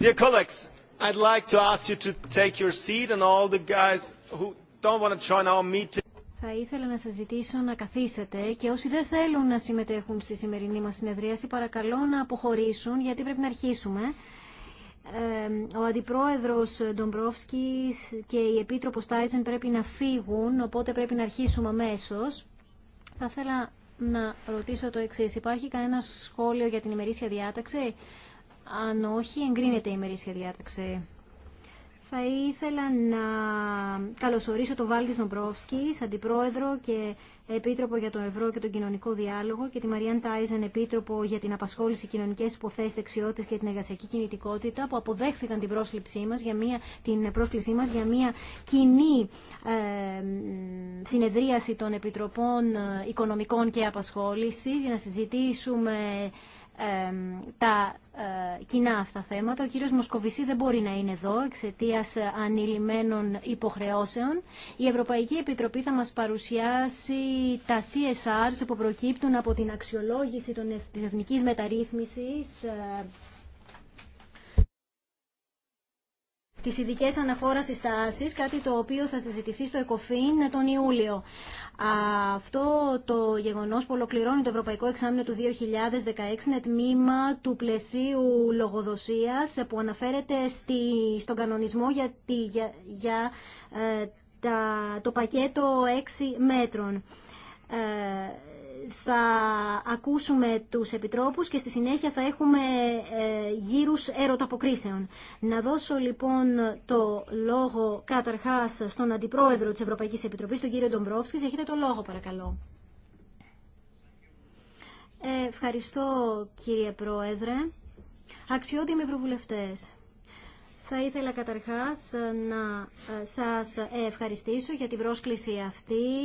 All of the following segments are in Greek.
Dear colleagues, like to ask you to take your seat and all the guys who don't want to join our meeting. Θα ήθελα να σας ζητήσω να καθίσετε και όσοι δεν θέλουν να συμμετέχουν στη σημερινή μας συνεδρίαση παρακαλώ να αποχωρήσουν γιατί πρέπει να αρχίσουμε. Ο Αντιπρόεδρος Ντομπρόφσκης και η Επίτροπος Τάιζεν πρέπει να φύγουν οπότε πρέπει να αρχίσουμε αμέσως. Θα ήθελα να ρωτήσω το εξής. Υπάρχει κανένα σχόλιο για την ημερήσια διάταξη. Αν όχι, εγκρίνεται η ημερήσια διάταξη. Θα ήθελα να καλωσορίσω τον Βάλτη Νομπρόφσκι, Αντιπρόεδρο και Επίτροπο για τον Ευρώ και τον Κοινωνικό Διάλογο και τη Μαριάν Τάιζεν, Επίτροπο για την Απασχόληση Κοινωνικέ Υποθέσει, Δεξιότητε και την Εργασιακή Κινητικότητα, που αποδέχθηκαν την πρόσκλησή μα για μια, για μια κοινή ε, συνεδρίαση των Επιτροπών Οικονομικών και Απασχόληση για να συζητήσουμε τα ε, κοινά αυτά θέματα. Ο κύριος Μοσκοβισή δεν μπορεί να είναι εδώ εξαιτία ε, ανηλυμένων υποχρεώσεων. Η Ευρωπαϊκή Επιτροπή θα μας παρουσιάσει τα CSR που προκύπτουν από την αξιολόγηση της εθνικής μεταρρύθμισης ε, τις ειδικές στις τάσης, κάτι το οποίο θα συζητηθεί στο ΕΚΟΦΗΝ τον Ιούλιο. Αυτό το γεγονός που ολοκληρώνει το Ευρωπαϊκό Εξάμεινο του 2016 είναι τμήμα του πλαισίου λογοδοσίας που αναφέρεται στη, στον κανονισμό για, για, για ε, τα, το πακέτο 6 μέτρων. Ε, θα ακούσουμε τους επιτρόπους και στη συνέχεια θα έχουμε ε, γύρους ερωταποκρίσεων. Να δώσω λοιπόν το λόγο καταρχάς στον Αντιπρόεδρο της Ευρωπαϊκής Επιτροπής, τον κύριο Ντομπρόφσκης. Έχετε το λόγο παρακαλώ. Ε, ευχαριστώ κύριε Πρόεδρε. Αξιότιμοι Ευρωβουλευτές. Θα ήθελα καταρχάς ε, να ε, σας ευχαριστήσω για την πρόσκληση αυτή.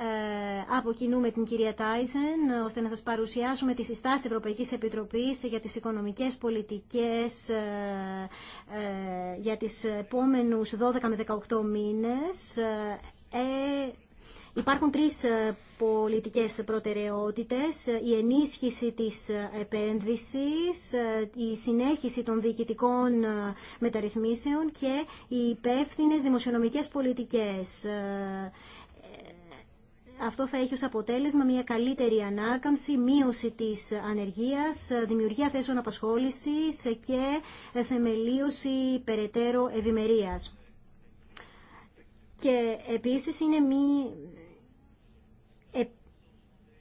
Ε, Από κοινού με την κυρία Τάιζεν, ώστε να σας παρουσιάσουμε τη συστάση Ευρωπαϊκής Επιτροπής για τις οικονομικές πολιτικές για τις επόμενους 12 με 18 μήνες. Υπάρχουν τρεις ε, πολιτικές προτεραιότητες, η ενίσχυση της επένδυσης, ε, η συνέχιση των διοικητικών ε, μεταρρυθμίσεων και οι υπεύθυνε δημοσιονομικές πολιτικές. Αυτό θα έχει ως αποτέλεσμα μια καλύτερη ανάκαμψη, μείωση της ανεργίας, δημιουργία θέσεων απασχόλησης και θεμελίωση περαιτέρω ευημερίας. Και επίσης είναι μη,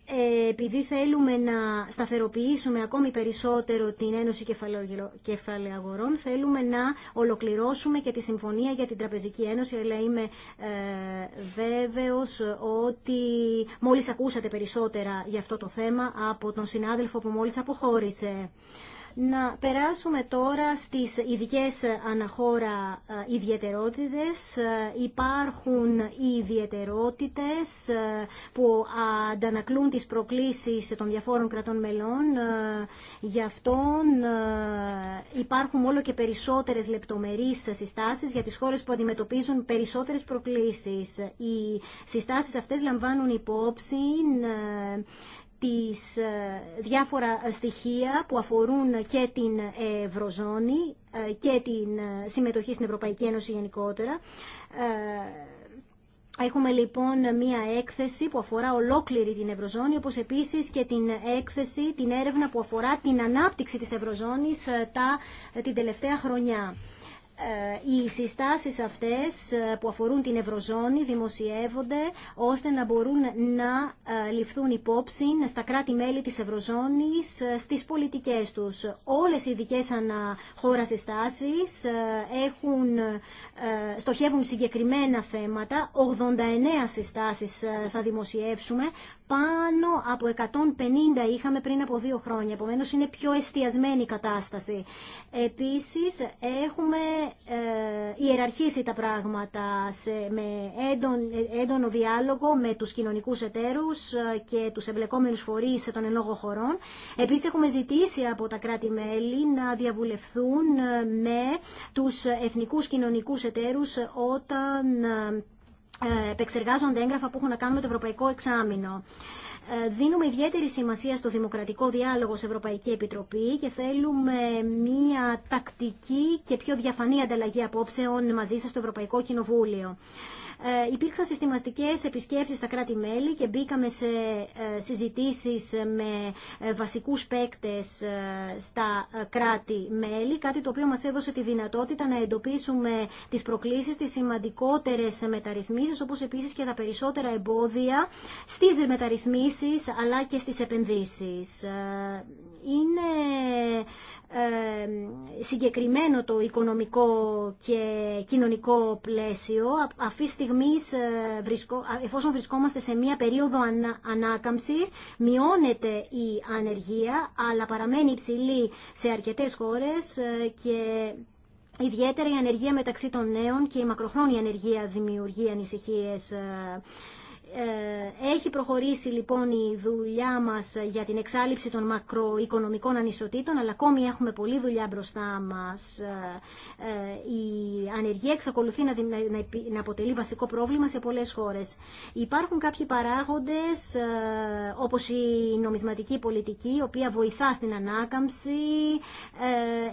ε, επειδή θέλουμε να σταθεροποιήσουμε ακόμη περισσότερο την Ένωση Κεφαλαίου Αγορών, θέλουμε να ολοκληρώσουμε και τη Συμφωνία για την Τραπεζική Ένωση, αλλά είμαι ε, βέβαιος ότι μόλις ακούσατε περισσότερα για αυτό το θέμα από τον συνάδελφο που μόλις αποχώρησε. Να περάσουμε τώρα στις ειδικέ αναχώρα ε, ιδιαιτερότητες. Ε, υπάρχουν οι ιδιαιτερότητες ε, που αντανακλούν τις προκλήσεις των διαφόρων κρατών μελών. Γι' αυτόν υπάρχουν όλο και περισσότερες λεπτομερείς συστάσεις για τις χώρες που αντιμετωπίζουν περισσότερες προκλήσεις. Οι συστάσεις αυτές λαμβάνουν υπόψη τις ε, διάφορα στοιχεία που αφορούν και την Ευρωζώνη ε, και την ε, συμμετοχή στην Ευρωπαϊκή Ένωση γενικότερα. Έχουμε λοιπόν μία έκθεση που αφορά ολόκληρη την Ευρωζώνη, όπως επίσης και την έκθεση, την έρευνα που αφορά την ανάπτυξη της Ευρωζώνης τα, την τελευταία χρονιά. Ε, οι συστάσεις αυτές ε, που αφορούν την Ευρωζώνη δημοσιεύονται ώστε να μπορούν να ε, ληφθούν υπόψη στα κράτη-μέλη της Ευρωζώνης στις πολιτικές τους. Όλες οι ειδικές αναχώρα συστάσεις έχουν, στοχεύουν συγκεκριμένα θέματα. 89 συστάσεις θα δημοσιεύσουμε πάνω από 150 είχαμε πριν από δύο χρόνια. Επομένω είναι πιο εστιασμένη η κατάσταση. Επίσης έχουμε ε, ιεραρχήσει τα πράγματα με έντονο διάλογο με τους κοινωνικούς εταίρους ε, και τους εμπλεκόμενους φορείς των ενόγων χωρών. Επίσης έχουμε ζητήσει από τα κράτη-μέλη να διαβουλευθούν ε, με τους εθνικούς κοινωνικούς εταίρους όταν ε, ε, επεξεργάζονται έγγραφα που έχουν να κάνουν με το Ευρωπαϊκό Εξάμεινο. Ε, δίνουμε ιδιαίτερη σημασία στο δημοκρατικό διάλογο σε Ευρωπαϊκή Επιτροπή και θέλουμε μία τακτική και πιο διαφανή ανταλλαγή απόψεων μαζί σας στο Ευρωπαϊκό Κοινοβούλιο. Ε, υπήρξαν συστηματικές επισκέψεις στα κράτη-μέλη και μπήκαμε σε ε, συζητήσεις με ε, βασικούς παίκτες στα κράτη-μέλη, κάτι το οποίο μας έδωσε τη δυνατότητα να εντοπίσουμε τις προκλήσεις, τις σημαντικότερες μεταρρυθμίσεις, όπως επίσης και τα περισσότερα εμπόδια στις μεταρρυθμίσεις αλλά και στις επενδύσεις. Είναι ε, συγκεκριμένο το οικονομικό και κοινωνικό πλαίσιο. Αυτή τη στιγμή, εφόσον βρισκόμαστε σε μία περίοδο ανάκαμψης, μειώνεται η ανεργία, αλλά παραμένει υψηλή σε αρκετές χώρες ε, και ιδιαίτερα η ανεργία μεταξύ των νέων και η μακροχρόνια ανεργία δημιουργεί ανησυχίες ε, ε, έχει προχωρήσει λοιπόν η δουλειά μας για την εξάλληψη των μακροοικονομικών ανισοτήτων, αλλά ακόμη έχουμε πολλή δουλειά μπροστά μας. Ε, ε, η ανεργία εξακολουθεί να αποτελεί βασικό πρόβλημα σε πολλές χώρες. Υπάρχουν κάποιοι παράγοντες, όπως η νομισματική πολιτική, η οποία βοηθά στην ανάκαμψη,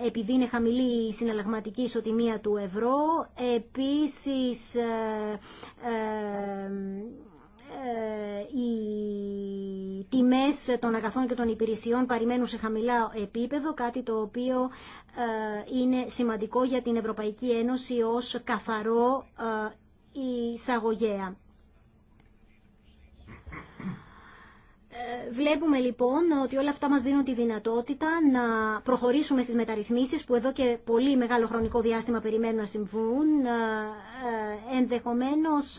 επειδή είναι χαμηλή η συναλλαγματική ισοτιμία του ευρώ, επίσης ε, οι τιμές των αγαθών και των υπηρεσιών παρημένουν σε χαμηλά επίπεδο, κάτι το οποίο ε, είναι σημαντικό για την Ευρωπαϊκή Ένωση ως καθαρό ε, εισαγωγέα. Ε, βλέπουμε λοιπόν ότι όλα αυτά μας δίνουν τη δυνατότητα να προχωρήσουμε στις μεταρρυθμίσεις που εδώ και πολύ μεγάλο χρονικό διάστημα περιμένουν να συμβούν. Ε, ε, ενδεχομένως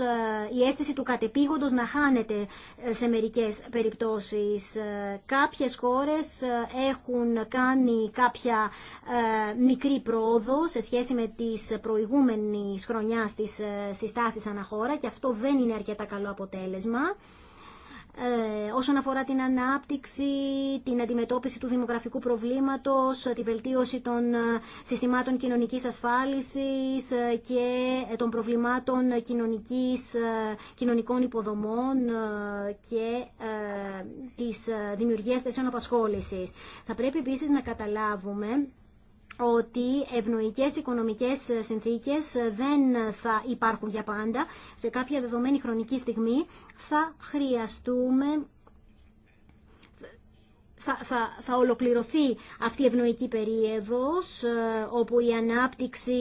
η αίσθηση του κατεπήγοντος να χάνεται σε μερικές περιπτώσεις. Κάποιες χώρες έχουν κάνει κάποια μικρή πρόοδο σε σχέση με τις προηγούμενες χρονιάς της συστάσεις αναχώρα και αυτό δεν είναι αρκετά καλό αποτέλεσμα όσον αφορά την ανάπτυξη, την αντιμετώπιση του δημογραφικού προβλήματος, τη βελτίωση των ε, συστημάτων κοινωνικής ασφάλισης ε, και ε, των προβλημάτων κοινωνικής, κοινωνικών υποδομών και της δημιουργίας θέσεων απασχόλησης. Θα πρέπει επίσης να καταλάβουμε ότι ευνοϊκές οικονομικές συνθήκες δεν θα υπάρχουν για πάντα. Σε κάποια δεδομένη χρονική στιγμή θα χρειαστούμε θα, ολοκληρωθεί αυτή η ευνοϊκή περίοδος ε, όπου η ανάπτυξη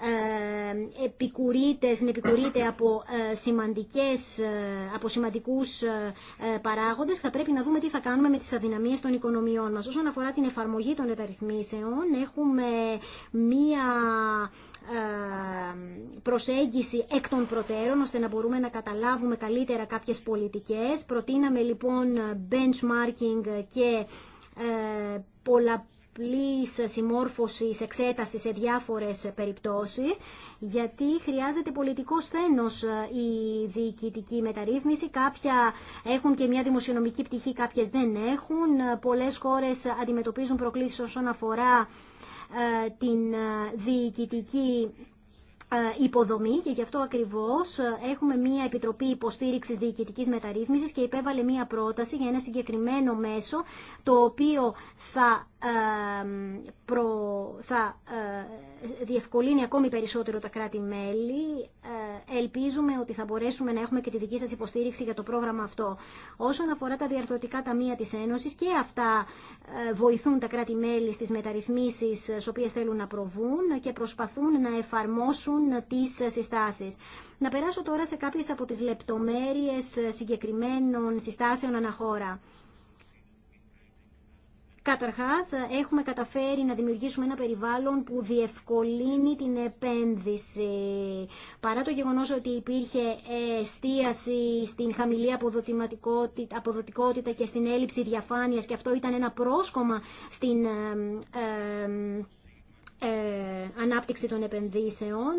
ε, επικουρείται, συνεπικουρείται από, ε, σημαντικές, από σημαντικούς παράγοντες. Θα πρέπει να δούμε τι θα κάνουμε με τις αδυναμίες των οικονομιών μας. Όσον αφορά την εφαρμογή των μεταρρυθμίσεων έχουμε μία ε, προσέγγιση εκ των προτέρων ώστε να μπορούμε να καταλάβουμε καλύτερα κάποιες πολιτικές. Προτείναμε λοιπόν benchmarking και ε, πολλαπλής συμμόρφωσης εξέτασης σε διάφορες περιπτώσεις γιατί χρειάζεται πολιτικό σθένος ε, η διοικητική μεταρρύθμιση. Κάποια έχουν και μια δημοσιονομική πτυχή, κάποιες δεν έχουν. Πολλές χώρες αντιμετωπίζουν προκλήσεις όσον αφορά ε, την ε, διοικητική ε, υποδομή και γι' αυτό ακριβώς έχουμε μία Επιτροπή Υποστήριξης Διοικητικής Μεταρρύθμισης και υπέβαλε μία πρόταση για ένα συγκεκριμένο μέσο το οποίο θα θα ε, διευκολύνει ακόμη περισσότερο τα κράτη-μέλη. Ε, ελπίζουμε ότι θα μπορέσουμε να έχουμε και τη δική σας υποστήριξη για το πρόγραμμα αυτό. Όσον αφορά τα διαρθρωτικά ταμεία της Ένωσης και αυτά ε, βοηθούν τα κράτη-μέλη στις μεταρρυθμίσεις στις οποίες θέλουν να προβούν και προσπαθούν να εφαρμόσουν τις συστάσεις. Να περάσω τώρα σε κάποιες από τις λεπτομέρειες συγκεκριμένων συστάσεων αναχώρα. Καταρχάς, έχουμε καταφέρει να δημιουργήσουμε ένα περιβάλλον που διευκολύνει την επένδυση. Παρά το γεγονός ότι υπήρχε εστίαση στην χαμηλή αποδοτικότητα, και στην έλλειψη διαφάνειας και αυτό ήταν ένα πρόσκομα στην ε, ε, ε, ανάπτυξη των επενδύσεων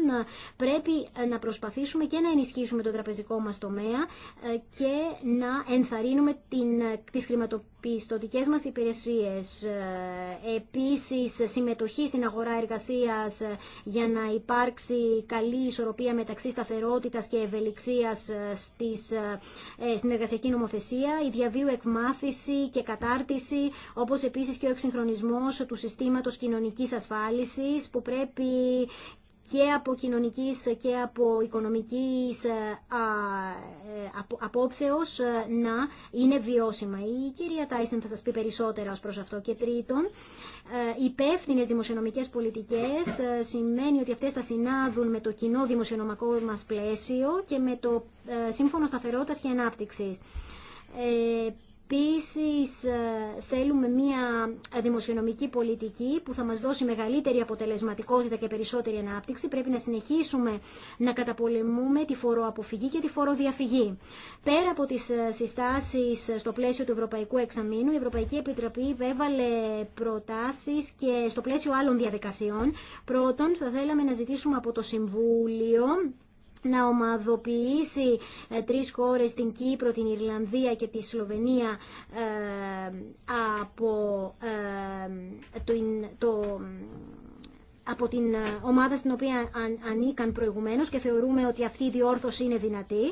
πρέπει να προσπαθήσουμε και να ενισχύσουμε το τραπεζικό μας τομέα και να ενθαρρύνουμε την, τις πιστοτικές μας υπηρεσίες, ε, επίσης συμμετοχή στην αγορά εργασίας ε, για να υπάρξει καλή ισορροπία μεταξύ σταθερότητας και ευελιξίας ε, στις, στην εργασιακή νομοθεσία, η διαβίου εκμάθηση και κατάρτιση, όπως επίσης και ο εξυγχρονισμός του συστήματος κοινωνικής ασφάλισης που πρέπει και από κοινωνικής και από οικονομικής ε, ε, απόψεω ε, να είναι βιώσιμα. Η κυρία Τάισεν θα σα πει περισσότερα ω προ αυτό. Και τρίτον, υπεύθυνε δημοσιονομικές πολιτικές σημαίνει ότι αυτές θα συνάδουν με το κοινό δημοσιονομικό μας πλαίσιο και με το Σύμφωνο σταθερότητα και ανάπτυξη. Επίσης ε, θέλουμε μια δημοσιονομική πολιτική που θα μας δώσει μεγαλύτερη αποτελεσματικότητα και περισσότερη ανάπτυξη. Πρέπει να συνεχίσουμε να καταπολεμούμε τη φοροαποφυγή και τη φοροδιαφυγή. Πέρα από τις ε, συστάσεις ε, στο πλαίσιο του Ευρωπαϊκού Εξαμήνου, η Ευρωπαϊκή Επιτροπή βέβαλε προτάσεις και στο πλαίσιο άλλων διαδικασιών. Πρώτον, θα θέλαμε να ζητήσουμε από το Συμβούλιο να ομαδοποιήσει ε, τρεις χώρες, την Κύπρο, την Ιρλανδία και τη Σλοβενία ε, από ε, το από την ε, ομάδα στην οποία ανήκαν προηγουμένως και θεωρούμε ότι αυτή η διόρθωση είναι δυνατή.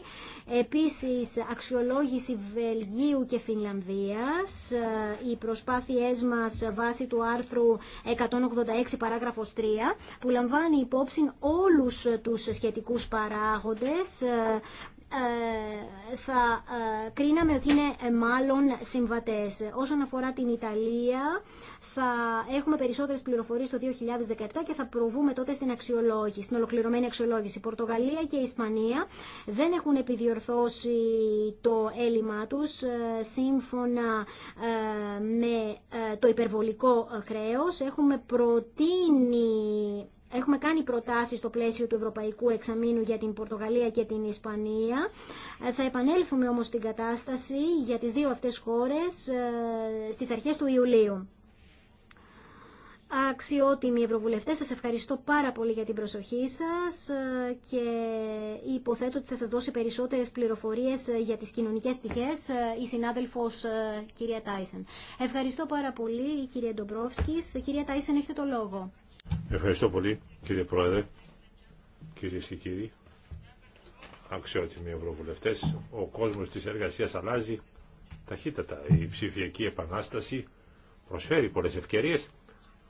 Επίσης, αξιολόγηση Βελγίου και Φινλανδίας. Ε, οι προσπάθειές μας βάσει του άρθρου 186 παράγραφος 3 που λαμβάνει υπόψη όλους τους σχετικούς παράγοντες ε, ε, θα ε, κρίναμε ότι είναι ε, μάλλον συμβατές. Όσον αφορά την Ιταλία, θα έχουμε περισσότερες πληροφορίες το 2017 και θα προβούμε τότε στην αξιολόγηση, στην ολοκληρωμένη αξιολόγηση. Πορτογαλία και η Ισπανία δεν έχουν επιδιορθώσει το έλλειμμα τους σύμφωνα με το υπερβολικό χρέος. Έχουμε προτείνει Έχουμε κάνει προτάσεις στο πλαίσιο του Ευρωπαϊκού Εξαμήνου για την Πορτογαλία και την Ισπανία. Ε, θα επανέλθουμε όμως στην κατάσταση για τις δύο αυτές χώρες ε, στις αρχές του Ιουλίου. Αξιότιμοι Ευρωβουλευτές, σας ευχαριστώ πάρα πολύ για την προσοχή σας ε, και υποθέτω ότι θα σας δώσει περισσότερες πληροφορίες για τις κοινωνικές πτυχές η συνάδελφος κυρία Τάισεν. Ευχαριστώ πάρα πολύ κυρία Ντομπρόφσκης. Κυρία Τάισεν, έχετε το λόγο. Ευχαριστώ πολύ κύριε Πρόεδρε, κυρίε και κύριοι, αξιότιμοι ευρωβουλευτέ. Ο κόσμο τη εργασία αλλάζει ταχύτατα. Η ψηφιακή επανάσταση προσφέρει πολλέ ευκαιρίε,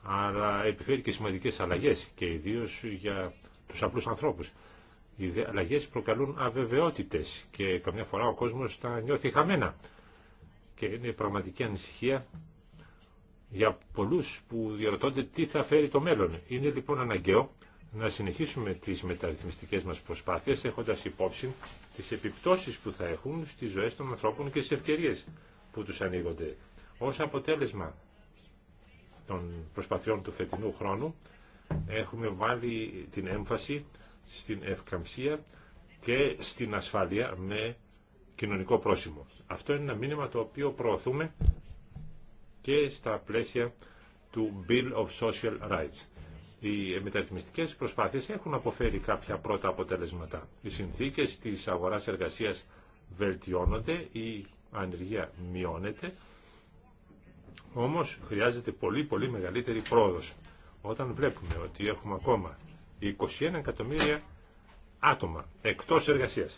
αλλά επιφέρει και σημαντικέ αλλαγέ και ιδίω για του απλού ανθρώπου. Οι αλλαγέ προκαλούν αβεβαιότητε και καμιά φορά ο κόσμο τα νιώθει χαμένα. Και είναι πραγματική ανησυχία για πολλούς που διαρωτώνται τι θα φέρει το μέλλον. Είναι λοιπόν αναγκαίο να συνεχίσουμε τις μεταρρυθμιστικές μας προσπάθειες έχοντας υπόψη τις επιπτώσεις που θα έχουν στις ζωές των ανθρώπων και στις ευκαιρίες που τους ανοίγονται. Ως αποτέλεσμα των προσπαθειών του φετινού χρόνου έχουμε βάλει την έμφαση στην ευκαμψία και στην ασφάλεια με κοινωνικό πρόσημο. Αυτό είναι ένα μήνυμα το οποίο προωθούμε και στα πλαίσια του Bill of Social Rights. Οι μεταρρυθμιστικές προσπάθειες έχουν αποφέρει κάποια πρώτα αποτελέσματα. Οι συνθήκες της αγοράς εργασίας βελτιώνονται, η ανεργία μειώνεται, όμως χρειάζεται πολύ πολύ μεγαλύτερη πρόοδος. Όταν βλέπουμε ότι έχουμε ακόμα 21 εκατομμύρια άτομα εκτός εργασίας,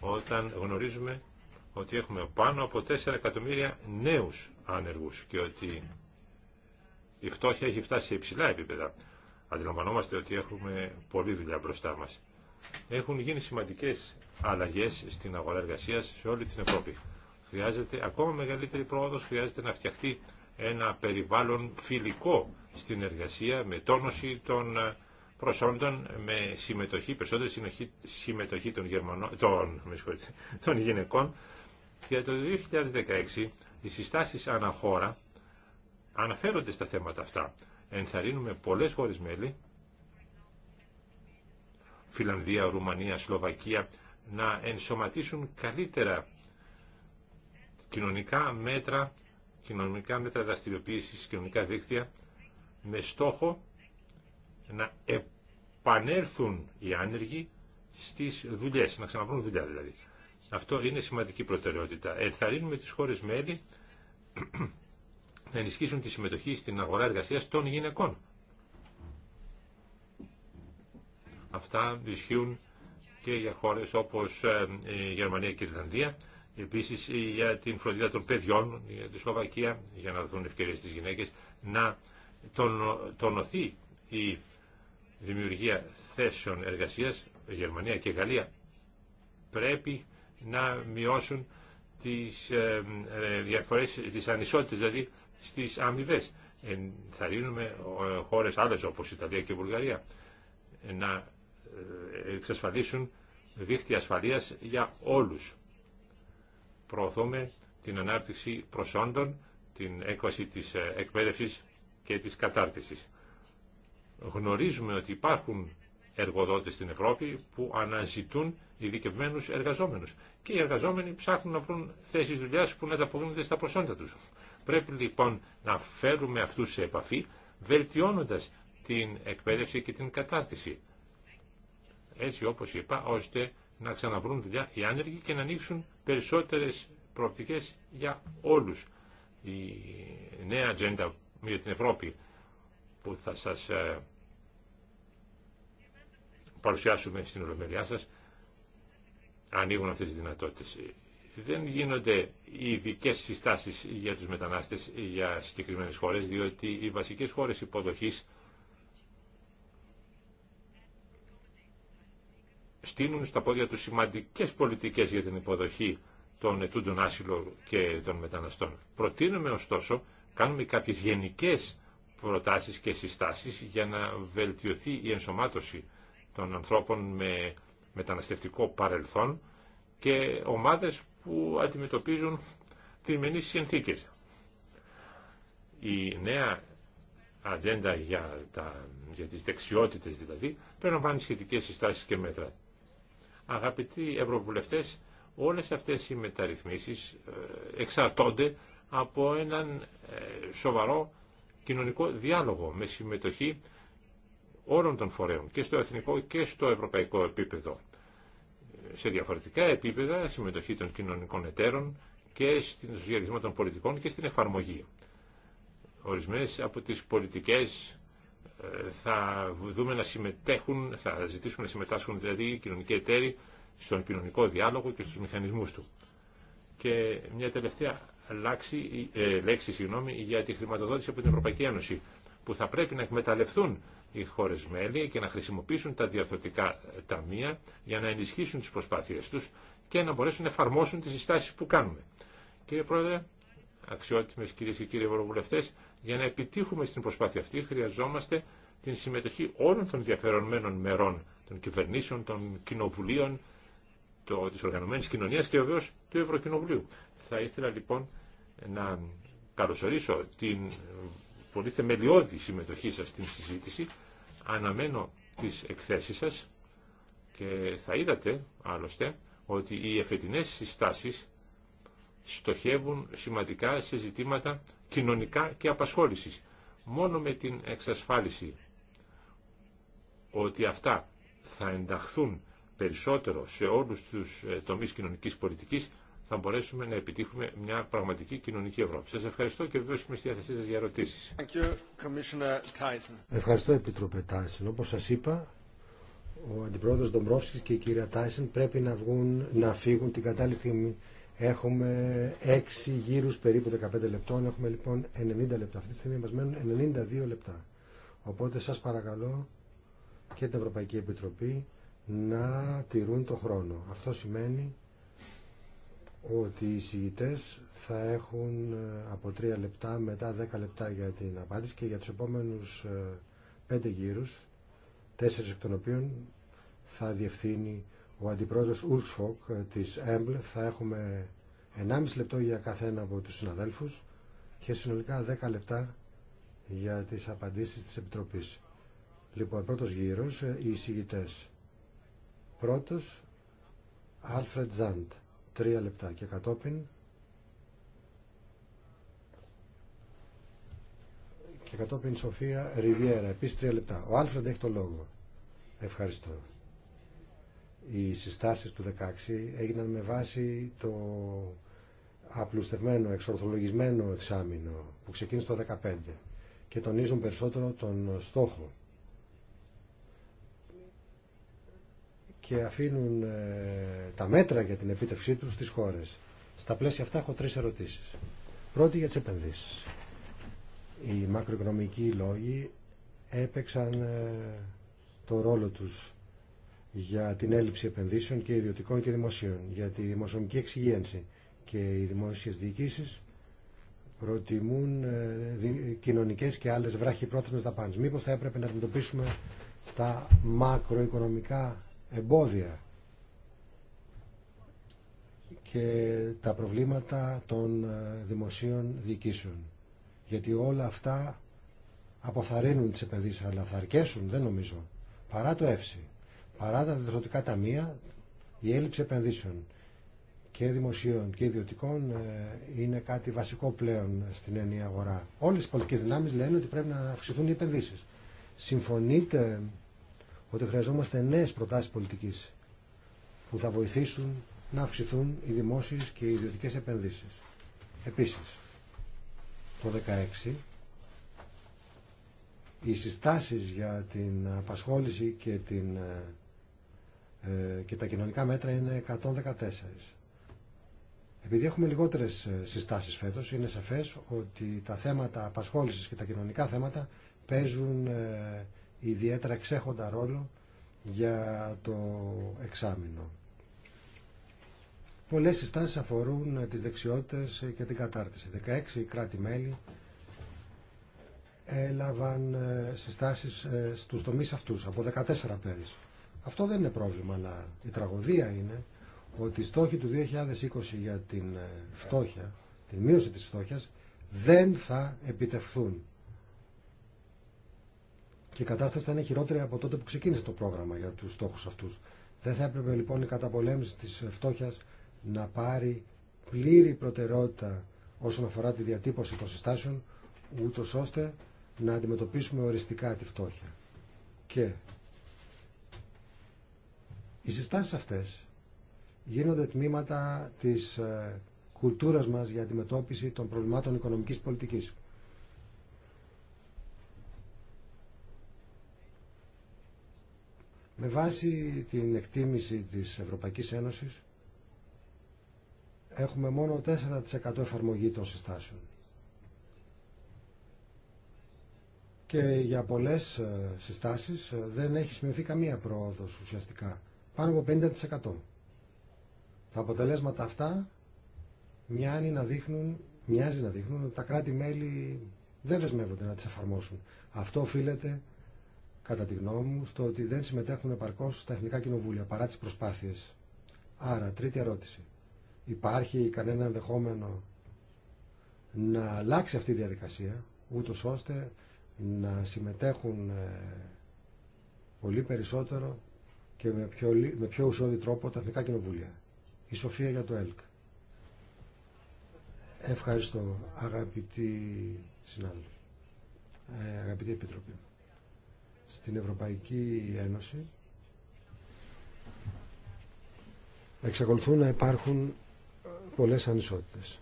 όταν γνωρίζουμε ότι έχουμε πάνω από 4 εκατομμύρια νέους άνεργους και ότι η φτώχεια έχει φτάσει σε υψηλά επίπεδα. Αντιλαμβανόμαστε ότι έχουμε πολλή δουλειά μπροστά μας. Έχουν γίνει σημαντικές αλλαγές στην αγορά εργασίας σε όλη την Ευρώπη. Χρειάζεται ακόμα μεγαλύτερη πρόοδος, χρειάζεται να φτιαχτεί ένα περιβάλλον φιλικό στην εργασία με τόνωση των ε, προσόντων με συμμετοχή, περισσότερη συμμετοχή των, Γερμανών, των, των γυναικών για το 2016 οι συστάσεις αναχώρα αναφέρονται στα θέματα αυτά. Ενθαρρύνουμε πολλές χώρες μέλη, Φιλανδία, Ρουμανία, Σλοβακία, να ενσωματίσουν καλύτερα κοινωνικά μέτρα, κοινωνικά μέτρα δραστηριοποίησης, κοινωνικά δίκτυα, με στόχο να επανέλθουν οι άνεργοι στις δουλειές, να ξαναβρούν δουλειά δηλαδή. Αυτό είναι σημαντική προτεραιότητα. Ενθαρρύνουμε τις χώρες μέλη να ενισχύσουν τη συμμετοχή στην αγορά εργασίας των γυναικών. Αυτά ισχύουν και για χώρες όπως ε, η Γερμανία και η Ιρλανδία, επίσης για την φροντίδα των παιδιών, για τη Σλοβακία, για να δοθούν ευκαιρίες στις γυναίκες, να τονωθεί η δημιουργία θέσεων εργασίας, Γερμανία και Γαλλία. Πρέπει να μειώσουν τις ε, ε, διαφορές, τις ανισότητες δηλαδή στις αμοιβέ. Ενθαρρύνουμε ε, χώρες άλλες όπως η Ιταλία και η Βουλγαρία να εξασφαλίσουν δίχτυα ασφαλείας για όλους. Προωθούμε την ανάπτυξη προσόντων, την έκβαση της εκπαίδευσης και της κατάρτισης. Γνωρίζουμε ότι υπάρχουν εργοδότες στην Ευρώπη που αναζητούν ειδικευμένου εργαζόμενους. Και οι εργαζόμενοι ψάχνουν να βρουν θέσεις δουλειά που να τα αποκλίνονται στα προσόντα τους. Πρέπει λοιπόν να φέρουμε αυτούς σε επαφή, βελτιώνοντας την εκπαίδευση και την κατάρτιση. Έτσι όπως είπα, ώστε να ξαναβρούν δουλειά οι άνεργοι και να ανοίξουν περισσότερες προοπτικές για όλους. Η νέα ατζέντα για την Ευρώπη που θα σας ε, παρουσιάσουμε στην ολομέλειά σας, ανοίγουν αυτές τις δυνατότητες. Δεν γίνονται ειδικέ συστάσεις για τους μετανάστες για συγκεκριμένες χώρες, διότι οι βασικές χώρες υποδοχής στείλουν στα πόδια τους σημαντικές πολιτικές για την υποδοχή των ετούντων άσυλων και των μεταναστών. Προτείνουμε ωστόσο, κάνουμε κάποιες γενικές προτάσεις και συστάσεις για να βελτιωθεί η ενσωμάτωση των ανθρώπων με μεταναστευτικό παρελθόν και ομάδες που αντιμετωπίζουν τριμενείς συνθήκες. Η νέα ατζέντα για, τα, για τις δεξιότητες δηλαδή περιλαμβάνει σχετικές συστάσεις και μέτρα. Αγαπητοί ευρωβουλευτές, όλες αυτές οι μεταρρυθμίσεις ε, εξαρτώνται από έναν ε, σοβαρό κοινωνικό διάλογο με συμμετοχή όλων των φορέων και στο εθνικό και στο ευρωπαϊκό επίπεδο. Σε διαφορετικά επίπεδα συμμετοχή των κοινωνικών εταίρων και στην διαχειρισμό των πολιτικών και στην εφαρμογή. Ορισμένες από τις πολιτικές ε, θα δούμε να συμμετέχουν, θα ζητήσουμε να συμμετάσχουν δηλαδή οι κοινωνικοί εταίροι στον κοινωνικό διάλογο και στους μηχανισμούς του. Και μια τελευταία λέξη, ε, λέξη συγγνώμη, για τη χρηματοδότηση από την Ευρωπαϊκή Ένωση, που θα πρέπει να εκμεταλλευτούν οι χώρες μέλη και να χρησιμοποιήσουν τα διαθροτικά ταμεία για να ενισχύσουν τις προσπάθειές τους και να μπορέσουν να εφαρμόσουν τις συστάσεις που κάνουμε. Κύριε Πρόεδρε, αξιότιμες κυρίες και κύριοι ευρωβουλευτές, για να επιτύχουμε στην προσπάθεια αυτή χρειαζόμαστε την συμμετοχή όλων των διαφερονμένων μερών, των κυβερνήσεων, των κοινοβουλίων, το, της οργανωμένης κοινωνίας και βεβαίω του Ευρωκοινοβουλίου. Θα ήθελα λοιπόν να καλωσορίσω την πολύ θεμελιώδη συμμετοχή σας στην συζήτηση Αναμένω τις εκθέσεις σας και θα είδατε άλλωστε ότι οι εφετινές συστάσεις στοχεύουν σημαντικά σε ζητήματα κοινωνικά και απασχόλησης. Μόνο με την εξασφάλιση ότι αυτά θα ενταχθούν περισσότερο σε όλους τους ε, τομείς κοινωνικής πολιτικής θα μπορέσουμε να επιτύχουμε μια πραγματική κοινωνική Ευρώπη. Σας ευχαριστώ και βεβαίως είμαι στη διάθεσή σας για ερωτήσεις. Ευχαριστώ Επίτροπε Τάισεν. Όπως σας είπα, ο Αντιπρόεδρος Ντομπρόφσκης και η κυρία Τάισεν πρέπει να, βγουν, να φύγουν την κατάλληλη στιγμή. Έχουμε έξι γύρους περίπου 15 λεπτών, έχουμε λοιπόν 90 λεπτά. Αυτή τη στιγμή μας μένουν 92 λεπτά. Οπότε σας παρακαλώ και την Ευρωπαϊκή Επιτροπή να τηρούν το χρόνο. Αυτό σημαίνει ότι οι εισηγητές θα έχουν ε, από 3 λεπτά μετά 10 λεπτά για την απάντηση και για τους επόμενους 5 ε, γύρους, 4 εκ των οποίων θα διευθύνει ο αντιπρόεδρος Ουρσφοκ ε, της ΕΜΠΛ. Θα έχουμε 1,5 λεπτό για καθένα από τους συναδέλφους και συνολικά 10 λεπτά για τις απαντήσεις της Επιτροπής. Λοιπόν, πρώτος γύρος, οι εισηγητές. Πρώτος, Alfred Ζάντ τρία λεπτά και κατόπιν και κατόπιν Σοφία Ριβιέρα επίσης τρία λεπτά ο Άλφρεντ έχει το λόγο ευχαριστώ οι συστάσεις του 16 έγιναν με βάση το απλουστευμένο, εξορθολογισμένο εξάμεινο που ξεκίνησε το 2015 και τονίζουν περισσότερο τον στόχο και αφήνουν ε, τα μέτρα για την επίτευξή τους στις χώρες. Στα πλαίσια αυτά έχω τρεις ερωτήσεις. Πρώτη για τις επενδύσεις. Οι μακροοικονομικοί λόγοι έπαιξαν ε, το ρόλο τους για την έλλειψη επενδύσεων και ιδιωτικών και δημοσίων, για τη δημοσιονομική εξυγίανση και οι δημόσιες διοικήσεις προτιμούν ε, κοινωνικές και άλλες βράχοι δαπάνες. Μήπως θα έπρεπε να αντιμετωπίσουμε τα μακροοικονομικά εμπόδια και τα προβλήματα των ε, δημοσίων διοικήσεων. Γιατί όλα αυτά αποθαρρύνουν τις επενδύσεις, αλλά θα αρκέσουν, δεν νομίζω. Παρά το ΕΦΣΥ, παρά τα διευθυντικά ταμεία, η έλλειψη επενδύσεων και δημοσίων και ιδιωτικών ε, είναι κάτι βασικό πλέον στην ενιαία αγορά. Όλες οι πολιτικές δυνάμεις λένε ότι πρέπει να αυξηθούν οι επενδύσεις. Συμφωνείτε ότι χρειαζόμαστε νέες προτάσεις πολιτικής που θα βοηθήσουν να αυξηθούν οι δημόσιες και οι ιδιωτικές επενδύσεις. Επίσης, το 2016 οι συστάσεις για την απασχόληση και, την, ε, ε και τα κοινωνικά μέτρα είναι 114. Επειδή έχουμε λιγότερες ε, συστάσεις φέτος, είναι σαφές ότι τα θέματα απασχόλησης και τα κοινωνικά θέματα παίζουν ε, ιδιαίτερα ξέχοντα ρόλο για το εξάμεινο. Πολλές συστάσεις αφορούν ε, τις δεξιότητες ε, και την κατάρτιση. 16 κράτη-μέλη έλαβαν ε, συστάσεις στους τομείς αυτούς, από 14 πέρυσι. Αυτό δεν είναι πρόβλημα, αλλά η τραγωδία είναι ότι οι στόχοι του 2020 για την φτώχεια, την μείωση της φτώχειας, δεν θα επιτευχθούν και η κατάσταση θα είναι χειρότερη από τότε που ξεκίνησε το πρόγραμμα για τους στόχους αυτούς. Δεν θα έπρεπε λοιπόν η καταπολέμηση της φτώχειας να πάρει πλήρη προτεραιότητα όσον αφορά τη διατύπωση των συστάσεων, ούτω ώστε να αντιμετωπίσουμε οριστικά τη φτώχεια. Και οι συστάσεις αυτές γίνονται τμήματα της ε, κουλτούρας μας για αντιμετώπιση των προβλημάτων οικονομικής πολιτικής. Με βάση την εκτίμηση της Ευρωπαϊκής Ένωσης έχουμε μόνο 4% εφαρμογή των συστάσεων. Και για πολλές ε, συστάσεις ε, δεν έχει σημειωθεί καμία πρόοδος ουσιαστικά. Πάνω από 50%. Τα αποτελέσματα αυτά μοιάζει να δείχνουν, μοιάζει να δείχνουν ότι τα κράτη-μέλη δεν δεσμεύονται να τις εφαρμόσουν. Αυτό οφείλεται κατά τη γνώμη μου, στο ότι δεν συμμετέχουν επαρκώς στα εθνικά κοινοβούλια παρά τις προσπάθειες. Άρα, Άρα, τρίτη ερώτηση. Υπάρχει κανένα ενδεχόμενο να αλλάξει αυτή η διαδικασία, ούτω ώστε να συμμετέχουν ε, πολύ περισσότερο και με πιο, με πιο ουσιώδη τρόπο τα εθνικά κοινοβούλια. Η Σοφία για το ΕΛΚ. Ευχαριστώ αγαπητοί συνάδελφοι, ε, Αγαπητοί Επιτροπή στην Ευρωπαϊκή Ένωση εξακολουθούν να υπάρχουν ε, πολλές ανισότητες.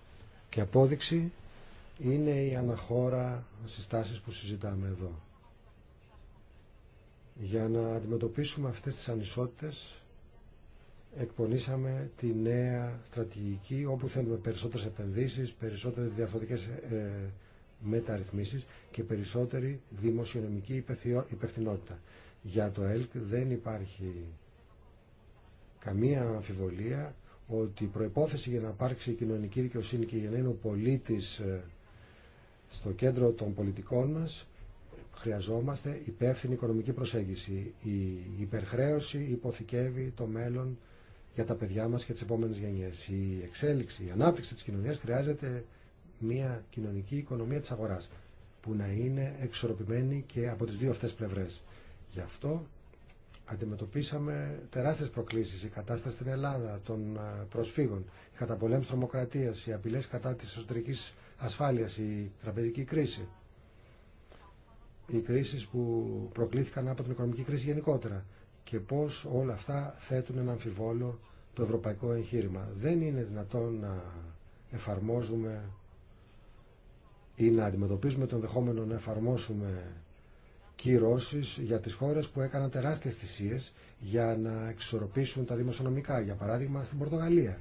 Και απόδειξη είναι η αναχώρα συστάσεις που συζητάμε εδώ. Για να αντιμετωπίσουμε αυτές τις ανισότητες εκπονήσαμε τη νέα στρατηγική όπου θέλουμε περισσότερες επενδύσεις, περισσότερες διαφορετικές ε, μεταρρυθμίσεις και περισσότερη δημοσιονομική υπευθυνότητα. Για το ΕΛΚ δεν υπάρχει καμία αμφιβολία ότι η προϋπόθεση για να υπάρξει η κοινωνική δικαιοσύνη και για να είναι ο πολίτης ε, στο κέντρο των πολιτικών μας χρειαζόμαστε υπεύθυνη οικονομική προσέγγιση. Η υπερχρέωση υποθηκεύει το μέλλον για τα παιδιά μας και τις επόμενες γενιές. Η εξέλιξη, η ανάπτυξη της κοινωνίας χρειάζεται μια κοινωνική οικονομία της αγοράς που να είναι εξορροπημένη και από τις δύο αυτές πλευρές. Γι' αυτό αντιμετωπίσαμε τεράστιες προκλήσεις. Η κατάσταση στην Ελλάδα των ε, προσφύγων, η καταπολέμηση τρομοκρατίας, οι απειλές κατά της εσωτερικής ασφάλειας, η τραπεζική κρίση. Οι κρίσεις που προκλήθηκαν από την οικονομική κρίση γενικότερα και πώς όλα αυτά θέτουν ένα αμφιβόλο το ευρωπαϊκό εγχείρημα. Δεν είναι δυνατόν να εφαρμόζουμε ή να αντιμετωπίσουμε τον δεχόμενο να εφαρμόσουμε κυρώσει για τις χώρες που έκαναν τεράστιες θυσίε για να εξορροπήσουν τα δημοσιονομικά. Για παράδειγμα, στην Πορτογαλία.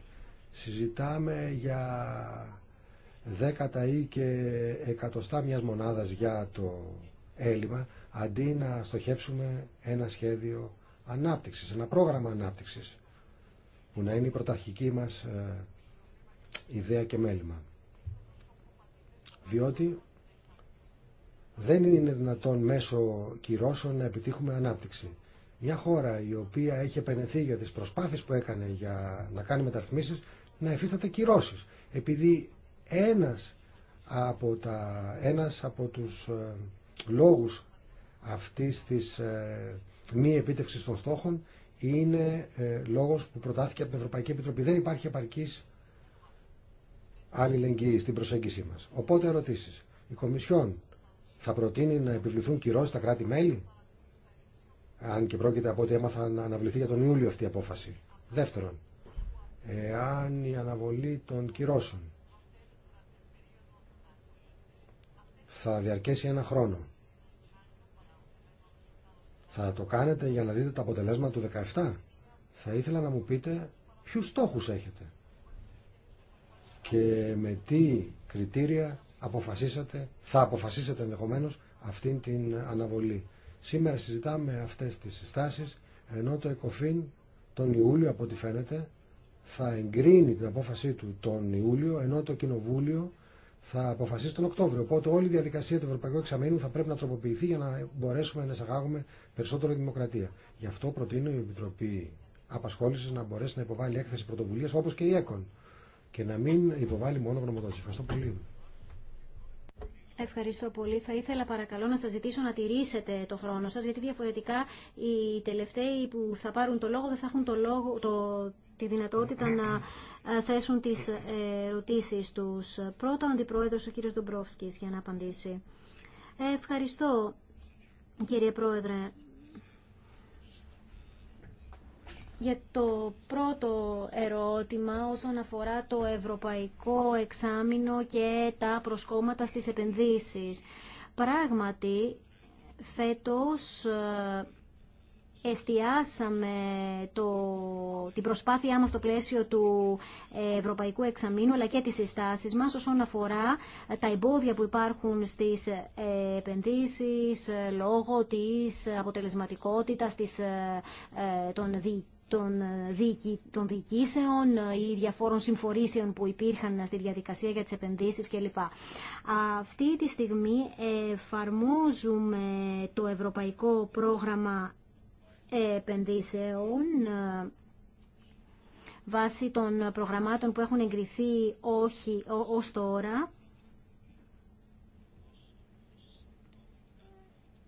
Συζητάμε για δέκατα ή και εκατοστά μιας μονάδας για το έλλειμμα, αντί να στοχεύσουμε ένα σχέδιο ανάπτυξης, ένα πρόγραμμα ανάπτυξη που να είναι η πρωταρχική μας ε, ιδέα και μέλημα διότι δεν είναι δυνατόν μέσω κυρώσεων να επιτύχουμε ανάπτυξη. Μια χώρα η οποία έχει επενεθεί για τις προσπάθειες που έκανε για να κάνει μεταρρυθμίσεις να εφίσταται κυρώσεις. Επειδή ένας από, τα, ένας από τους ε, λόγους αυτής της ε, μη επίτευξης των στόχων είναι ε, λόγος που προτάθηκε από την Ευρωπαϊκή Επιτροπή. Δεν υπάρχει επαρκής αλληλεγγύη στην προσέγγιση μας. Οπότε ερωτήσεις. Η Κομισιόν θα προτείνει να επιβληθούν κυρώσεις στα κράτη-μέλη. Αν και πρόκειται από ό,τι έμαθα να αναβληθεί για τον Ιούλιο αυτή η απόφαση. Δεύτερον, εάν η αναβολή των κυρώσεων θα διαρκέσει ένα χρόνο. Θα το κάνετε για να δείτε τα αποτελέσματα του 17. Θα ήθελα να μου πείτε ποιους στόχους έχετε και με τι κριτήρια αποφασίσατε, θα αποφασίσετε ενδεχομένω αυτήν την αναβολή. Σήμερα συζητάμε αυτές τις συστάσεις, ενώ το ΕΚΟΦΗΝ τον Ιούλιο, από ό,τι φαίνεται, θα εγκρίνει την απόφασή του τον Ιούλιο, ενώ το Κοινοβούλιο θα αποφασίσει τον Οκτώβριο. Οπότε όλη η διαδικασία του Ευρωπαϊκού Εξαμείνου θα πρέπει να τροποποιηθεί για να μπορέσουμε να εισαγάγουμε περισσότερο δημοκρατία. Γι' αυτό προτείνω η Επιτροπή Απασχόληση να μπορέσει να υποβάλει έκθεση πρωτοβουλία όπω και η ΕΚΟΝ και να μην υποβάλει μόνο γνωμοδότηση. Ευχαριστώ πολύ. Ευχαριστώ πολύ. Θα ήθελα παρακαλώ να σας ζητήσω να τηρήσετε το χρόνο σας, γιατί διαφορετικά οι τελευταίοι που θα πάρουν το λόγο δεν θα έχουν το λόγο, το, τη δυνατότητα να ε, θέσουν τις ερωτήσεις τους. Πρώτα ο Αντιπρόεδρος, ο κύριος Ντομπρόφσκης, για να απαντήσει. Ε, ευχαριστώ, κύριε Πρόεδρε. για το πρώτο ερώτημα όσον αφορά το ευρωπαϊκό εξάμεινο και τα προσκόμματα στις επενδύσεις. Πράγματι, φέτος ε, εστιάσαμε το, την προσπάθειά μας στο πλαίσιο του Ευρωπαϊκού Εξαμήνου αλλά και τις συστάσεις μας όσον αφορά τα εμπόδια που υπάρχουν στις ε, επενδύσεις ε, λόγω της αποτελεσματικότητας της, των των, ε, διοικη, των διοικήσεων ε, ή διαφόρων συμφορήσεων που υπήρχαν ε, στη διαδικασία για τις επενδύσεις κλπ. Αυτή τη στιγμή εφαρμόζουμε το Ευρωπαϊκό Πρόγραμμα Επενδύσεων βάσει των προγραμμάτων που έχουν εγκριθεί όχι ως τώρα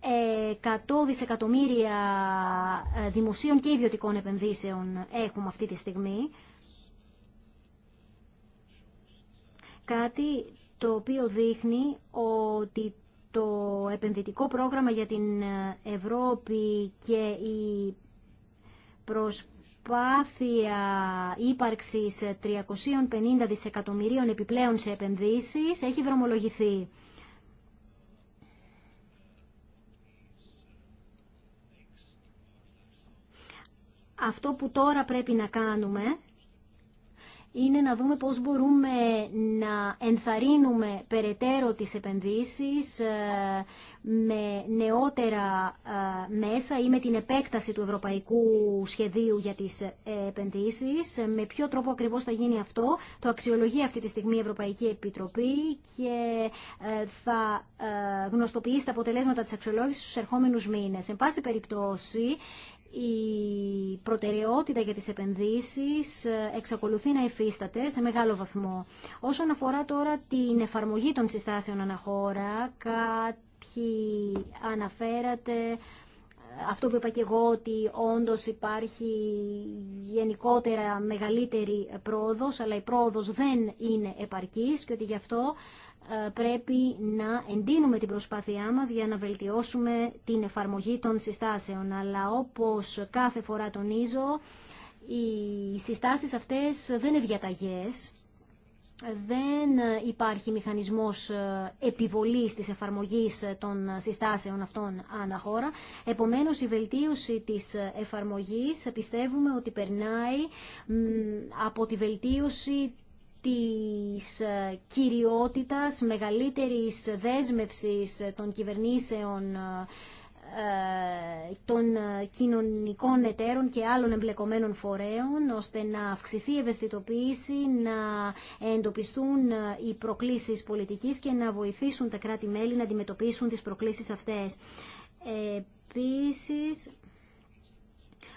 100 δισεκατομμύρια ε, δημοσίων και ιδιωτικών επενδύσεων έχουμε αυτή τη στιγμή. Κάτι το οποίο δείχνει ότι το επενδυτικό πρόγραμμα για την Ευρώπη και η προσπάθεια ύπαρξης 350 δισεκατομμυρίων επιπλέον σε επενδύσεις έχει δρομολογηθεί. αυτό που τώρα πρέπει να κάνουμε είναι να δούμε πώς μπορούμε να ενθαρρύνουμε περαιτέρω τις επενδύσεις ε, με νεότερα ε, μέσα ή με την επέκταση του Ευρωπαϊκού Σχεδίου για τις ε, επενδύσεις. Με ποιο τρόπο ακριβώς θα γίνει αυτό. Το αξιολογεί αυτή τη στιγμή η Ευρωπαϊκή Επιτροπή και θα γνωστοποιήσει τα αποτελέσματα της αξιολόγησης στους ερχόμενους μήνες. Εν πάση περιπτώσει, η προτεραιότητα για τις επενδύσεις ε, εξακολουθεί να υφίσταται σε μεγάλο βαθμό. Όσον αφορά τώρα την εφαρμογή των συστάσεων αναχώρα, κάποιοι αναφέρατε ε, αυτό που είπα και εγώ ότι όντως υπάρχει γενικότερα μεγαλύτερη πρόοδος, αλλά η πρόοδος δεν είναι επαρκής και ότι γι' αυτό ε, πρέπει να εντείνουμε την προσπάθειά μας για να βελτιώσουμε την εφαρμογή των συστάσεων. Αλλά όπως κάθε φορά τονίζω, οι συστάσεις αυτές δεν είναι διαταγές. Δεν υπάρχει μηχανισμός ε, επιβολής της εφαρμογής ε, των συστάσεων αυτών αναχώρα. Επομένως, η βελτίωση της εφαρμογής πιστεύουμε ότι περνάει από τη βελτίωση της ε, κυριότητας, μεγαλύτερης δέσμευσης ε, των κυβερνήσεων ε, των κοινωνικών εταίρων και άλλων εμπλεκομένων φορέων, ώστε να αυξηθεί η ευαισθητοποίηση, να εντοπιστούν οι προκλήσεις πολιτικής και να βοηθήσουν τα κράτη-μέλη να αντιμετωπίσουν τις προκλήσεις αυτές. Επίσης,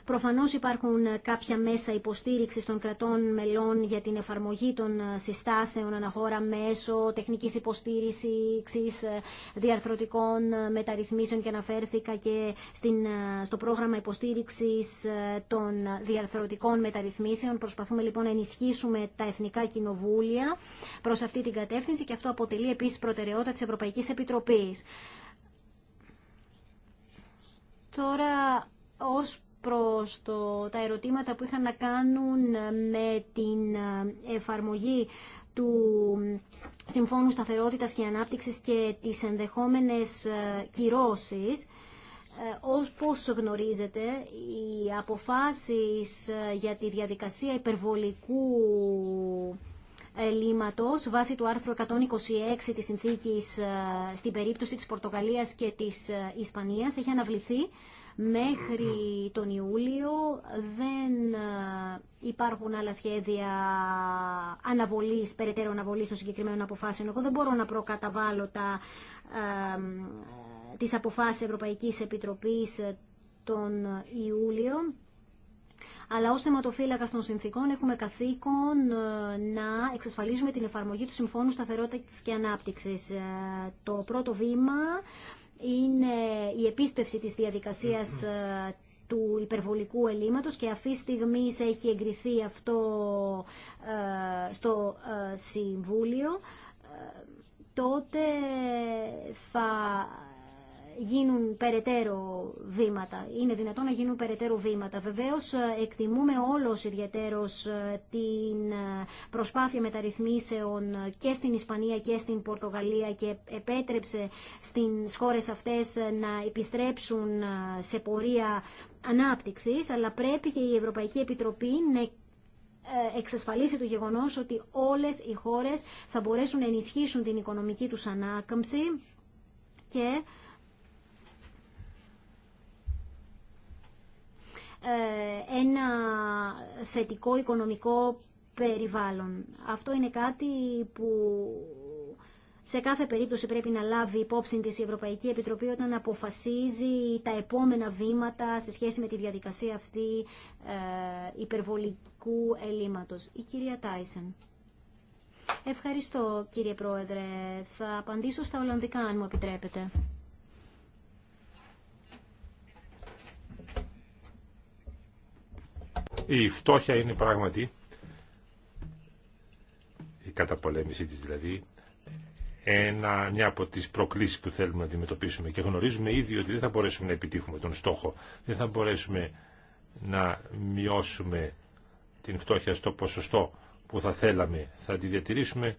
Προφανώς υπάρχουν κάποια μέσα υποστήριξης των κρατών μελών για την εφαρμογή των συστάσεων αναχώρα μέσω τεχνικής υποστήριξης διαρθρωτικών μεταρρυθμίσεων και αναφέρθηκα και στην, στο πρόγραμμα υποστήριξη των διαρθρωτικών μεταρρυθμίσεων. Προσπαθούμε λοιπόν να ενισχύσουμε τα εθνικά κοινοβούλια προ αυτή την κατεύθυνση και αυτό αποτελεί επίση προτεραιότητα τη Ευρωπαϊκή Επιτροπή. Τώρα, ως προς το, τα ερωτήματα που είχαν να κάνουν ε, με την ε, εφαρμογή του Συμφώνου Σταθερότητας και Ανάπτυξης και τις ενδεχόμενες ε, κυρώσεις. Ως πώς γνωρίζετε, οι αποφάσεις για τη διαδικασία υπερβολικού λιματος βάσει του άρθρου 126 της συνθήκης στην περίπτωση της Πορτογαλίας και της Ισπανίας έχει αναβληθεί Μέχρι τον Ιούλιο δεν ε, υπάρχουν άλλα σχέδια αναβολής, περαιτέρω αναβολής των συγκεκριμένων αποφάσεων. Εγώ δεν μπορώ να προκαταβάλω τα, ε, τις αποφάσεις Ευρωπαϊκής Επιτροπής ε, τον Ιούλιο. Αλλά ως θεματοφύλακα των συνθήκων έχουμε καθήκον ε, να εξασφαλίσουμε την εφαρμογή του Συμφώνου Σταθερότητας και Ανάπτυξης. Το πρώτο βήμα είναι η επίσπευση της διαδικασίας ε, του υπερβολικού ελλείμματος και αυτή τη στιγμή έχει εγκριθεί αυτό ε, στο ε, Συμβούλιο, τότε θα γίνουν περαιτέρω βήματα. Είναι δυνατόν να γίνουν περαιτέρω βήματα. Βεβαίως ε, εκτιμούμε όλος ιδιαίτερος ε, την ε, προσπάθεια μεταρρυθμίσεων και στην Ισπανία και στην Πορτογαλία και επέτρεψε στι χώρε αυτές να επιστρέψουν σε πορεία ανάπτυξη, αλλά πρέπει και η Ευρωπαϊκή Επιτροπή να εξασφαλίσει το γεγονός ότι όλες οι χώρες θα μπορέσουν να ενισχύσουν την οικονομική τους ανάκαμψη και θετικό οικονομικό περιβάλλον. Αυτό είναι κάτι που σε κάθε περίπτωση πρέπει να λάβει υπόψη της η Ευρωπαϊκή Επιτροπή όταν αποφασίζει τα επόμενα βήματα σε σχέση με τη διαδικασία αυτή ε, υπερβολικού ελλείμματος. Η κυρία Τάισεν. Ευχαριστώ κύριε Πρόεδρε. Θα απαντήσω στα Ολλανδικά αν μου επιτρέπετε. Η φτώχεια είναι πράγματι, η καταπολέμησή της δηλαδή, ένα, μια από τις προκλήσεις που θέλουμε να αντιμετωπίσουμε και γνωρίζουμε ήδη ότι δεν θα μπορέσουμε να επιτύχουμε τον στόχο, δεν θα μπορέσουμε να μειώσουμε την φτώχεια στο ποσοστό που θα θέλαμε. Θα τη διατηρήσουμε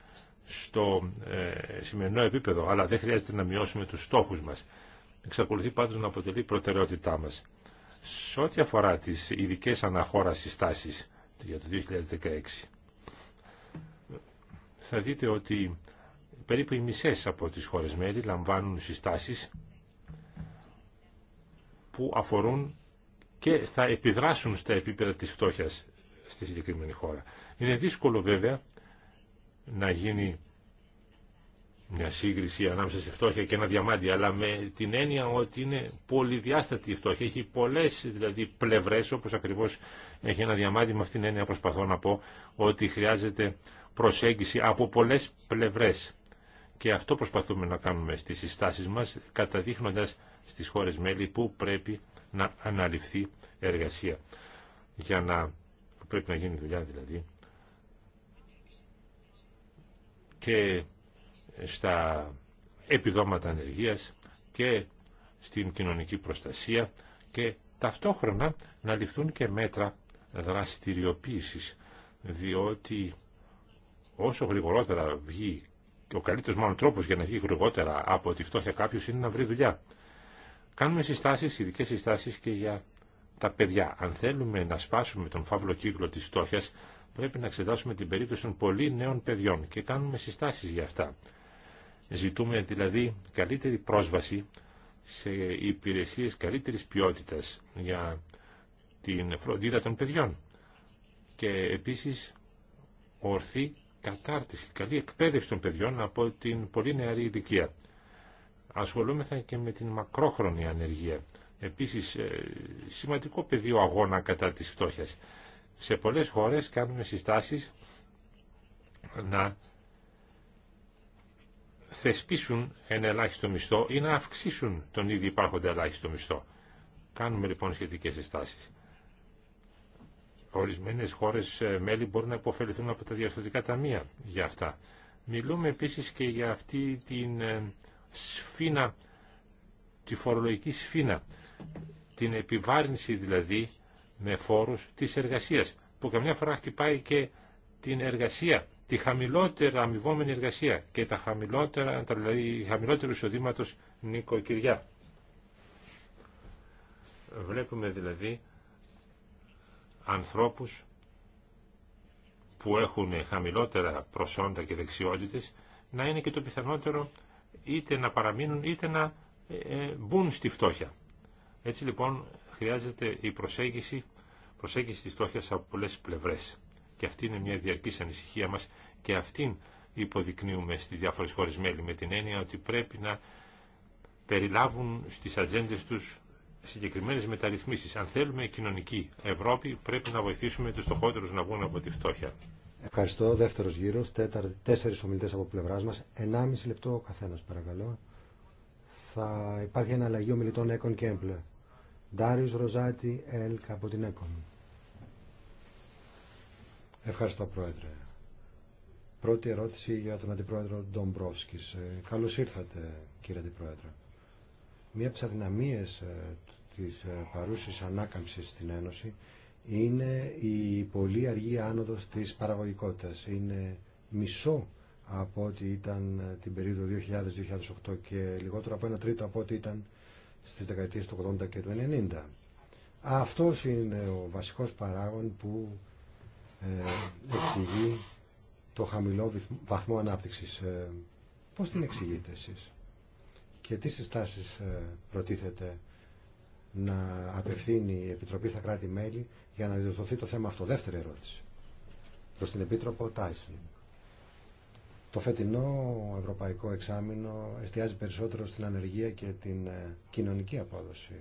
στο ε, σημερινό επίπεδο, αλλά δεν χρειάζεται να μειώσουμε τους στόχους μας. Εξακολουθεί πάντως να αποτελεί προτεραιότητά μας σε ό,τι αφορά τις ειδικέ αναχώρας συστάσεις για το 2016 θα δείτε ότι περίπου οι μισές από τις χώρες μέλη λαμβάνουν συστάσεις που αφορούν και θα επιδράσουν στα επίπεδα της φτώχειας στη συγκεκριμένη χώρα. Είναι δύσκολο βέβαια να γίνει μια σύγκριση ανάμεσα σε φτώχεια και ένα διαμάντι, αλλά με την έννοια ότι είναι πολυδιάστατη η φτώχεια. Έχει πολλέ δηλαδή, πλευρέ, όπω ακριβώ έχει ένα διαμάντι. Με αυτήν την έννοια προσπαθώ να πω ότι χρειάζεται προσέγγιση από πολλέ πλευρέ. Και αυτό προσπαθούμε να κάνουμε στι συστάσει μα, καταδείχνοντα στι χώρε μέλη που πρέπει να αναλυφθεί εργασία. Για να πρέπει να γίνει δουλειά δηλαδή. Και στα επιδόματα ανεργίας και στην κοινωνική προστασία και ταυτόχρονα να ληφθούν και μέτρα δραστηριοποίησης διότι όσο γρηγορότερα βγει και ο καλύτερος μάλλον τρόπος για να βγει γρηγορότερα από τη φτώχεια κάποιος είναι να βρει δουλειά. Κάνουμε συστάσεις, ειδικές συστάσεις και για τα παιδιά. Αν θέλουμε να σπάσουμε τον φαύλο κύκλο της φτώχειας πρέπει να εξετάσουμε την περίπτωση των πολύ νέων παιδιών και κάνουμε συστάσεις για αυτά. Ζητούμε δηλαδή καλύτερη πρόσβαση σε υπηρεσίες καλύτερης ποιότητας για την φροντίδα των παιδιών και επίσης ορθή κατάρτιση, καλή εκπαίδευση των παιδιών από την πολύ νεαρή ηλικία. Ασχολούμεθα και με την μακρόχρονη ανεργία. Επίσης, ε, σημαντικό πεδίο αγώνα κατά της φτώχειας. Σε πολλές χώρες κάνουμε συστάσεις να θεσπίσουν ένα ελάχιστο μισθό ή να αυξήσουν τον ήδη υπάρχοντα ελάχιστο μισθό. Κάνουμε λοιπόν σχετικές συστάσεις. Ορισμένες χώρες ε, μέλη μπορούν να υποφεληθούν από τα διαστατικά ταμεία για αυτά. Μιλούμε επίσης και για αυτή την ε, σφήνα, τη φορολογική σφήνα, την επιβάρυνση δηλαδή με φόρους της εργασίας, που καμιά φορά χτυπάει και την εργασία τη χαμηλότερα αμοιβόμενη εργασία και τα χαμηλότερα, δηλαδή χαμηλότερου εισοδήματο νοικοκυριά. Βλέπουμε δηλαδή ανθρώπους που έχουν χαμηλότερα προσόντα και δεξιότητες να είναι και το πιθανότερο είτε να παραμείνουν είτε να ε, ε, μπουν στη φτώχεια. Έτσι λοιπόν χρειάζεται η προσέγγιση, προσέγγιση της φτώχειας από πολλές πλευρές. Και αυτή είναι μια διαρκή ανησυχία μα και αυτήν υποδεικνύουμε στι διάφορε χώρες μέλη με την έννοια ότι πρέπει να περιλάβουν στι ατζέντε του συγκεκριμένε μεταρρυθμίσει. Αν θέλουμε κοινωνική Ευρώπη πρέπει να βοηθήσουμε του στοχότερους να βγουν από τη φτώχεια. Ευχαριστώ. Δεύτερο γύρο, τέσσερις ομιλητέ από πλευράς μας. Ενάμιση λεπτό ο καθένας παρακαλώ. Θα υπάρχει ένα αλλαγή ομιλητών Έκον και Έμπλε. Ντάριο Ροζάτη, ΕΛΚ από την Έκον. Ευχαριστώ Πρόεδρε. Πρώτη ερώτηση για τον Αντιπρόεδρο Ντομπρόσκης. Ε, Καλώ ήρθατε κύριε Αντιπρόεδρε. Μία από τις αδυναμίες ε, της ε, παρούση ανάκαμψης στην Ένωση είναι η πολύ αργή άνοδος τη παραγωγικότητα. Είναι μισό από ό,τι ήταν την περίοδο 2000-2008 και λιγότερο από ένα τρίτο από ό,τι ήταν στις δεκαετίες του 80 και του 90. Αυτός είναι ο βασικός παράγον που ε, εξηγεί το χαμηλό βαθμό ανάπτυξης. Ε, πώς την εξηγείτε εσείς και τι συστάσεις ε, προτίθεται να απευθύνει η Επιτροπή στα κράτη-μέλη για να διορθωθεί το θέμα αυτό. Δεύτερη ερώτηση προς την Επίτροπο Τάισιν. Το φετινό ευρωπαϊκό εξάμεινο εστιάζει περισσότερο στην ανεργία και την κοινωνική απόδοση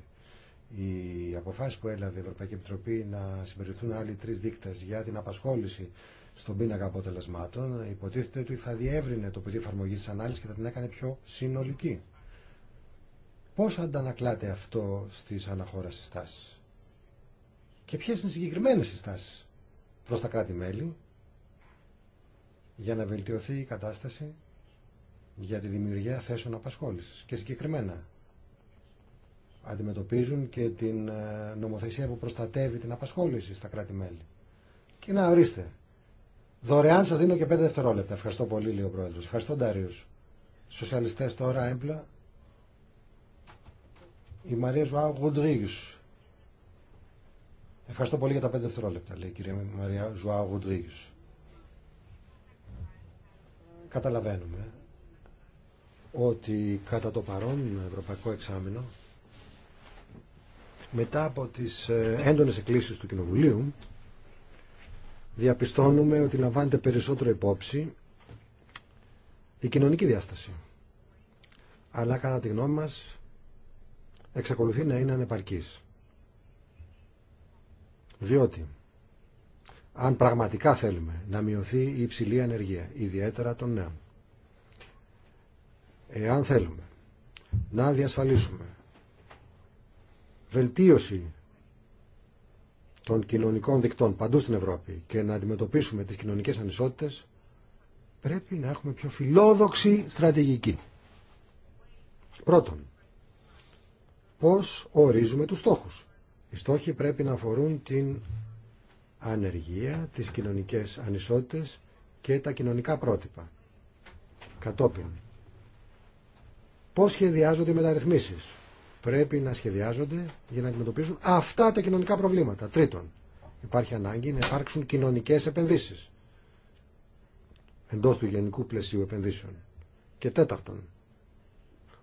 οι αποφάσει που έλαβε η Ευρωπαϊκή Επιτροπή να συμπεριληφθούν άλλοι τρει δείκτε για την απασχόληση στον πίνακα αποτελεσμάτων, υποτίθεται ότι θα διεύρυνε το πεδίο εφαρμογή τη ανάλυση και θα την έκανε πιο συνολική. Πώ αντανακλάται αυτό στι αναχώρα συστάσει, και ποιε είναι οι συγκεκριμένε συστάσει προ τα κράτη-μέλη για να βελτιωθεί η κατάσταση για τη δημιουργία θέσεων απασχόλησης και συγκεκριμένα αντιμετωπίζουν και την ε, νομοθεσία που προστατεύει την απασχόληση στα κράτη-μέλη. Και να ορίστε. Δωρεάν σας δίνω και πέντε δευτερόλεπτα. Ευχαριστώ πολύ, λέει ο πρόεδρο. Ευχαριστώ, Ντάριου. Σοσιαλιστές τώρα, έμπλα. Η Μαρία Ζουάου Γουντρίγιους. Ευχαριστώ πολύ για τα πέντε δευτερόλεπτα, λέει η κυρία Μαρία Ζουάου Γουντρίγιους. Καταλαβαίνουμε ότι κατά το παρόν ευρωπαϊκό εξάμεινο μετά από τις ε, έντονες εκκλήσεις του Κοινοβουλίου, διαπιστώνουμε ότι λαμβάνεται περισσότερο υπόψη η κοινωνική διάσταση. Αλλά κατά τη γνώμη μας εξακολουθεί να είναι ανεπαρκής. Διότι αν πραγματικά θέλουμε να μειωθεί η υψηλή ανεργία, ιδιαίτερα των νέων, εάν θέλουμε να διασφαλίσουμε βελτίωση των κοινωνικών δικτών παντού στην Ευρώπη και να αντιμετωπίσουμε τις κοινωνικές ανισότητες πρέπει να έχουμε πιο φιλόδοξη στρατηγική. Πρώτον, πώς ορίζουμε τους στόχους. Οι στόχοι πρέπει να αφορούν την ανεργία, τις κοινωνικές ανισότητες και τα κοινωνικά πρότυπα. Κατόπιν, πώς σχεδιάζονται οι μεταρρυθμίσεις πρέπει να σχεδιάζονται για να αντιμετωπίσουν αυτά τα κοινωνικά προβλήματα. Τρίτον, υπάρχει ανάγκη να υπάρξουν κοινωνικές επενδύσεις εντός του γενικού πλαισίου επενδύσεων. Και τέταρτον,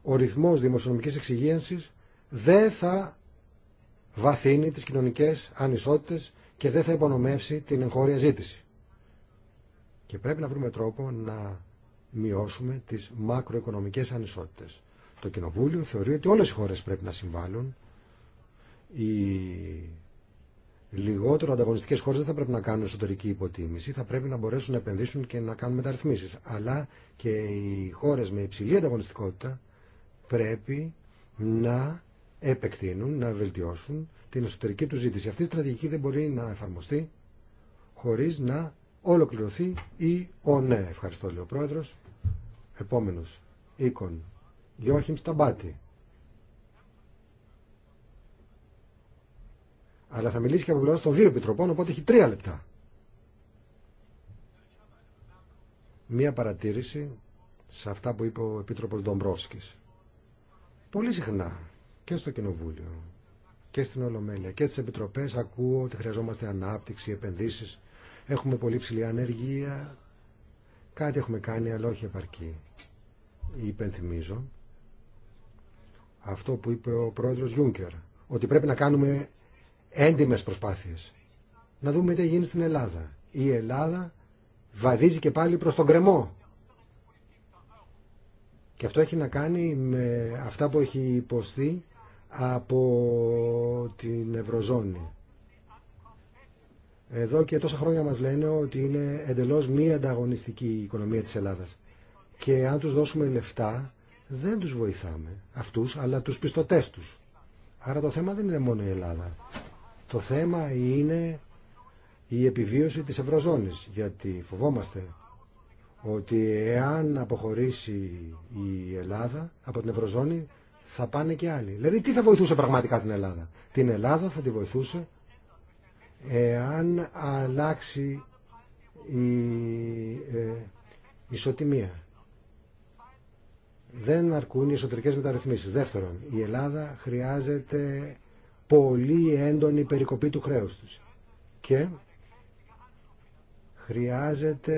ο ρυθμό δημοσιονομικής εξυγίανση δεν θα βαθύνει τις κοινωνικές ανισότητες και δεν θα υπονομεύσει την εγχώρια ζήτηση. Και πρέπει να βρούμε τρόπο να μειώσουμε τις μακροοικονομικές ανισότητες. Το Κοινοβούλιο θεωρεί ότι όλες οι χώρες πρέπει να συμβάλλουν. Οι λιγότερο ανταγωνιστικές χώρες δεν θα πρέπει να κάνουν εσωτερική υποτίμηση, θα πρέπει να μπορέσουν να επενδύσουν και να κάνουν μεταρρυθμίσεις. Αλλά και οι χώρες με υψηλή ανταγωνιστικότητα πρέπει να επεκτείνουν, να βελτιώσουν την εσωτερική του ζήτηση. Αυτή η στρατηγική δεν μπορεί να εφαρμοστεί χωρίς να ολοκληρωθεί ή ο ναι. Ευχαριστώ, λέει ο Πρόεδρος. Επόμενος, Γιώχιμ Σταμπάτη. Αλλά θα μιλήσει και από πλευρά των δύο επιτροπών, οπότε έχει τρία λεπτά. Μία παρατήρηση σε αυτά που είπε ο Επίτροπος Ντομπρόσκης. Πολύ συχνά και στο Κοινοβούλιο και στην Ολομέλεια και στις Επιτροπές ακούω ότι χρειαζόμαστε ανάπτυξη, επενδύσεις, έχουμε πολύ ψηλή ανεργία, κάτι έχουμε κάνει αλλά όχι επαρκή. Υπενθυμίζω αυτό που είπε ο πρόεδρος Γιούνκερ, ότι πρέπει να κάνουμε έντιμες προσπάθειες. Να δούμε τι γίνει στην Ελλάδα. Η Ελλάδα βαδίζει και πάλι προς τον κρεμό. Και αυτό έχει να κάνει με αυτά που έχει υποστεί από την Ευρωζώνη. Εδώ και τόσα χρόνια μας λένε ότι είναι εντελώς μη ανταγωνιστική η οικονομία της Ελλάδας. Και αν τους δώσουμε λεφτά δεν τους βοηθάμε αυτούς, αλλά τους πιστωτές τους. Άρα το θέμα δεν είναι μόνο η Ελλάδα. Το θέμα είναι η επιβίωση της Ευρωζώνης, γιατί φοβόμαστε ότι εάν αποχωρήσει η Ελλάδα από την Ευρωζώνη θα πάνε και άλλοι. Δηλαδή τι θα βοηθούσε πραγματικά την Ελλάδα. Την Ελλάδα θα τη βοηθούσε εάν αλλάξει η ε, ισοτιμία δεν αρκούν οι εσωτερικές μεταρρυθμίσεις. Δεύτερον, η Ελλάδα χρειάζεται πολύ έντονη περικοπή του χρέους τους και χρειάζεται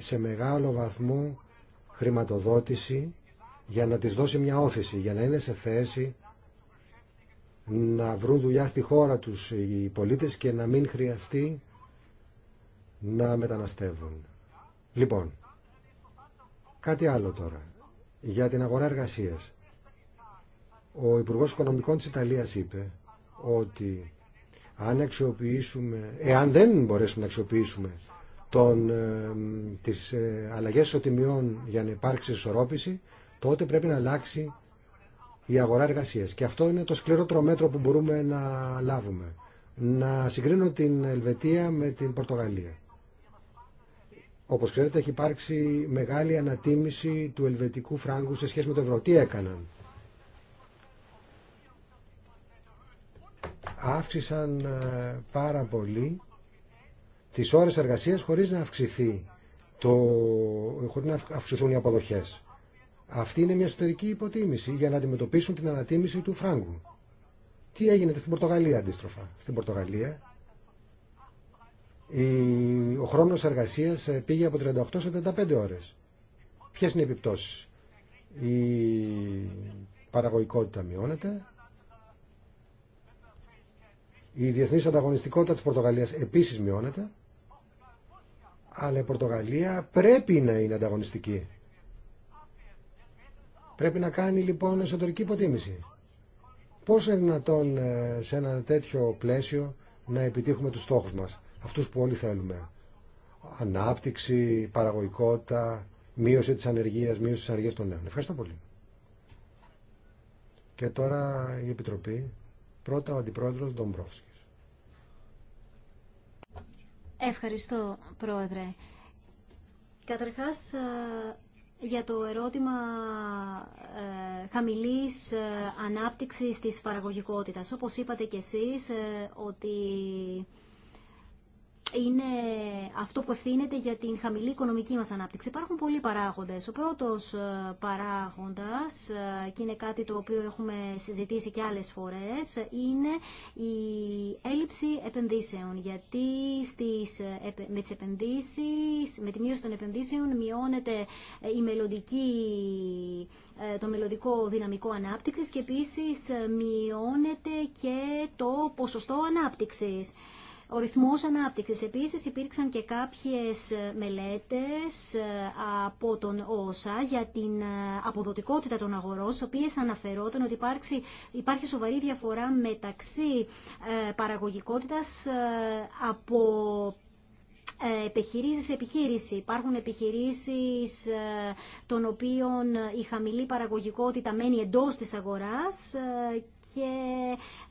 σε μεγάλο βαθμό χρηματοδότηση για να της δώσει μια όθηση, για να είναι σε θέση να βρουν δουλειά στη χώρα τους οι πολίτες και να μην χρειαστεί να μεταναστεύουν. Λοιπόν, κάτι άλλο τώρα για την αγορά εργασίας. Ο Υπουργό Οικονομικών της Ιταλίας είπε ότι αν αξιοποιήσουμε, εάν δεν μπορέσουμε να αξιοποιήσουμε των, ε, τις ε, αλλαγές για να υπάρξει ισορρόπηση, τότε πρέπει να αλλάξει η αγορά εργασίας. Και αυτό είναι το σκληρότερο μέτρο που μπορούμε να λάβουμε. Να συγκρίνω την Ελβετία με την Πορτογαλία. Όπω ξέρετε έχει υπάρξει μεγάλη ανατίμηση του ελβετικού φράγκου σε σχέση με το ευρώ. Τι έκαναν. Αύξησαν ε, πάρα πολύ τι ώρε εργασία χωρί να αυξηθεί το, χωρίς να αυξηθούν οι αποδοχές. Αυτή είναι μια εσωτερική υποτίμηση για να αντιμετωπίσουν την ανατίμηση του φράγκου. Τι έγινε στην Πορτογαλία αντίστροφα. Στην Πορτογαλία ο χρόνος εργασίας ε, πήγε από 38 σε 35 ώρες. Ποιες είναι οι επιπτώσεις. Η παραγωγικότητα μειώνεται. Η διεθνής ανταγωνιστικότητα της Πορτογαλίας επίσης μειώνεται. Αλλά η Πορτογαλία πρέπει να είναι ανταγωνιστική. Πρέπει να κάνει λοιπόν εσωτερική υποτίμηση. Πώς είναι δυνατόν ε, σε ένα τέτοιο πλαίσιο να επιτύχουμε τους στόχους μας αυτούς που όλοι θέλουμε. Ανάπτυξη, παραγωγικότητα, μείωση της ανεργίας, μείωση της ανεργίας των νέων. Ευχαριστώ πολύ. Και τώρα η Επιτροπή. Πρώτα ο Αντιπρόεδρος Ντομπρόφσκης. Ευχαριστώ, Πρόεδρε. Καταρχάς, ε, για το ερώτημα ε, χαμηλής ε, ανάπτυξης της παραγωγικότητας. Όπως είπατε κι εσείς ε, ότι είναι αυτό που ευθύνεται για την χαμηλή οικονομική μας ανάπτυξη. Υπάρχουν πολλοί παράγοντες. Ο πρώτος ε, παράγοντας, ε, και είναι κάτι το οποίο έχουμε συζητήσει και άλλες φορές, είναι η έλλειψη επενδύσεων. Γιατί στις, ε, με, τις επενδύσεις, τη μείωση των επενδύσεων μειώνεται η μελλοντική, το μελλοντικό δυναμικό ανάπτυξης και επίσης μειώνεται και το ποσοστό ανάπτυξης ο ρυθμός ανάπτυξης. Επίσης υπήρξαν και κάποιες μελέτες ε, από τον ΩΣΑ για την ε, αποδοτικότητα των αγορών, στις οποίες αναφερόταν ότι υπάρχει σοβαρή διαφορά μεταξύ ε, παραγωγικότητας από επιχειρήσει σε επιχείρηση. Υπάρχουν επιχειρήσεις των οποίων η χαμηλή παραγωγικότητα μένει εντός της αγοράς και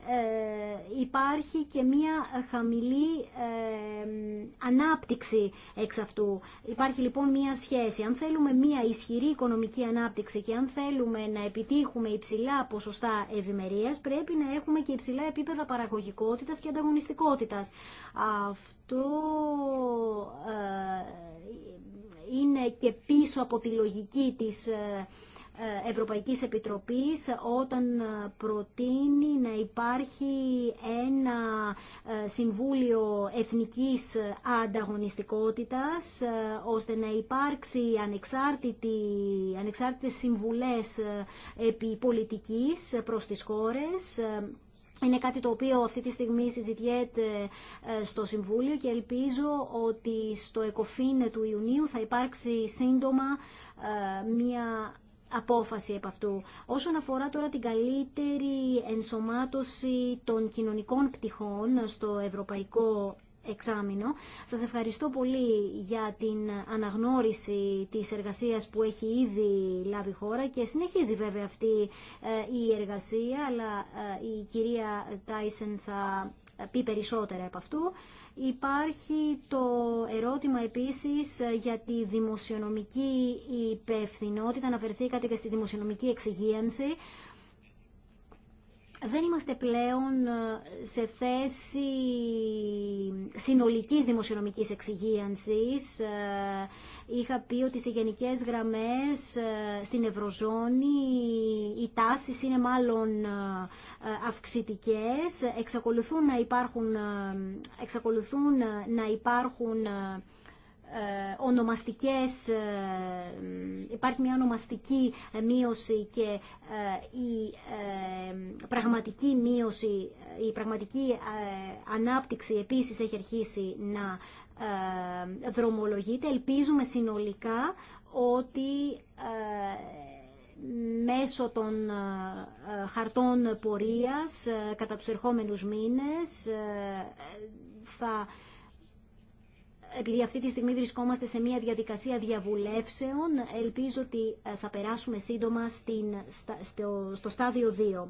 ε, υπάρχει και μία χαμηλή ε, ανάπτυξη εξ αυτού. Υπάρχει λοιπόν μία σχέση. Αν θέλουμε μία ισχυρή οικονομική ανάπτυξη και αν θέλουμε να επιτύχουμε υψηλά ποσοστά ευημερία, πρέπει να έχουμε και υψηλά επίπεδα παραγωγικότητας και ανταγωνιστικότητας. Αυτό ε, είναι και πίσω από τη λογική της ε, Ευρωπαϊκής Επιτροπής όταν ε, προτείνει να υπάρχει ένα ε, Συμβούλιο Εθνικής Ανταγωνιστικότητας ώστε να υπάρξει ανεξάρτητη, ανεξάρτητες συμβουλές επί πολιτικής προς τις χώρες είναι κάτι το οποίο αυτή τη στιγμή συζητιέται στο Συμβούλιο και ελπίζω ότι στο ΕΚΟΦΗΝ του Ιουνίου θα υπάρξει σύντομα μια απόφαση επ' αυτού. Όσον αφορά τώρα την καλύτερη ενσωμάτωση των κοινωνικών πτυχών στο ευρωπαϊκό εξάμεινο. Σας ευχαριστώ πολύ για την αναγνώριση της εργασίας που έχει ήδη λάβει η χώρα και συνεχίζει βέβαια αυτή ε, η εργασία, αλλά ε, η κυρία Τάισεν θα ε, πει περισσότερα από αυτού. Υπάρχει το ερώτημα επίσης για τη δημοσιονομική υπευθυνότητα. Αναφερθήκατε και στη δημοσιονομική εξυγίανση δεν είμαστε πλέον ε, σε θέση συνολικής δημοσιονομικής εξυγίανσης. Ε, είχα πει ότι σε γενικές γραμμές ε, στην Ευρωζώνη οι τάσεις είναι μάλλον αυξητικές. Εξακολουθούν να υπάρχουν, εξακολουθούν να υπάρχουν ε, ονομαστικές, ε, υπάρχει μια ονομαστική μείωση και ε, η πραγματική μείωση, η πραγματική ανάπτυξη επίσης έχει αρχίσει να δρομολογείται. Ελπίζουμε συνολικά ότι μέσω των χαρτών πορείας κατά τους ερχόμενους μήνες θα επειδή αυτή τη στιγμή βρισκόμαστε σε μια διαδικασία διαβουλεύσεων, ελπίζω ότι ε, θα περάσουμε σύντομα στην, στο, στο στάδιο 2.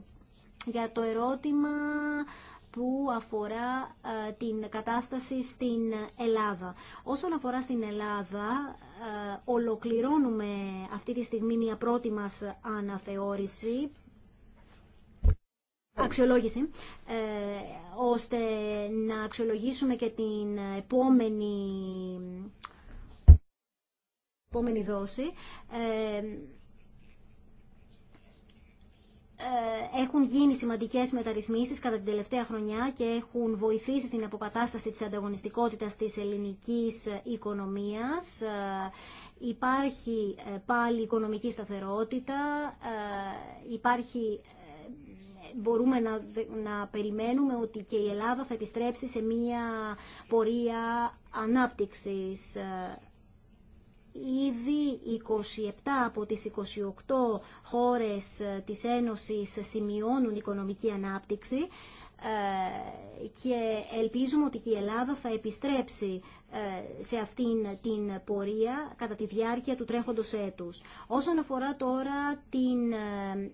Για το ερώτημα που αφορά ε, την κατάσταση στην Ελλάδα. Όσον αφορά στην Ελλάδα, ε, ολοκληρώνουμε αυτή τη στιγμή μια πρώτη μας αναθεώρηση, αξιολόγηση ώστε να αξιολογήσουμε και την επόμενη, επόμενη δόση. Ε, ε, έχουν γίνει σημαντικές μεταρρυθμίσεις κατά την τελευταία χρονιά και έχουν βοηθήσει στην αποκατάσταση της ανταγωνιστικότητας της ελληνικής οικονομίας. Ε, υπάρχει πάλι οικονομική σταθερότητα, υπάρχει μπορούμε να, να περιμένουμε ότι και η Ελλάδα θα επιστρέψει σε μία πορεία ανάπτυξης. Ε, ήδη 27 από τις 28 χώρες ε, της Ένωσης σημειώνουν οικονομική ανάπτυξη ε, και ελπίζουμε ότι και η Ελλάδα θα επιστρέψει ε, σε αυτήν την πορεία κατά τη διάρκεια του τρέχοντος έτους. Όσον αφορά τώρα την ε,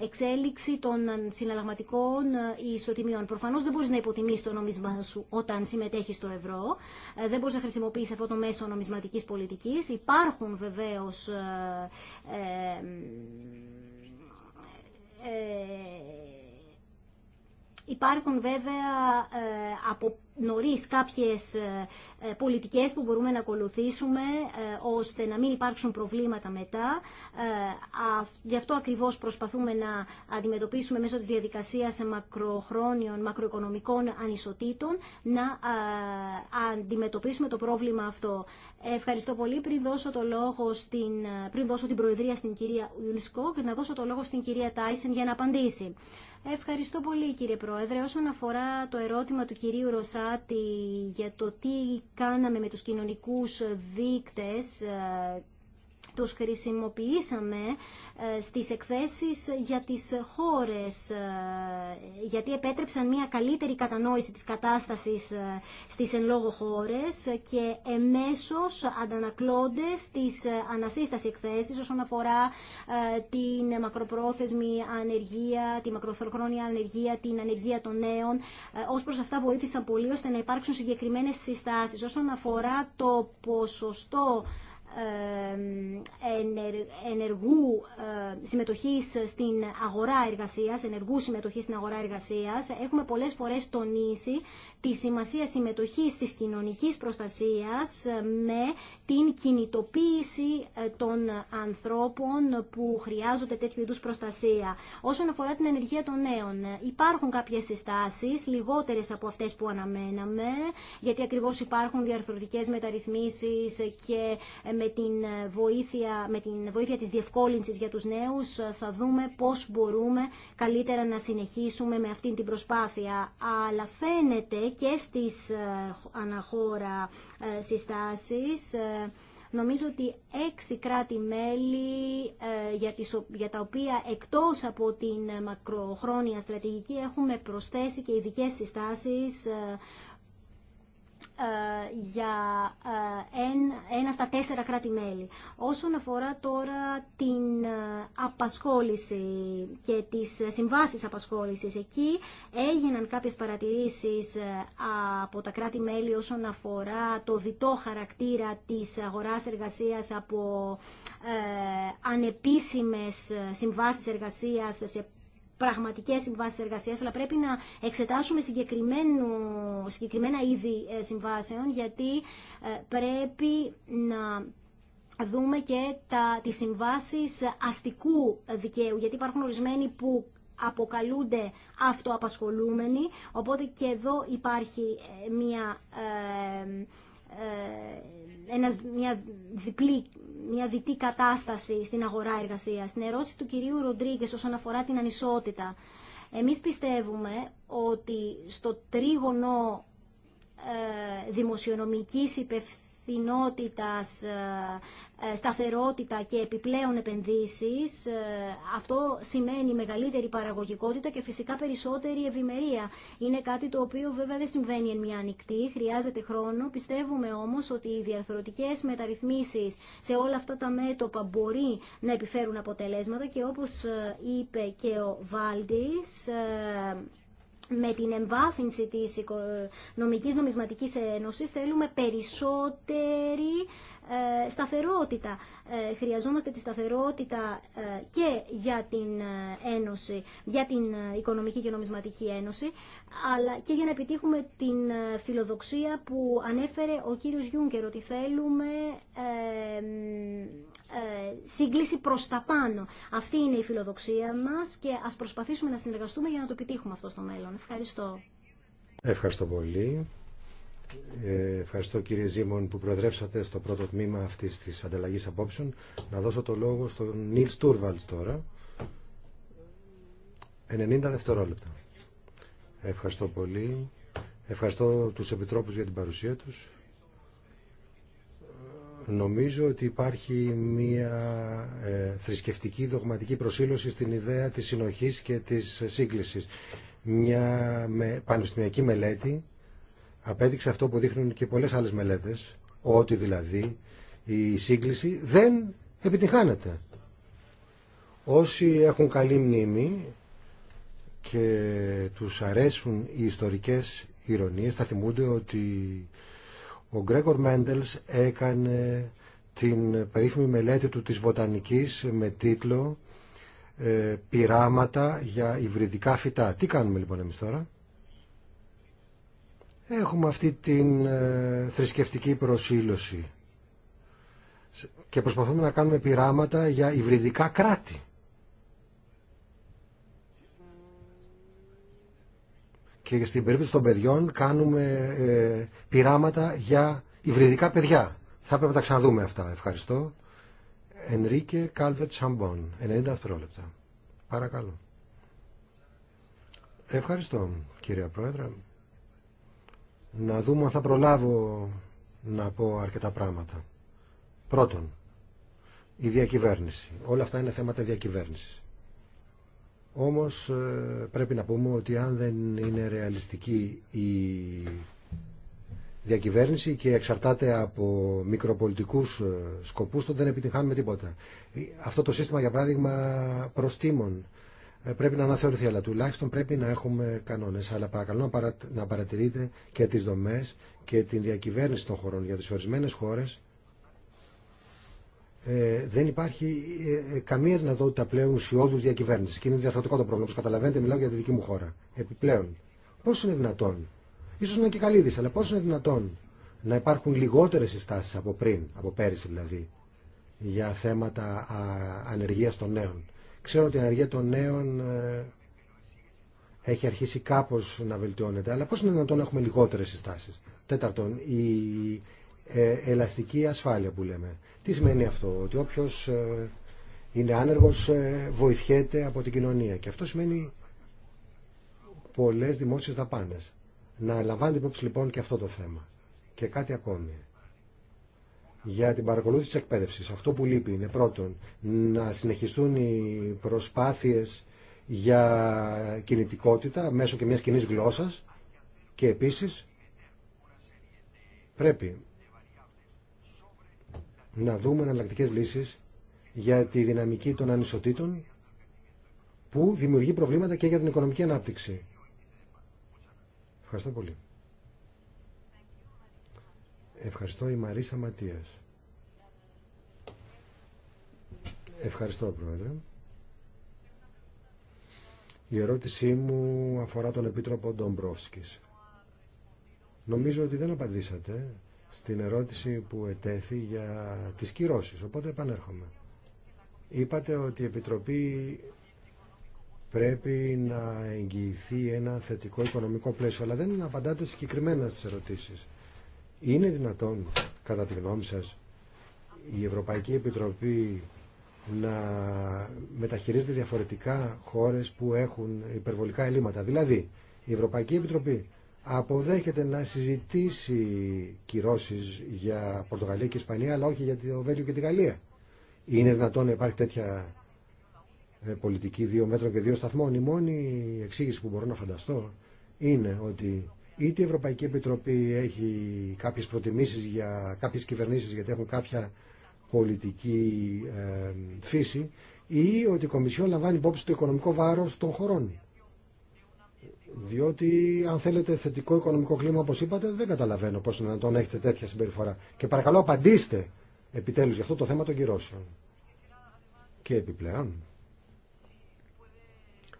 ε, εξέλιξη των συναλλαγματικών ισοτιμιών. Προφανώς δεν μπορείς να υποτιμήσει το νόμισμά σου όταν συμμετέχεις στο ευρώ. Δεν μπορείς να χρησιμοποιήσει αυτό το μέσο νομισματικής πολιτικής. Υπάρχουν βεβαίω. Ε, Υπάρχουν βέβαια ε, από νωρίς κάποιες ε, ε, πολιτικές που μπορούμε να ακολουθήσουμε ώστε να μην υπάρξουν προβλήματα μετά. Γι' αυτό ακριβώς προσπαθούμε να αντιμετωπίσουμε μέσω της διαδικασίας μακροχρόνιων, μακροοικονομικών ανισοτήτων να αντιμετωπίσουμε το πρόβλημα αυτό. Ευχαριστώ πολύ. Πριν δώσω, το λόγο στην, πριν την προεδρία στην κυρία και να δώσω το λόγο στην κυρία Τάισεν για να απαντήσει. Ευχαριστώ πολύ κύριε Πρόεδρε. Όσον αφορά το ερώτημα του κυρίου Ρωσάτη για το τι κάναμε με τους κοινωνικούς δείκτες ε, τους χρησιμοποιήσαμε ε, στις εκθέσεις για τις χώρες, ε, γιατί επέτρεψαν μια καλύτερη κατανόηση της κατάστασης ε, στις εν λόγω χώρες και εμέσως αντανακλώνται στις ανασύσταση εκθέσεις όσον αφορά την μακροπρόθεσμη ανεργία, τη μακροχρόνια ανεργία, την ανεργία των νέων. Ως προς αυτά βοήθησαν πολύ ώστε να υπάρξουν συγκεκριμένες συστάσεις. Όσον αφορά το ποσοστό ε, ε, ενεργού ε, συμμετοχής στην αγορά εργασίας, ενεργού συμμετοχής στην αγορά εργασίας. Έχουμε πολλές φορές τονίσει τη σημασία συμμετοχής της κοινωνικής προστασίας με την κινητοποίηση των ανθρώπων που χρειάζονται τέτοιου είδους προστασία. Όσον αφορά την ενεργεία των νέων, υπάρχουν κάποιες συστάσεις, λιγότερες από αυτές που αναμέναμε, γιατί ακριβώς υπάρχουν διαρθρωτικές μεταρρυθμίσεις και με την βοήθεια, με την βοήθεια της διευκόλυνσης για τους νέους θα δούμε πώς μπορούμε καλύτερα να συνεχίσουμε με αυτή την προσπάθεια. Αλλά φαίνεται και στις ε, αναχώρα ε, συστάσεις ε, Νομίζω ότι έξι κράτη-μέλη για τα οποία εκτός από την μακροχρόνια στρατηγική έχουμε προσθέσει και ειδικές συστάσεις ε, για ε, ένα στα τέσσερα κράτη-μέλη. Όσον αφορά τώρα την ε, απασχόληση και τις συμβάσεις απασχόλησης, εκεί έγιναν κάποιες παρατηρήσεις από τα κράτη-μέλη όσον αφορά το διτό χαρακτήρα της αγοράς εργασίας από ανεπίσημες συμβάσεις εργασίας σε πραγματικές συμβάσεις εργασίας, αλλά πρέπει να εξετάσουμε συγκεκριμένα είδη ε, συμβάσεων, γιατί ε, πρέπει να δούμε και τα, τις συμβάσεις αστικού δικαίου, γιατί υπάρχουν ορισμένοι που αποκαλούνται αυτοαπασχολούμενοι, οπότε και εδώ υπάρχει ε, μια, ε, ε, ένας, μια διπλή μια δυτή κατάσταση στην αγορά εργασίας. Στην ερώτηση του κυρίου Ροντρίγκε όσον αφορά την ανισότητα. Εμείς πιστεύουμε ότι στο τρίγωνο ε, δημοσιονομικής υπευθύνης υπευθυνότητας, ε, ε, σταθερότητα και επιπλέον επενδύσεις. Ε, αυτό σημαίνει μεγαλύτερη παραγωγικότητα και φυσικά περισσότερη ευημερία. Είναι κάτι το οποίο βέβαια δεν συμβαίνει εν μια ανοιχτή, χρειάζεται χρόνο. Πιστεύουμε όμως ότι οι διαρθρωτικές μεταρρυθμίσεις σε όλα αυτά τα μέτωπα μπορεί να επιφέρουν αποτελέσματα και όπως είπε και ο Βάλτης, με την εμβάθυνση της νομικής Νομισματικής Ένωσης θέλουμε περισσότερη ε, σταθερότητα. Ε, χρειαζόμαστε τη σταθερότητα ε, και για την Ένωση, για την Οικονομική και Νομισματική Ένωση, αλλά και για να επιτύχουμε την φιλοδοξία που ανέφερε ο κύριος Γιούγκερ, ότι θέλουμε σύγκληση προς τα πάνω. Αυτή είναι η φιλοδοξία μας και ας προσπαθήσουμε να συνεργαστούμε για να το επιτύχουμε αυτό στο μέλλον. Ευχαριστώ. Ευχαριστώ πολύ. Ε, ευχαριστώ κύριε Ζήμων που προεδρεύσατε στο πρώτο τμήμα αυτής της ανταλλαγής απόψεων. Να δώσω το λόγο στον Νίλ Στούρβαλτς τώρα. 90 δευτερόλεπτα. Ευχαριστώ πολύ. Ευχαριστώ τους επιτρόπους για την παρουσία τους. Νομίζω ότι υπάρχει μια ε, θρησκευτική δογματική προσήλωση στην ιδέα της συνοχής και της σύγκλησης. Μια με, πανεπιστημιακή μελέτη Απέδειξε αυτό που δείχνουν και πολλές άλλες μελέτες, ότι δηλαδή η σύγκληση δεν επιτυχάνεται. Όσοι έχουν καλή μνήμη και τους αρέσουν οι ιστορικές ηρωνίες θα θυμούνται ότι ο Γκρέκορ Μέντελς έκανε την περίφημη μελέτη του της βοτανικής με τίτλο ε, «Πειράματα για υβριδικά φυτά». Τι κάνουμε λοιπόν εμείς τώρα. Έχουμε αυτή την ε, θρησκευτική προσήλωση και προσπαθούμε να κάνουμε πειράματα για υβριδικά κράτη. Και στην περίπτωση των παιδιών κάνουμε ε, πειράματα για υβριδικά παιδιά. Θα πρέπει να τα ξαναδούμε αυτά. Ευχαριστώ. Ενρίκε Κάλβετ Σαμπόν, 90 δευτερόλεπτα. Παρακαλώ. Ευχαριστώ, κύριε Πρόεδρε να δούμε αν θα προλάβω να πω αρκετά πράγματα. Πρώτον, η διακυβέρνηση. Όλα αυτά είναι θέματα διακυβέρνησης. Όμως ε, πρέπει να πούμε ότι αν δεν είναι ρεαλιστική η διακυβέρνηση και εξαρτάται από μικροπολιτικούς ε, σκοπούς τότε δεν επιτυγχάνουμε τίποτα. Ε, αυτό το σύστημα για παράδειγμα προστήμων ε, πρέπει να αναθεωρηθεί, αλλά τουλάχιστον πρέπει να έχουμε κανόνε, Αλλά παρακαλώ να παρατηρείτε και τι δομέ και την διακυβέρνηση των χωρών. Για τι ορισμένε χώρε ε, δεν υπάρχει ε, ε καμία δυνατότητα πλέον ουσιώδου διακυβέρνηση. Και είναι διαφορετικό το πρόβλημα. Όπω καταλαβαίνετε, μιλάω για τη δική μου χώρα. Επιπλέον, πώ είναι δυνατόν, ίσω είναι και καλή αλλά πώ είναι δυνατόν να υπάρχουν λιγότερε συστάσει από πριν, από πέρυσι δηλαδή, για θέματα ανεργία των νέων. Ξέρω ότι η ανεργία των νέων ε, έχει αρχίσει κάπως να βελτιώνεται, αλλά πώς είναι δυνατόν να έχουμε λιγότερες συστάσεις. Τέταρτον, η ε, ελαστική ασφάλεια που λέμε. Τι σημαίνει αυτό, ότι όποιος ε, είναι άνεργος βοηθιέται από την κοινωνία και αυτό σημαίνει πολλές δημόσιες δαπάνες. Να λαμβάνετε υπόψη λοιπόν και αυτό το θέμα. Και κάτι ακόμη για την παρακολούθηση της εκπαίδευσης. Αυτό που λείπει είναι πρώτον να συνεχιστούν οι προσπάθειες για κινητικότητα μέσω και μιας κοινή γλώσσας και επίσης πρέπει να δούμε εναλλακτικέ λύσεις για τη δυναμική των ανισοτήτων που δημιουργεί προβλήματα και για την οικονομική ανάπτυξη. Ευχαριστώ πολύ. Ευχαριστώ η Μαρίσα Ματίας. Ευχαριστώ Πρόεδρε. Η ερώτησή μου αφορά τον Επίτροπο Ντομπρόφσκης. Νομίζω ότι δεν απαντήσατε στην ερώτηση που ετέθη για τις κυρώσεις, οπότε επανέρχομαι. Είπατε ότι η Επιτροπή πρέπει να εγγυηθεί ένα θετικό οικονομικό πλαίσιο, αλλά δεν απαντάτε συγκεκριμένα στις ερωτήσεις. Είναι δυνατόν, κατά τη γνώμη σας, η Ευρωπαϊκή Επιτροπή να μεταχειρίζεται διαφορετικά χώρες που έχουν υπερβολικά ελλείμματα. Δηλαδή, η Ευρωπαϊκή Επιτροπή αποδέχεται να συζητήσει κυρώσεις για Πορτογαλία και Ισπανία, αλλά όχι για το Βέλιο και τη Γαλλία. Είναι δυνατόν να υπάρχει τέτοια ε, πολιτική δύο μέτρων και δύο σταθμών. Η μόνη εξήγηση που μπορώ να φανταστώ είναι ότι Είτε η Ευρωπαϊκή Επιτροπή έχει κάποιες προτιμήσεις για κάποιες κυβερνήσεις γιατί έχουν κάποια πολιτική φύση ή ότι η Κομισιόν λαμβάνει υπόψη το οικονομικό βάρος των χωρών. Διότι αν θέλετε θετικό οικονομικό κλίμα όπως είπατε δεν καταλαβαίνω πώς να τον έχετε τέτοια συμπεριφορά. Και παρακαλώ απαντήστε επιτέλους για αυτό το θέμα των κυρώσεων. Και επιπλέον,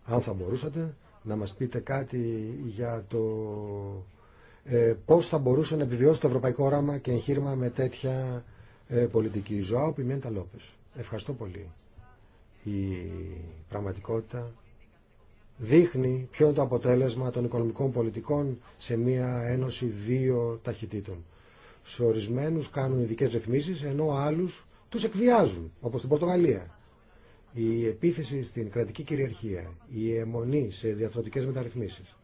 αν θα μπορούσατε να μας πείτε κάτι για το ε, πώς θα μπορούσε να επιβιώσει το ευρωπαϊκό όραμα και εγχείρημα με τέτοια ε, πολιτική. ο Πιμέντα Λόπες. Ευχαριστώ πολύ. Η πραγματικότητα δείχνει ποιο είναι το αποτέλεσμα των οικονομικών πολιτικών σε μια ένωση δύο ταχυτήτων. Σε ορισμένους κάνουν ειδικέ ρυθμίσεις, ενώ άλλους τους εκβιάζουν, όπως στην Πορτογαλία η επίθεση στην κρατική κυριαρχία, η αιμονή σε διαθροτικές μεταρρυθμίσεις,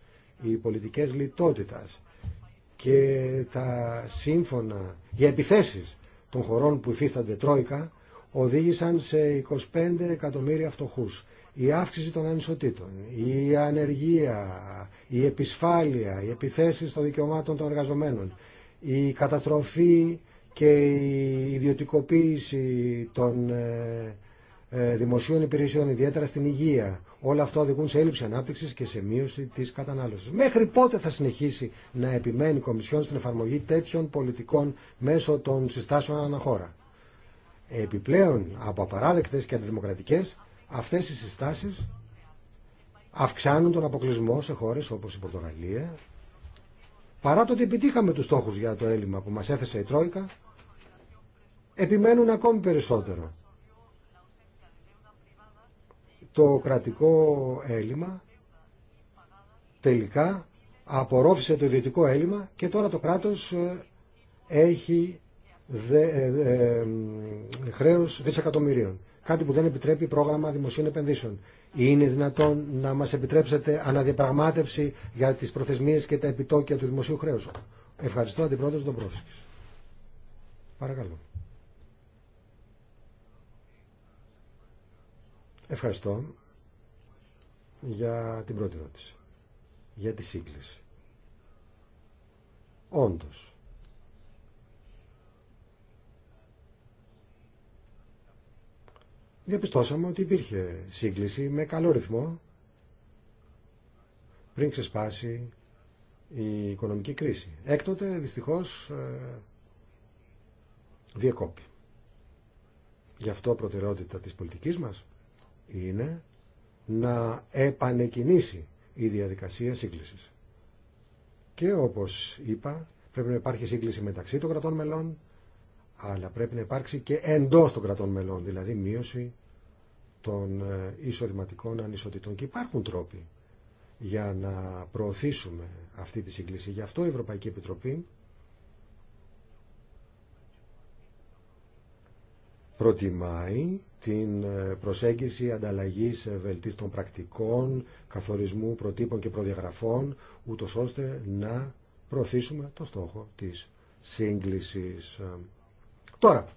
οι πολιτικές λιτότητας και τα σύμφωνα, οι επιθέσεις των χωρών που υφίστανται τρόικα οδήγησαν σε 25 εκατομμύρια φτωχούς. Η αύξηση των ανισοτήτων, η ανεργία, η επισφάλεια, οι επιθέσεις των δικαιωμάτων των εργαζομένων, η καταστροφή και η ιδιωτικοποίηση των ε, ε, δημοσίων υπηρεσιών, ιδιαίτερα στην υγεία. Όλα αυτά οδηγούν σε έλλειψη ανάπτυξη και σε μείωση τη κατανάλωση. Μέχρι πότε θα συνεχίσει να επιμένει η Κομισιόν στην εφαρμογή τέτοιων πολιτικών μέσω των συστάσεων αναχώρα. Επιπλέον, από απαράδεκτε και αντιδημοκρατικέ, αυτέ οι συστάσει αυξάνουν τον αποκλεισμό σε χώρε όπω η Πορτογαλία. Παρά το ότι επιτύχαμε του στόχου για το έλλειμμα που μα έθεσε η Τρόικα, επιμένουν ακόμη περισσότερο το κρατικό έλλειμμα τελικά απορρόφησε το ιδιωτικό έλλειμμα και τώρα το κράτος ε, έχει δε, ε, ε, δισεκατομμυρίων. Κάτι που δεν επιτρέπει πρόγραμμα δημοσίων επενδύσεων. Είναι δυνατόν να μας επιτρέψετε αναδιαπραγμάτευση για τις προθεσμίες και τα επιτόκια του δημοσίου χρέους. Ευχαριστώ Αντιπρόεδρος Ντομπρόφσκης. Παρακαλώ. Ευχαριστώ για την πρώτη ερώτηση. Για τη σύγκληση. Όντως. Διαπιστώσαμε ότι υπήρχε σύγκληση με καλό ρυθμό πριν ξεσπάσει η οικονομική κρίση. Έκτοτε δυστυχώς ε, διεκόπη. Γι' αυτό προτεραιότητα της πολιτικής μας είναι να επανεκκινήσει η διαδικασία σύγκλησης. Και όπως είπα, πρέπει να υπάρχει σύγκληση μεταξύ των κρατών μελών, αλλά πρέπει να υπάρξει και εντός των κρατών μελών, δηλαδή μείωση των ε, εισοδηματικών ανισοτήτων. Και υπάρχουν τρόποι για να προωθήσουμε αυτή τη σύγκληση. Γι' αυτό η Ευρωπαϊκή Επιτροπή προτιμάει την ε, προσέγγιση ανταλλαγής ε, βελτίστων πρακτικών, καθορισμού προτύπων και προδιαγραφών, ούτω ώστε να προωθήσουμε το στόχο της σύγκλησης. Ε, τώρα,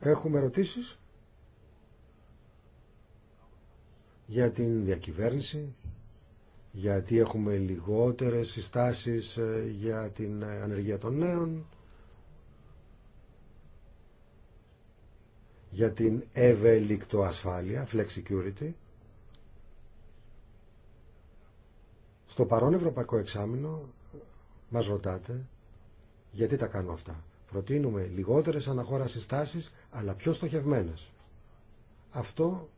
έχουμε ερωτήσεις για την διακυβέρνηση, γιατί έχουμε λιγότερες συστάσεις για την ανεργία των νέων, για την ευελικτοασφάλεια, flex security. Στο παρόν ευρωπαϊκό εξάμεινο μας ρωτάτε γιατί τα κάνουμε αυτά. Προτείνουμε λιγότερες αναχώρα συστάσεις, αλλά πιο στοχευμένες. Αυτό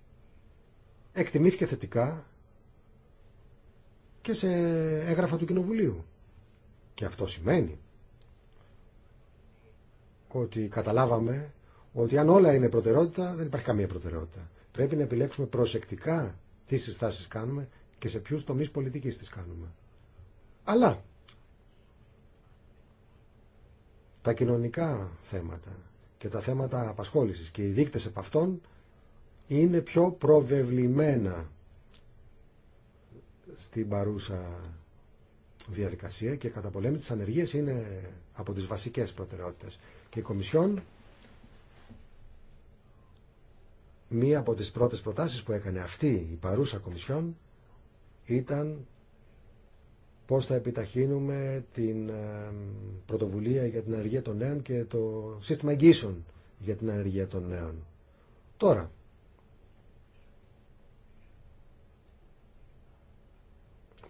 εκτιμήθηκε θετικά και σε έγγραφα του Κοινοβουλίου. Και αυτό σημαίνει ότι καταλάβαμε ότι αν όλα είναι προτεραιότητα, δεν υπάρχει καμία προτεραιότητα. Πρέπει να επιλέξουμε προσεκτικά τι συστάσει κάνουμε και σε ποιου τομεί πολιτική τι κάνουμε. Αλλά τα κοινωνικά θέματα και τα θέματα απασχόλησης και οι δείκτε επ' αυτών είναι πιο προβεβλημένα στην παρούσα διαδικασία και κατά πολέμη της ανεργίας είναι από τις βασικές προτεραιότητες. Και η Κομισιόν μία από τις πρώτες προτάσεις που έκανε αυτή η παρούσα Κομισιόν ήταν πώς θα επιταχύνουμε την ε, πρωτοβουλία για την ανεργία των νέων και το σύστημα εγγύσεων για την ανεργία των νέων. Τώρα,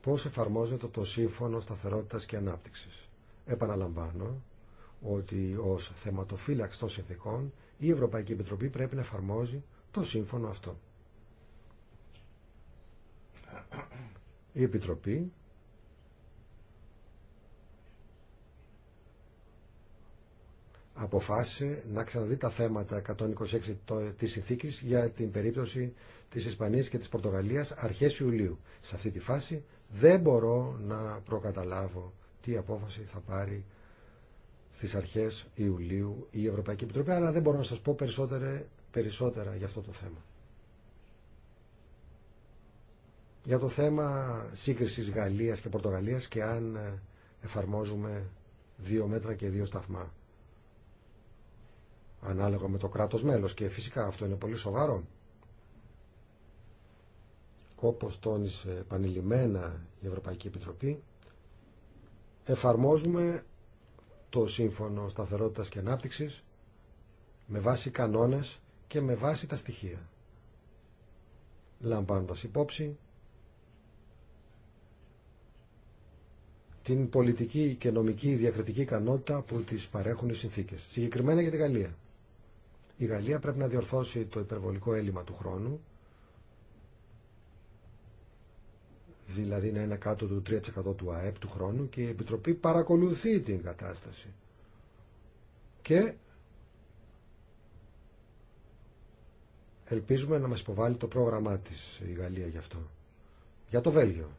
πώς εφαρμόζεται το σύμφωνο σταθερότητας και ανάπτυξης. Επαναλαμβάνω ότι ως θεματοφύλαξη των συνθήκων η Ευρωπαϊκή Επιτροπή πρέπει να εφαρμόζει το σύμφωνο αυτό. Η Επιτροπή αποφάσισε να ξαναδεί τα θέματα 126 της συνθήκης για την περίπτωση της Ισπανίας και της Πορτογαλίας αρχές Ιουλίου. Σε αυτή τη φάση δεν μπορώ να προκαταλάβω τι απόφαση θα πάρει στις αρχές Ιουλίου η Ευρωπαϊκή Επιτροπή, αλλά δεν μπορώ να σας πω περισσότερα περισσότερα για αυτό το θέμα. Για το θέμα σύγκρισης Γαλλίας και Πορτογαλίας και αν ε, εφαρμόζουμε δύο μέτρα και δύο σταθμά. Ανάλογα με το κράτος μέλος και φυσικά αυτό είναι πολύ σοβαρό. Όπως τόνισε επανειλημμένα η Ευρωπαϊκή Επιτροπή, εφαρμόζουμε το Σύμφωνο Σταθερότητας και Ανάπτυξης με βάση κανόνες και με βάση τα στοιχεία. Λαμβάνοντας υπόψη την πολιτική και νομική διακριτική ικανότητα που τις παρέχουν οι συνθήκες. Συγκεκριμένα για τη Γαλλία. Η Γαλλία πρέπει να διορθώσει το υπερβολικό έλλειμμα του χρόνου, δηλαδή να είναι κάτω του 3% του ΑΕΠ του χρόνου και η Επιτροπή παρακολουθεί την κατάσταση. Και Ελπίζουμε να μας υποβάλει το πρόγραμμά της η Γαλλία γι' αυτό. Για το Βέλγιο.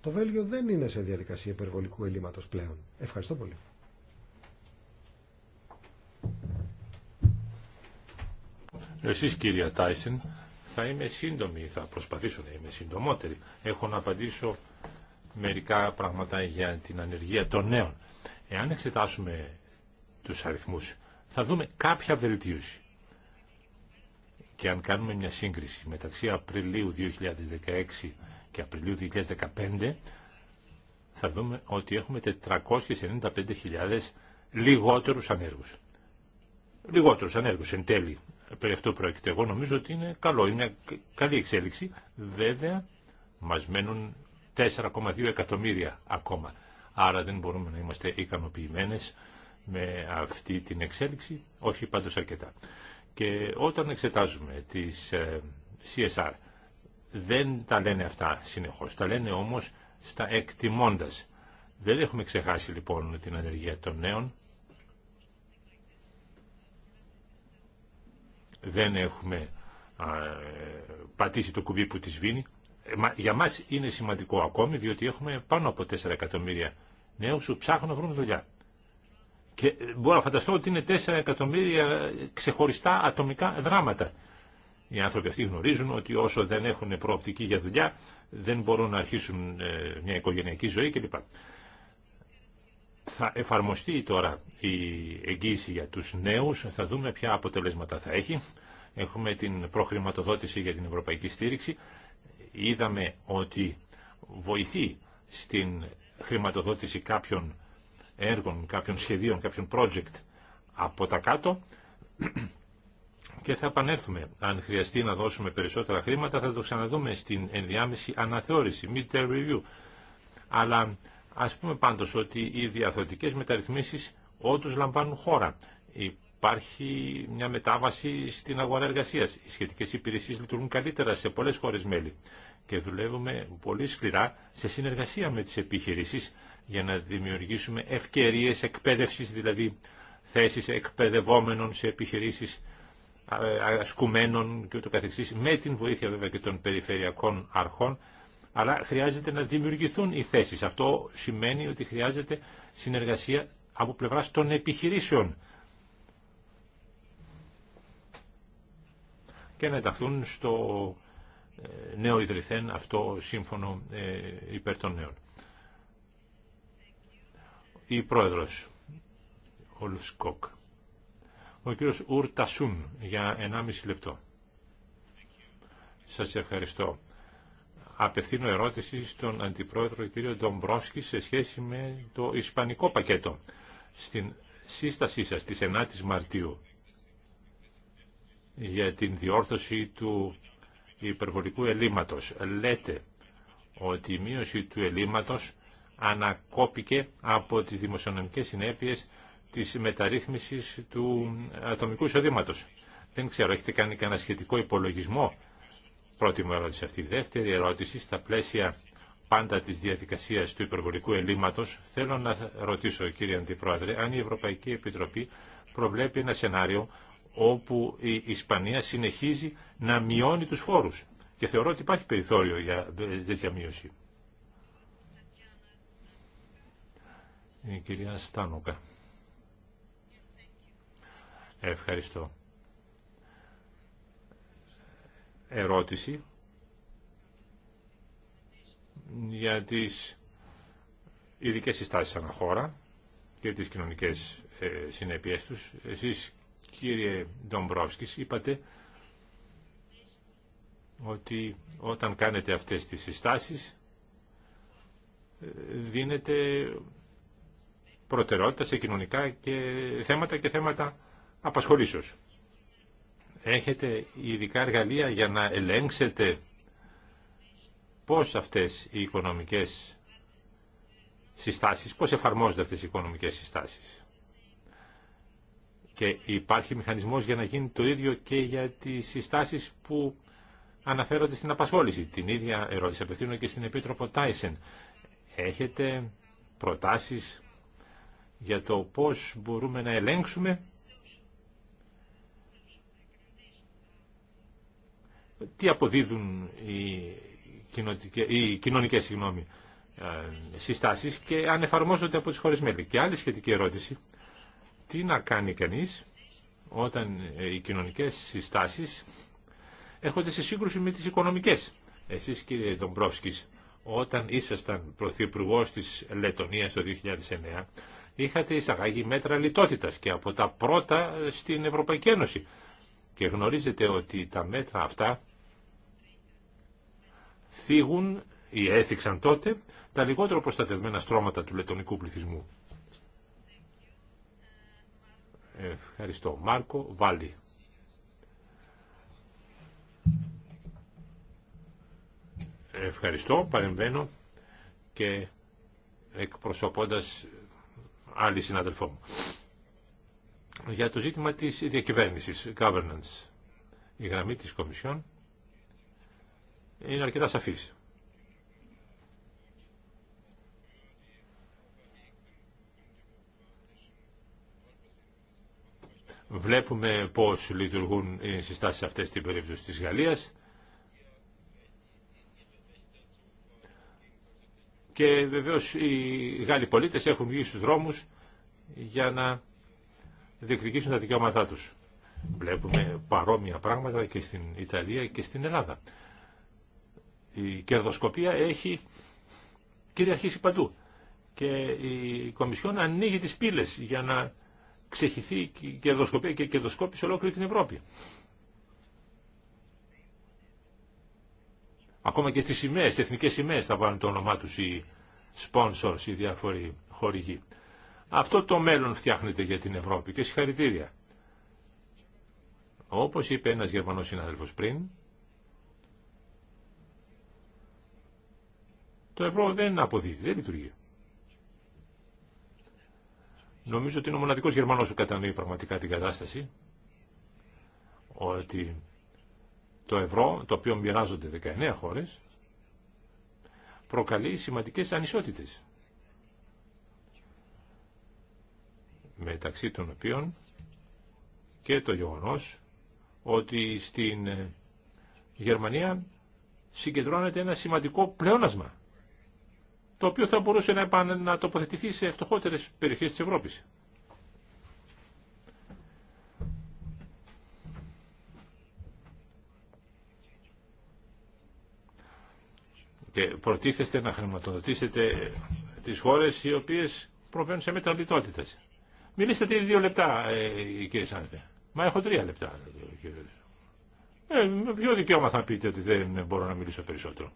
Το Βέλγιο δεν είναι σε διαδικασία υπερβολικού ελλείμματος πλέον. Ευχαριστώ πολύ. Εσείς κυρία Τάισεν, θα είμαι σύντομη, θα προσπαθήσω να είμαι συντομότερη. Έχω να απαντήσω μερικά πράγματα για την ανεργία των νέων. Εάν εξετάσουμε τους αριθμούς, θα δούμε κάποια βελτίωση. Και αν κάνουμε μια σύγκριση μεταξύ Απριλίου 2016 και Απριλίου 2015, θα δούμε ότι έχουμε 495.000 λιγότερους ανέργους. Λιγότερους ανέργους εν τέλει. Περί αυτό πρόκειται. Εγώ νομίζω ότι είναι καλό, είναι καλή εξέλιξη. Βέβαια, μας μένουν 4,2 εκατομμύρια ακόμα. Άρα δεν μπορούμε να είμαστε ικανοποιημένες με αυτή την εξέλιξη, όχι πάντως αρκετά. Και όταν εξετάζουμε τις ε, CSR, δεν τα λένε αυτά συνεχώς, τα λένε όμως στα εκτιμώντας. Δεν έχουμε ξεχάσει λοιπόν την ανεργία των νέων. Δεν έχουμε πατήσει το κουμπί που τη σβήνει. Ε, για μας είναι σημαντικό ακόμη διότι έχουμε πάνω από 4 εκατομμύρια νέους που ψάχνουν να βρουν δουλειά. Και ε, μπορώ να φανταστώ ότι είναι 4 εκατομμύρια ξεχωριστά ατομικά δράματα. Οι άνθρωποι αυτοί γνωρίζουν ότι όσο δεν έχουν προοπτική για δουλειά δεν μπορούν να αρχίσουν ε, μια οικογενειακή ζωή κλπ. Θα εφαρμοστεί τώρα η εγγύηση για τους νέους, θα δούμε ποια αποτελέσματα θα έχει. Έχουμε την προχρηματοδότηση για την ευρωπαϊκή στήριξη. Είδαμε ότι βοηθεί στην χρηματοδότηση κάποιων έργων, κάποιων σχεδίων, κάποιων project από τα κάτω και θα επανέλθουμε. Αν χρειαστεί να δώσουμε περισσότερα χρήματα θα το ξαναδούμε στην ενδιάμεση αναθεώρηση, mid-term review. Αλλά ας πούμε πάντως ότι οι διαθωτικές μεταρρυθμίσεις όντως λαμβάνουν χώρα. Υπάρχει μια μετάβαση στην αγορά εργασίας. Οι σχετικές υπηρεσίες λειτουργούν καλύτερα σε πολλές χώρες μέλη και δουλεύουμε πολύ σκληρά σε συνεργασία με τις επιχειρήσεις για να δημιουργήσουμε ευκαιρίες εκπαίδευσης, δηλαδή θέσεις εκπαιδευόμενων σε επιχειρήσεις ασκουμένων και ούτω καθεξής, με την βοήθεια βέβαια και των περιφερειακών αρχών, αλλά χρειάζεται να δημιουργηθούν οι θέσεις. Αυτό σημαίνει ότι χρειάζεται συνεργασία από πλευράς των επιχειρήσεων και να ενταχθούν στο ε, νέο ιδρυθέν αυτό σύμφωνο ε, υπέρ των νέων η πρόεδρος Λουσκόκ Ο κύριος Ουρτασούν για 1,5 λεπτό. Σας ευχαριστώ. Απευθύνω ερώτηση στον Αντιπρόεδρο κύριο Ντομπρόσκη σε σχέση με το Ισπανικό πακέτο. Στην σύστασή σας της 9ης Μαρτίου για την διόρθωση του υπερβολικού ελλείμματος λέτε ότι η μείωση του ελλείμματος ανακόπηκε από τις δημοσιονομικές συνέπειες της μεταρρύθμισης του ατομικού εισοδήματος. Δεν ξέρω, έχετε κάνει κανένα σχετικό υπολογισμό. Πρώτη μου ερώτηση αυτή. Δεύτερη ερώτηση, στα πλαίσια πάντα της διαδικασίας του υπερβολικού ελλείμματος, θέλω να ρωτήσω, κύριε Αντιπρόεδρε, αν η Ευρωπαϊκή Επιτροπή προβλέπει ένα σενάριο όπου η Ισπανία συνεχίζει να μειώνει τους φόρους. Και θεωρώ ότι υπάρχει περιθώριο για ε, τέτοια μείωση. η κυρία Στάνοκα. Ευχαριστώ. Ερώτηση για τις ειδικέ συστάσεις ανά χώρα και τις κοινωνικές ε, συνέπειες τους. Εσείς, κύριε Ντομπρόσκης, είπατε ότι όταν κάνετε αυτές τις συστάσεις ε, δίνετε προτεραιότητα σε κοινωνικά και θέματα και θέματα απασχολήσεως. Έχετε ειδικά εργαλεία για να ελέγξετε πώς αυτές οι οικονομικές συστάσεις, πώς εφαρμόζονται αυτές οι οικονομικές συστάσεις. Και υπάρχει μηχανισμός για να γίνει το ίδιο και για τις συστάσεις που αναφέρονται στην απασχόληση. Την ίδια ερώτηση απευθύνω και στην Επίτροπο Τάισεν. Έχετε προτάσεις για το πώς μπορούμε να ελέγξουμε τι αποδίδουν οι, οι κοινωνικές ε, συστάσεις και αν εφαρμόζονται από τις χώρες μέλη. Και άλλη σχετική ερώτηση, τι να κάνει κανείς όταν ε, οι κοινωνικές συστάσεις έρχονται σε σύγκρουση με τις οικονομικές. Εσείς κύριε Ντομπρόφσκης, όταν ήσασταν Πρωθυπουργός της Λετωνίας το 2009, είχατε εισαγάγει μέτρα λιτότητας και από τα πρώτα ε, στην Ευρωπαϊκή Ένωση. Και γνωρίζετε ότι τα μέτρα αυτά φύγουν ή έθιξαν τότε τα λιγότερο προστατευμένα στρώματα του λετωνικού πληθυσμού. Ευχαριστώ. Μάρκο Βάλι. Ευχαριστώ, παρεμβαίνω και εκπροσωπώντας άλλη συναδελφό μου. Για το ζήτημα της διακυβέρνησης, governance, η γραμμή της Κομισιόν είναι αρκετά σαφής. Βλέπουμε πώς λειτουργούν οι συστάσεις αυτές στην περίπτωση της Γαλλίας Και βεβαίω οι Γάλλοι πολίτε έχουν βγει στους δρόμους για να διεκδικήσουν τα δικαιώματά τους. Βλέπουμε παρόμοια πράγματα και στην Ιταλία και στην Ελλάδα. Η κερδοσκοπία έχει κυριαρχήσει παντού και η Κομισιόν ανοίγει τις πύλες για να ξεχυθεί η κερδοσκοπία και η κερδοσκόπηση ολόκληρη την Ευρώπη. Ακόμα και στις σημαίες, εθνικές σημαίες θα βάλουν το όνομά τους οι sponsors, οι διάφοροι χορηγοί. Αυτό το μέλλον φτιάχνεται για την Ευρώπη και συγχαρητήρια. Όπως είπε ένας Γερμανός συνάδελφος πριν, το ευρώ δεν αποδίδει, δεν λειτουργεί. Νομίζω ότι είναι ο μοναδικός Γερμανός που κατανοεί πραγματικά την κατάσταση, ότι το ευρώ, το οποίο μοιράζονται 19 χώρες, προκαλεί σημαντικές ανισότητες. Μεταξύ των οποίων και το γεγονός ότι στην ε, Γερμανία συγκεντρώνεται ένα σημαντικό πλεόνασμα, το οποίο θα μπορούσε να, να τοποθετηθεί σε φτωχότερες περιοχές της Ευρώπης. και προτίθεστε να χρηματοδοτήσετε τις χώρες οι οποίες προβαίνουν σε μέτρα λιτότητας. τι; δύο λεπτά, ε, κύριε Σάντε. Μα έχω τρία λεπτά, κύριε. Ε, με ποιο δικαίωμα θα πείτε ότι δεν μπορώ να μιλήσω περισσότερο.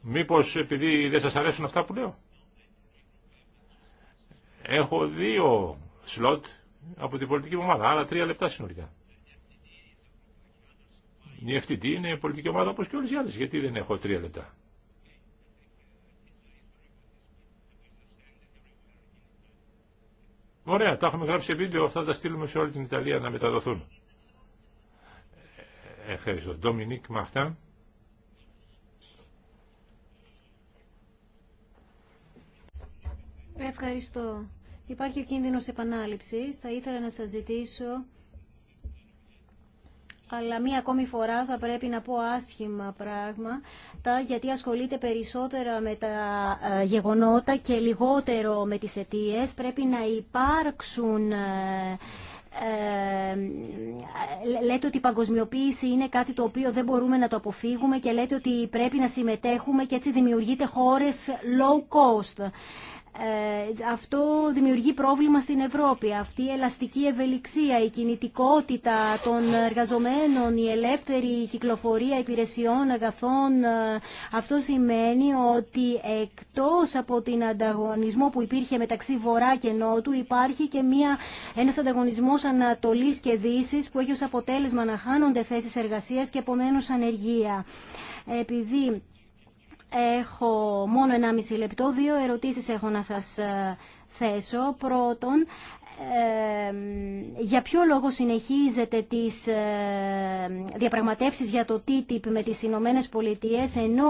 Μήπως επειδή δεν σας αρέσουν αυτά που λέω. Έχω δύο σλότ από την πολιτική ομάδα, άλλα τρία λεπτά συνολικά. Η FTD είναι πολιτική ομάδα όπως και όλες οι άλλες. Γιατί δεν έχω τρία λεπτά. Ωραία, τα έχουμε γράψει σε βίντεο, αυτά τα στείλουμε σε όλη την Ιταλία να μεταδοθούν. Ε, ευχαριστώ. Ντόμινικ Μαχτά. Ευχαριστώ. Υπάρχει ο κίνδυνος επανάληψης. Θα ήθελα να σας ζητήσω αλλά μία ακόμη φορά θα πρέπει να πω άσχημα πράγματα, γιατί ασχολείται περισσότερα με τα ε, γεγονότα και λιγότερο με τις αιτίε. Πρέπει να υπάρξουν... Ε, ε λέτε ότι η παγκοσμιοποίηση είναι κάτι το οποίο δεν μπορούμε να το αποφύγουμε και λέτε ότι πρέπει να συμμετέχουμε και έτσι δημιουργείται χώρες low cost. Ε, αυτό δημιουργεί πρόβλημα στην Ευρώπη. Αυτή η ελαστική ευελιξία, η κινητικότητα των εργαζομένων, η ελεύθερη κυκλοφορία υπηρεσιών, αγαθών, ε, αυτό σημαίνει ότι εκτός από την ανταγωνισμό που υπήρχε μεταξύ Βορρά και Νότου, υπάρχει και μια, ένας ανταγωνισμός Ανατολής και Δύσης που έχει ως αποτέλεσμα να χάνονται θέσεις εργασίας και επομένω ανεργία. Επειδή Έχω μόνο 1,5 λεπτό. Δύο ερωτήσεις έχω να σας ε, θέσω. Πρώτον, για ποιο λόγο συνεχίζετε τις ε, διαπραγματεύσεις για το TTIP με τις Ηνωμένε Πολιτείες ενώ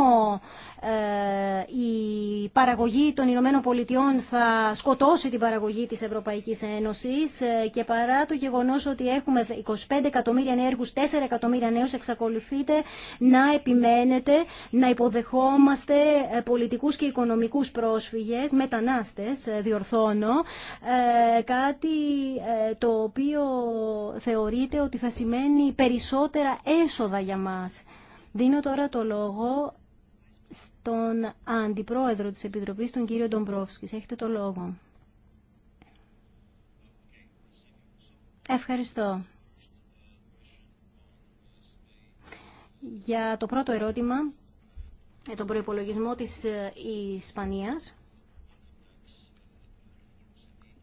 ε, η παραγωγή των Ηνωμένων Πολιτειών θα σκοτώσει την παραγωγή της Ευρωπαϊκής Ένωσης ε, και παρά το γεγονός ότι έχουμε 25 εκατομμύρια νέους, 4 εκατομμύρια νέους, εξακολουθείτε να επιμένετε να υποδεχόμαστε ε, πολιτικούς και οικονομικούς πρόσφυγες, μετανάστες, διορθώνω, κάτι το οποίο θεωρείται ότι θα σημαίνει περισσότερα έσοδα για μας. Δίνω τώρα το λόγο στον Αντιπρόεδρο της Επιτροπής, τον κύριο Ντομπρόφσκης. Έχετε το λόγο. Ευχαριστώ. Για το πρώτο ερώτημα, τον προϋπολογισμό της ε, Ισπανίας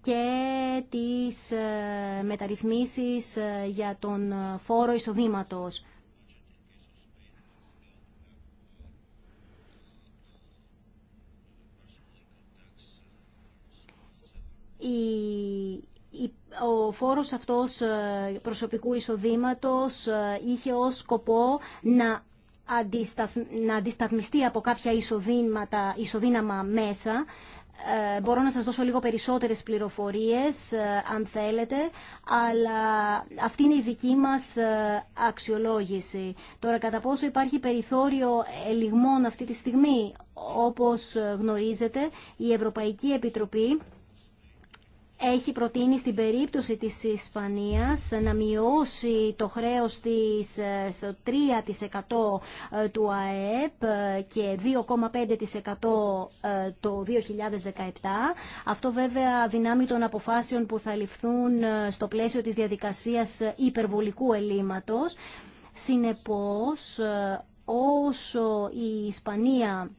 και τις ε, μεταρρυθμίσεις ε, για τον φόρο εισοδήματος. ο φόρος αυτός ε, προσωπικού εισοδήματος ε, είχε ως σκοπό να να αντισταθμιστεί από κάποια ισοδύναμα μέσα. Ε, μπορώ να σας δώσω λίγο περισσότερες πληροφορίες, αν θέλετε, αλλά αυτή είναι η δική μας αξιολόγηση. Τώρα, κατά πόσο υπάρχει περιθώριο ελιγμών αυτή τη στιγμή, όπως γνωρίζετε, η Ευρωπαϊκή Επιτροπή έχει προτείνει στην περίπτωση της Ισπανίας να μειώσει το χρέος της 3% ε, ε, του ΑΕΠ ε, και 2,5% το 2017. Αυτό βέβαια δυνάμει των αποφάσεων που θα ληφθούν στο πλαίσιο της διαδικασίας υπερβολικού ελλείμματος. Συνεπώς, όσο η Ισπανία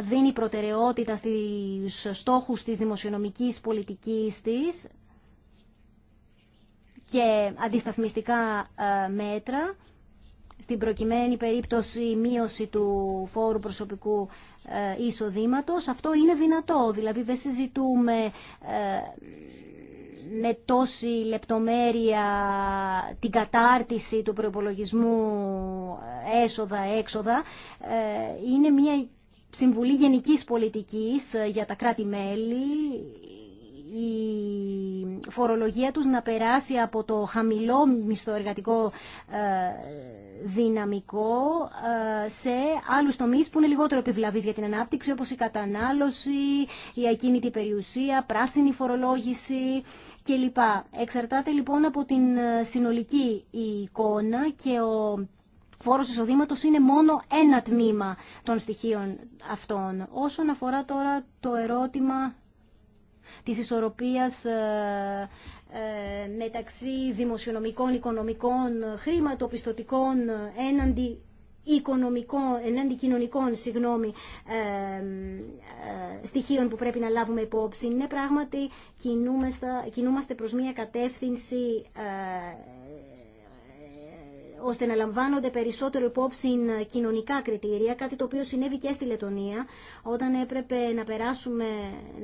δίνει προτεραιότητα στις στόχους της δημοσιονομικής πολιτικής της και αντισταθμιστικά ε, μέτρα. Στην προκειμένη περίπτωση μείωση του φόρου προσωπικού ε, εισοδήματος. Αυτό είναι δυνατό, δηλαδή δεν συζητούμε ε, με τόση λεπτομέρεια την κατάρτιση του προυπολογισμου εσοδα έσοδα-έξοδα. Είναι μια Συμβουλή Γενικής Πολιτικής ε, για τα κράτη-μέλη η φορολογία τους να περάσει από το χαμηλό μισθοεργατικό ε, δυναμικό ε, σε άλλους τομείς που είναι λιγότερο επιβλαβείς για την ανάπτυξη όπως η κατανάλωση, η ακίνητη περιουσία, πράσινη φορολόγηση κλπ. Εξαρτάται λοιπόν από την συνολική εικόνα και ο φόρος εισοδήματος είναι μόνο ένα τμήμα των στοιχείων αυτών. Όσον αφορά τώρα το ερώτημα της ισορροπίας ε, ε, μεταξύ δημοσιονομικών, οικονομικών, χρηματοπιστωτικών έναντι οικονομικών, ενάντι κοινωνικών συγγνώμη, ε, στοιχείων που πρέπει να λάβουμε υπόψη. Είναι πράγματι κινούμαστε, κινούμαστε προς μια κατεύθυνση ώστε να λαμβάνονται περισσότερο υπόψη ε, κοινωνικά κριτήρια, κάτι το οποίο συνέβη και στη Λετωνία, όταν έπρεπε να περάσουμε,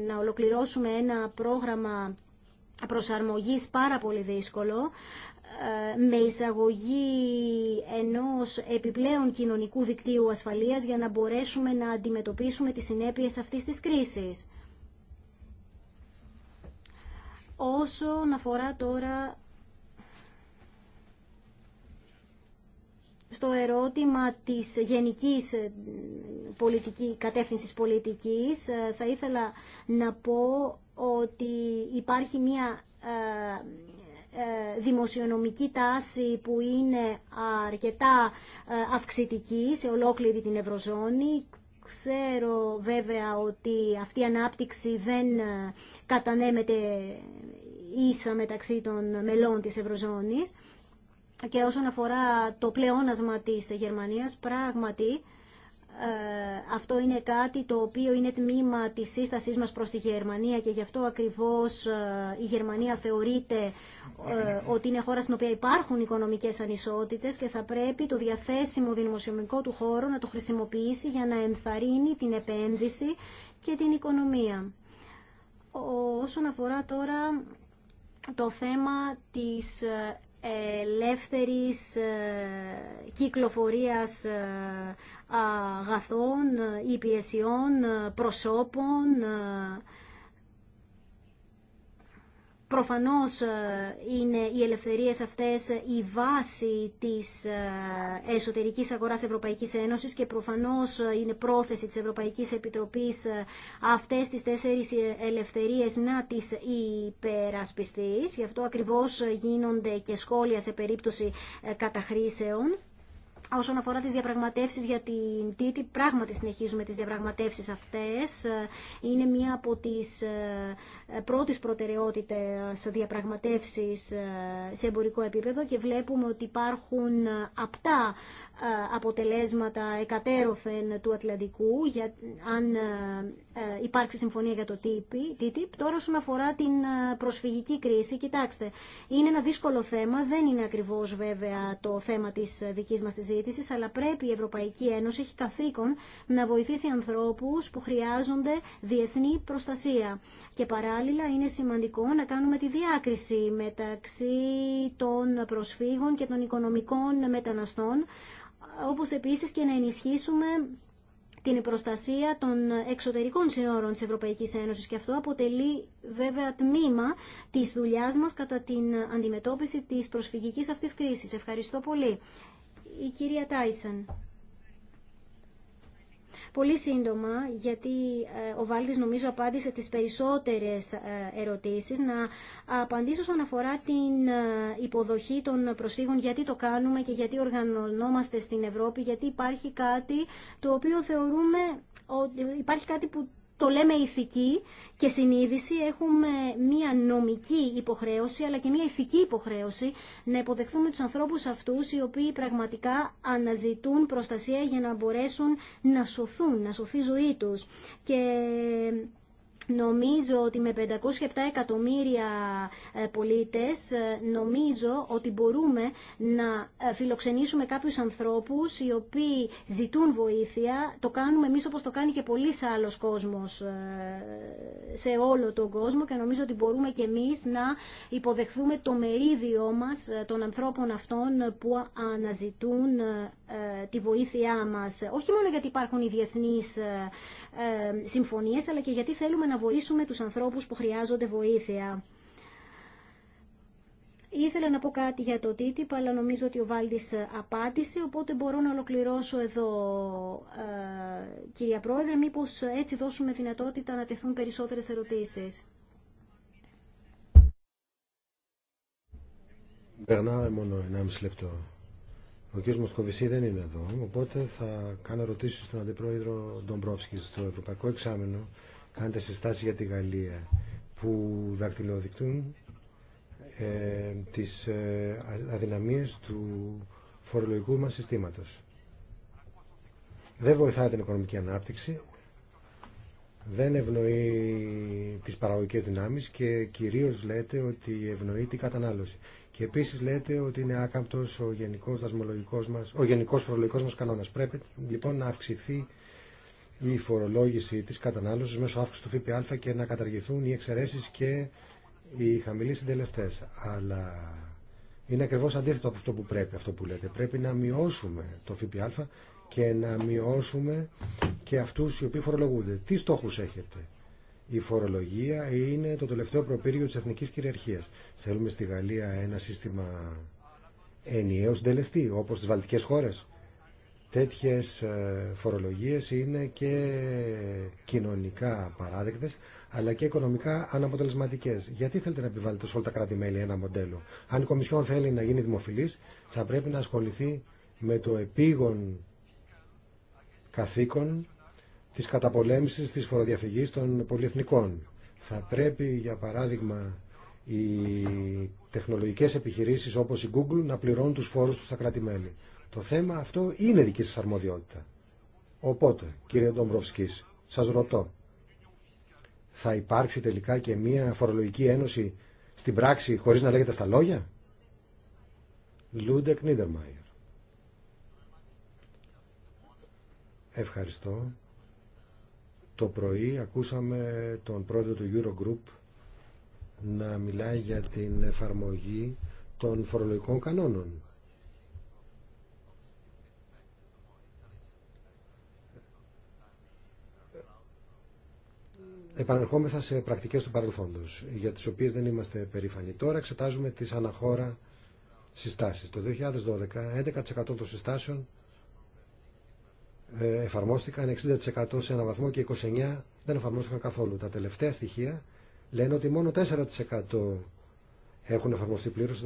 να ολοκληρώσουμε ένα πρόγραμμα προσαρμογής πάρα πολύ δύσκολο, ε, με εισαγωγή ενός επιπλέον κοινωνικού δικτύου ασφαλείας για να μπορέσουμε να αντιμετωπίσουμε τις συνέπειες αυτής της κρίσης. Όσον αφορά τώρα στο ερώτημα της γενικής ε, πολιτική, κατεύθυνσης πολιτικής ε, θα ήθελα να πω ότι υπάρχει μια ε, δημοσιονομική τάση που είναι αρκετά αυξητική σε ολόκληρη την Ευρωζώνη. Ξέρω βέβαια ότι αυτή η ανάπτυξη δεν κατανέμεται ίσα μεταξύ των μελών της Ευρωζώνης και όσον αφορά το πλεόνασμα της Γερμανίας, πράγματι ε, αυτό είναι κάτι το οποίο είναι τμήμα της σύστασής μας προς τη Γερμανία και γι' αυτό ακριβώς ε, η Γερμανία θεωρείται ε, ότι είναι χώρα στην οποία υπάρχουν οικονομικές ανισότητες και θα πρέπει το διαθέσιμο δημοσιονομικό του χώρο να το χρησιμοποιήσει για να ενθαρρύνει την επένδυση και την οικονομία. Όσον αφορά τώρα το θέμα της ελεύθερης ε, κυκλοφορίας ε, αγαθών, ε, υπηρεσιών, προσώπων, Προφανώς ε, είναι οι ελευθερίες αυτές η βάση της ε, εσωτερικής αγοράς Ευρωπαϊκής Ένωσης και προφανώς ε, είναι πρόθεση της Ευρωπαϊκής Επιτροπής αυτές τις τέσσερις ελευθερίες να τις υπερασπιστείς. Γι' αυτό ακριβώς γίνονται και σχόλια σε περίπτωση καταχρήσεων. Όσον αφορά τις διαπραγματεύσεις για την ΤΙΤΙ, πράγματι συνεχίζουμε τις διαπραγματεύσεις αυτές. Είναι μία από τις ε, πρώτες προτεραιότητες διαπραγματεύσεις ε, σε εμπορικό επίπεδο και βλέπουμε ότι υπάρχουν ε, απτά ε, αποτελέσματα εκατέρωθεν του Ατλαντικού για, αν ε, ε, υπάρξει συμφωνία για το TTIP. Τώρα όσον αφορά την προσφυγική κρίση, κοιτάξτε, είναι ένα δύσκολο θέμα, δεν είναι ακριβώς βέβαια το θέμα της δικής μας συζήτησης, αλλά πρέπει η Ευρωπαϊκή Ένωση έχει καθήκον να βοηθήσει ανθρώπους που χρειάζονται διεθνή προστασία. Και παράλληλα είναι σημαντικό να κάνουμε τη διάκριση μεταξύ των προσφύγων και των οικονομικών μεταναστών, όπως επίσης και να ενισχύσουμε την προστασία των εξωτερικών συνόρων της Ευρωπαϊκής Ένωσης και αυτό αποτελεί βέβαια τμήμα της δουλειάς μας κατά την αντιμετώπιση της προσφυγικής αυτής κρίσης. Ευχαριστώ πολύ. Η κυρία Τάισαν πολύ σύντομα, γιατί ε, ο Βάλτης νομίζω απάντησε τις περισσότερες ε, ερωτήσεις, να απαντήσω όσον αφορά την ε, υποδοχή των προσφύγων, γιατί το κάνουμε και γιατί οργανωνόμαστε στην Ευρώπη, γιατί υπάρχει κάτι το οποίο θεωρούμε υπάρχει κάτι που το λέμε ηθική και συνείδηση, έχουμε μία νομική υποχρέωση αλλά και μία ηθική υποχρέωση να υποδεχθούμε τους ανθρώπους αυτούς οι οποίοι πραγματικά αναζητούν προστασία για να μπορέσουν να σωθούν, να σωθεί η ζωή τους. Και Νομίζω ότι με 507 εκατομμύρια ε, πολίτες ε, νομίζω ότι μπορούμε να ε, φιλοξενήσουμε κάποιους ανθρώπους οι οποίοι ζητούν βοήθεια. Το κάνουμε εμείς όπως το κάνει και πολλοί άλλος κόσμος σε όλο τον κόσμο και νομίζω ότι μπορούμε και εμείς να υποδεχθούμε το μερίδιό μας των ανθρώπων αυτών που αναζητούν τη βοήθειά μας. Όχι μόνο γιατί υπάρχουν οι διεθνείς ε, συμφωνίες, αλλά και γιατί θέλουμε να βοήσουμε τους ανθρώπους που χρειάζονται βοήθεια. Ήθελα να πω κάτι για το TTIP, αλλά νομίζω ότι ο Βάλτης ε, απάντησε, οπότε μπορώ να ολοκληρώσω εδώ, ε, κυρία Πρόεδρε, μήπως έτσι δώσουμε δυνατότητα να τεθούν περισσότερες ερωτήσεις. Περνάμε μόνο 1,5 λεπτό. Ο κ. Μοσκοβισή δεν είναι εδώ, οπότε θα κάνω ρωτήσεις στον Αντιπρόεδρο Ντομπρόφσκη στο Ευρωπαϊκό Εξάμεινο. Κάνετε συστάσεις για τη Γαλλία που δακτυλοδεικτούν ε, τις ε, αδυναμίες του φορολογικού μα συστήματος. Δεν βοηθάει την οικονομική ανάπτυξη, δεν ευνοεί τις παραγωγικές δυνάμεις και κυρίως λέτε ότι ευνοεί την κατανάλωση. Και επίση λέτε ότι είναι άκαμπτο ο γενικό δασμολογικό μα, ο γενικό φορολογικό μα κανόνα. Πρέπει λοιπόν να αυξηθεί η φορολόγηση τη κατανάλωση μέσω αύξηση του ΦΠΑ και να καταργηθούν οι εξαιρέσει και οι χαμηλοί συντελεστέ. Αλλά είναι ακριβώ αντίθετο από αυτό που πρέπει, αυτό που λέτε. Πρέπει να μειώσουμε το ΦΠΑ και να μειώσουμε και αυτού οι οποίοι φορολογούνται. Τι στόχου έχετε η φορολογία είναι το τελευταίο προπήριο της εθνικής κυριαρχίας. Θέλουμε στη Γαλλία ένα σύστημα ενιαίο συντελεστή, όπως στις βαλτικές χώρες. Τέτοιες ε, φορολογίες είναι και κοινωνικά παράδεκτες, αλλά και οικονομικά αναποτελεσματικέ. Γιατί θέλετε να επιβάλλετε σε όλα τα κράτη-μέλη ένα μοντέλο. Αν η Κομισιόν θέλει να γίνει δημοφιλή, θα πρέπει να ασχοληθεί με το επίγον καθήκον της καταπολέμησης της φοροδιαφυγής των πολυεθνικών. Θα πρέπει, για παράδειγμα, οι τεχνολογικές επιχειρήσεις όπως η Google να πληρώνουν τους φόρους του στα κρατη Το θέμα αυτό είναι δική σας αρμοδιότητα. Οπότε, κύριε Ντομπροφσκής, σας ρωτώ, θα υπάρξει τελικά και μία φορολογική ένωση στην πράξη χωρίς να λέγεται στα λόγια? Λούντεκ Ευχαριστώ. Το πρωί ακούσαμε τον πρόεδρο του Eurogroup να μιλάει για την εφαρμογή των φορολογικών κανόνων. Επανερχόμεθα σε πρακτικές του παρελθόντος, για τις οποίες δεν είμαστε περήφανοι. Τώρα εξετάζουμε τις αναχώρα συστάσεις. Το 2012, 11% των συστάσεων ε, εφαρμόστηκαν 60% σε ένα βαθμό και 29% δεν εφαρμόστηκαν καθόλου. Τα τελευταία στοιχεία λένε ότι μόνο 4% έχουν εφαρμοστεί πλήρως,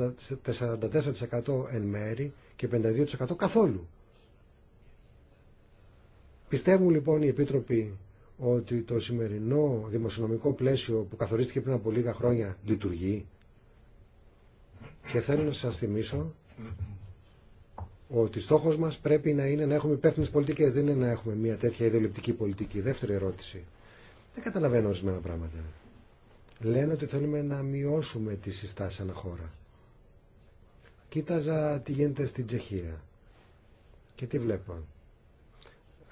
44% εν μέρη και 52% καθόλου. Πιστεύουν λοιπόν οι επίτροποι ότι το σημερινό δημοσιονομικό πλαίσιο που καθορίστηκε πριν από λίγα χρόνια λειτουργεί και θέλω να σας θυμίσω ότι στόχο μας πρέπει να είναι να έχουμε υπεύθυνε πολιτικές, δεν είναι να έχουμε μια τέτοια ιδεολειπτική πολιτική. Δεύτερη ερώτηση. Δεν καταλαβαίνω ορισμένα πράγματα. Λένε ότι θέλουμε να μειώσουμε τις συστάσεις ανά χώρα. Κοίταζα τι γίνεται στην Τσεχία. Και τι βλέπω.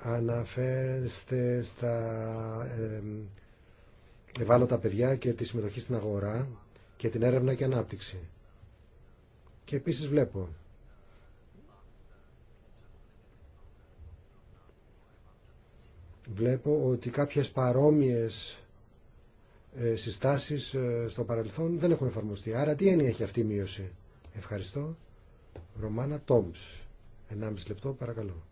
Αναφέρεστε στα ε, ευάλωτα παιδιά και τη συμμετοχή στην αγορά και την έρευνα και ανάπτυξη. Και επίσης βλέπω βλέπω ότι κάποιες παρόμοιες ε, συστάσεις ε, στο παρελθόν δεν έχουν εφαρμοστεί. Άρα τι έννοια έχει αυτή η μείωση. Ευχαριστώ. Ρωμάνα Τόμς. 1,5 λεπτό παρακαλώ.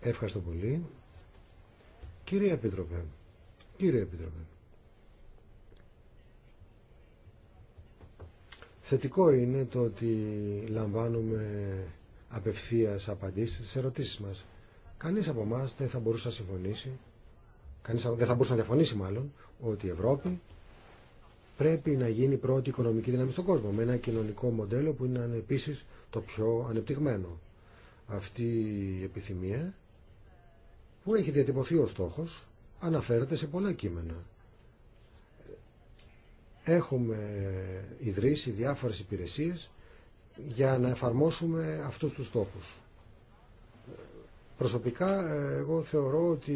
Ευχαριστώ πολύ. Κύριε Επίτροπε, κύριε Επίτροπε, θετικό είναι το ότι λαμβάνουμε απευθείας απαντήσεις στις ερωτήσεις μας. Κανείς από εμά δεν θα μπορούσε να συμφωνήσει, κανείς δεν θα μπορούσε να διαφωνήσει μάλλον, ότι η Ευρώπη πρέπει να γίνει πρώτη οικονομική δύναμη στον κόσμο με ένα κοινωνικό μοντέλο που είναι επίσης το πιο ανεπτυγμένο. Αυτή η επιθυμία που έχει διατυπωθεί ο στόχος αναφέρεται σε πολλά κείμενα. Έχουμε ιδρύσει διάφορες υπηρεσίες για να εφαρμόσουμε αυτούς τους στόχους. Προσωπικά εγώ θεωρώ ότι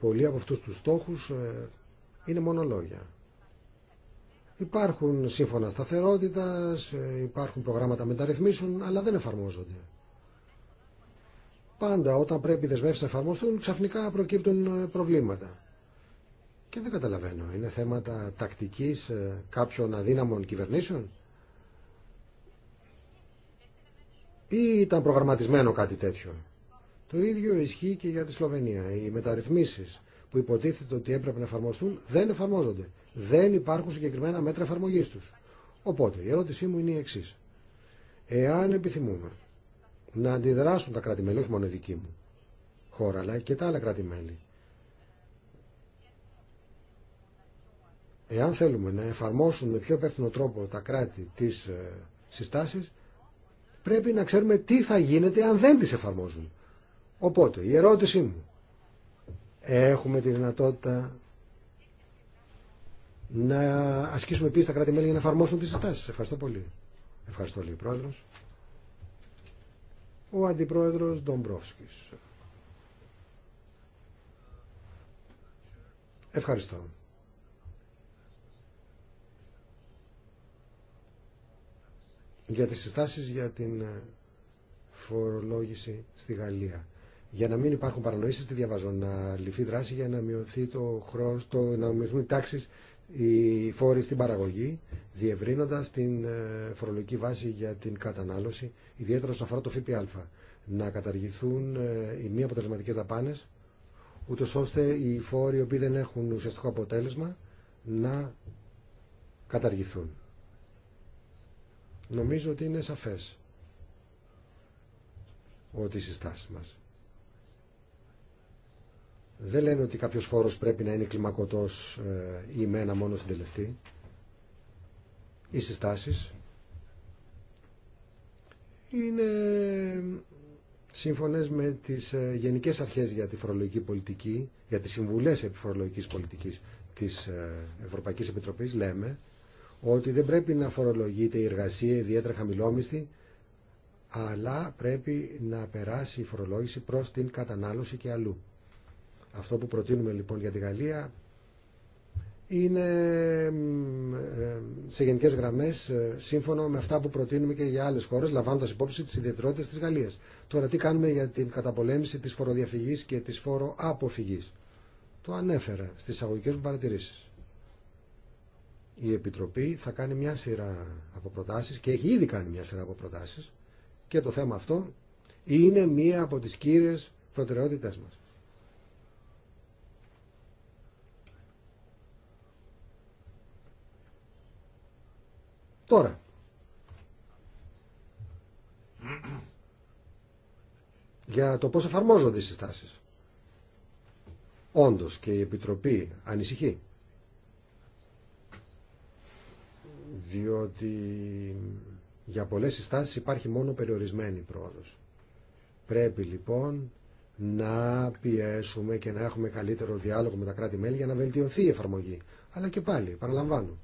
πολλοί από αυτούς τους στόχους ε, είναι μονολόγια. λόγια. Υπάρχουν σύμφωνα σταθερότητας, ε, υπάρχουν προγράμματα μεταρρυθμίσεων, αλλά δεν εφαρμόζονται. Πάντα όταν πρέπει οι δεσμεύσεις να εφαρμοστούν, ξαφνικά προκύπτουν ε, προβλήματα. Και δεν καταλαβαίνω, είναι θέματα τακτικής κάποιων αδύναμων κυβερνήσεων ή ήταν προγραμματισμένο κάτι τέτοιο. Το ίδιο ισχύει και για τη Σλοβενία. Οι μεταρρυθμίσεις που υποτίθεται ότι έπρεπε να εφαρμοστούν δεν εφαρμόζονται. Δεν υπάρχουν συγκεκριμένα μέτρα εφαρμογή του. Οπότε η ερώτησή μου είναι η εξή. Εάν επιθυμούμε να αντιδράσουν τα κράτη-μέλη, όχι μόνο η δική μου χώρα, αλλά και τα άλλα κράτη-μέλη, εάν θέλουμε να εφαρμόσουν με πιο υπεύθυνο τρόπο τα κράτη της ε, συστάσει, πρέπει να ξέρουμε τι θα γίνεται αν δεν τις εφαρμόζουν. Οπότε, η ερώτησή μου, έχουμε τη δυνατότητα να ασκήσουμε πίστα στα κράτη-μέλη για να εφαρμόσουν τις συστάσεις. Ευχαριστώ πολύ. Ευχαριστώ πολύ, Πρόεδρος. Ο Αντιπρόεδρος Ντομπρόφσκης. Ευχαριστώ. για τις συστάσεις για την ε, φορολόγηση στη Γαλλία. Για να μην υπάρχουν παρανοήσεις, τη διαβάζω, να ληφθεί δράση για να, μειωθεί το χρόνο, το, να μειωθούν οι τάξεις οι φόροι στην παραγωγή, διευρύνοντας την ε, φορολογική βάση για την κατανάλωση, ιδιαίτερα όσον αφορά το ΦΠΑ, να καταργηθούν ε, οι μη αποτελεσματικές δαπάνες, ούτως ώστε οι φόροι οι οποίοι δεν έχουν ουσιαστικό αποτέλεσμα να καταργηθούν. Νομίζω ότι είναι σαφές ότι οι συστάσεις μας δεν λένε ότι κάποιος φόρος πρέπει να είναι κλιμακωτός ε, ή με ένα μόνο συντελεστή. Οι συστάσεις είναι σύμφωνες με τις ε, γενικές αρχές για τη φορολογική πολιτική, για τις συμβουλές επιφορολογικής πολιτικής της ε, Ευρωπαϊκής Επιτροπής, λέμε ότι δεν πρέπει να φορολογείται η εργασία ιδιαίτερα χαμηλόμισθη, αλλά πρέπει να περάσει η φορολόγηση προς την κατανάλωση και αλλού. Αυτό που προτείνουμε λοιπόν για τη Γαλλία είναι ε, σε γενικές γραμμές ε, σύμφωνο με αυτά που προτείνουμε και για άλλες χώρες λαμβάνοντας υπόψη τις ιδιαιτερότητες της Γαλλίας. Τώρα τι κάνουμε για την καταπολέμηση της φοροδιαφυγής και της φοροαποφυγής. Το ανέφερα στις αγωγικές μου παρατηρήσεις η Επιτροπή θα κάνει μια σειρά από προτάσεις και έχει ήδη κάνει μια σειρά από προτάσεις και το θέμα αυτό είναι μία από τις κύριες προτεραιότητές μας. Τώρα, για το πώς εφαρμόζονται οι συστάσεις. Όντως και η Επιτροπή ανησυχεί. διότι για πολλές συστάσεις υπάρχει μόνο περιορισμένη πρόοδος. Πρέπει λοιπόν να πιέσουμε και να έχουμε καλύτερο διάλογο με τα κράτη-μέλη για να βελτιωθεί η εφαρμογή. Αλλά και πάλι, παραλαμβάνω,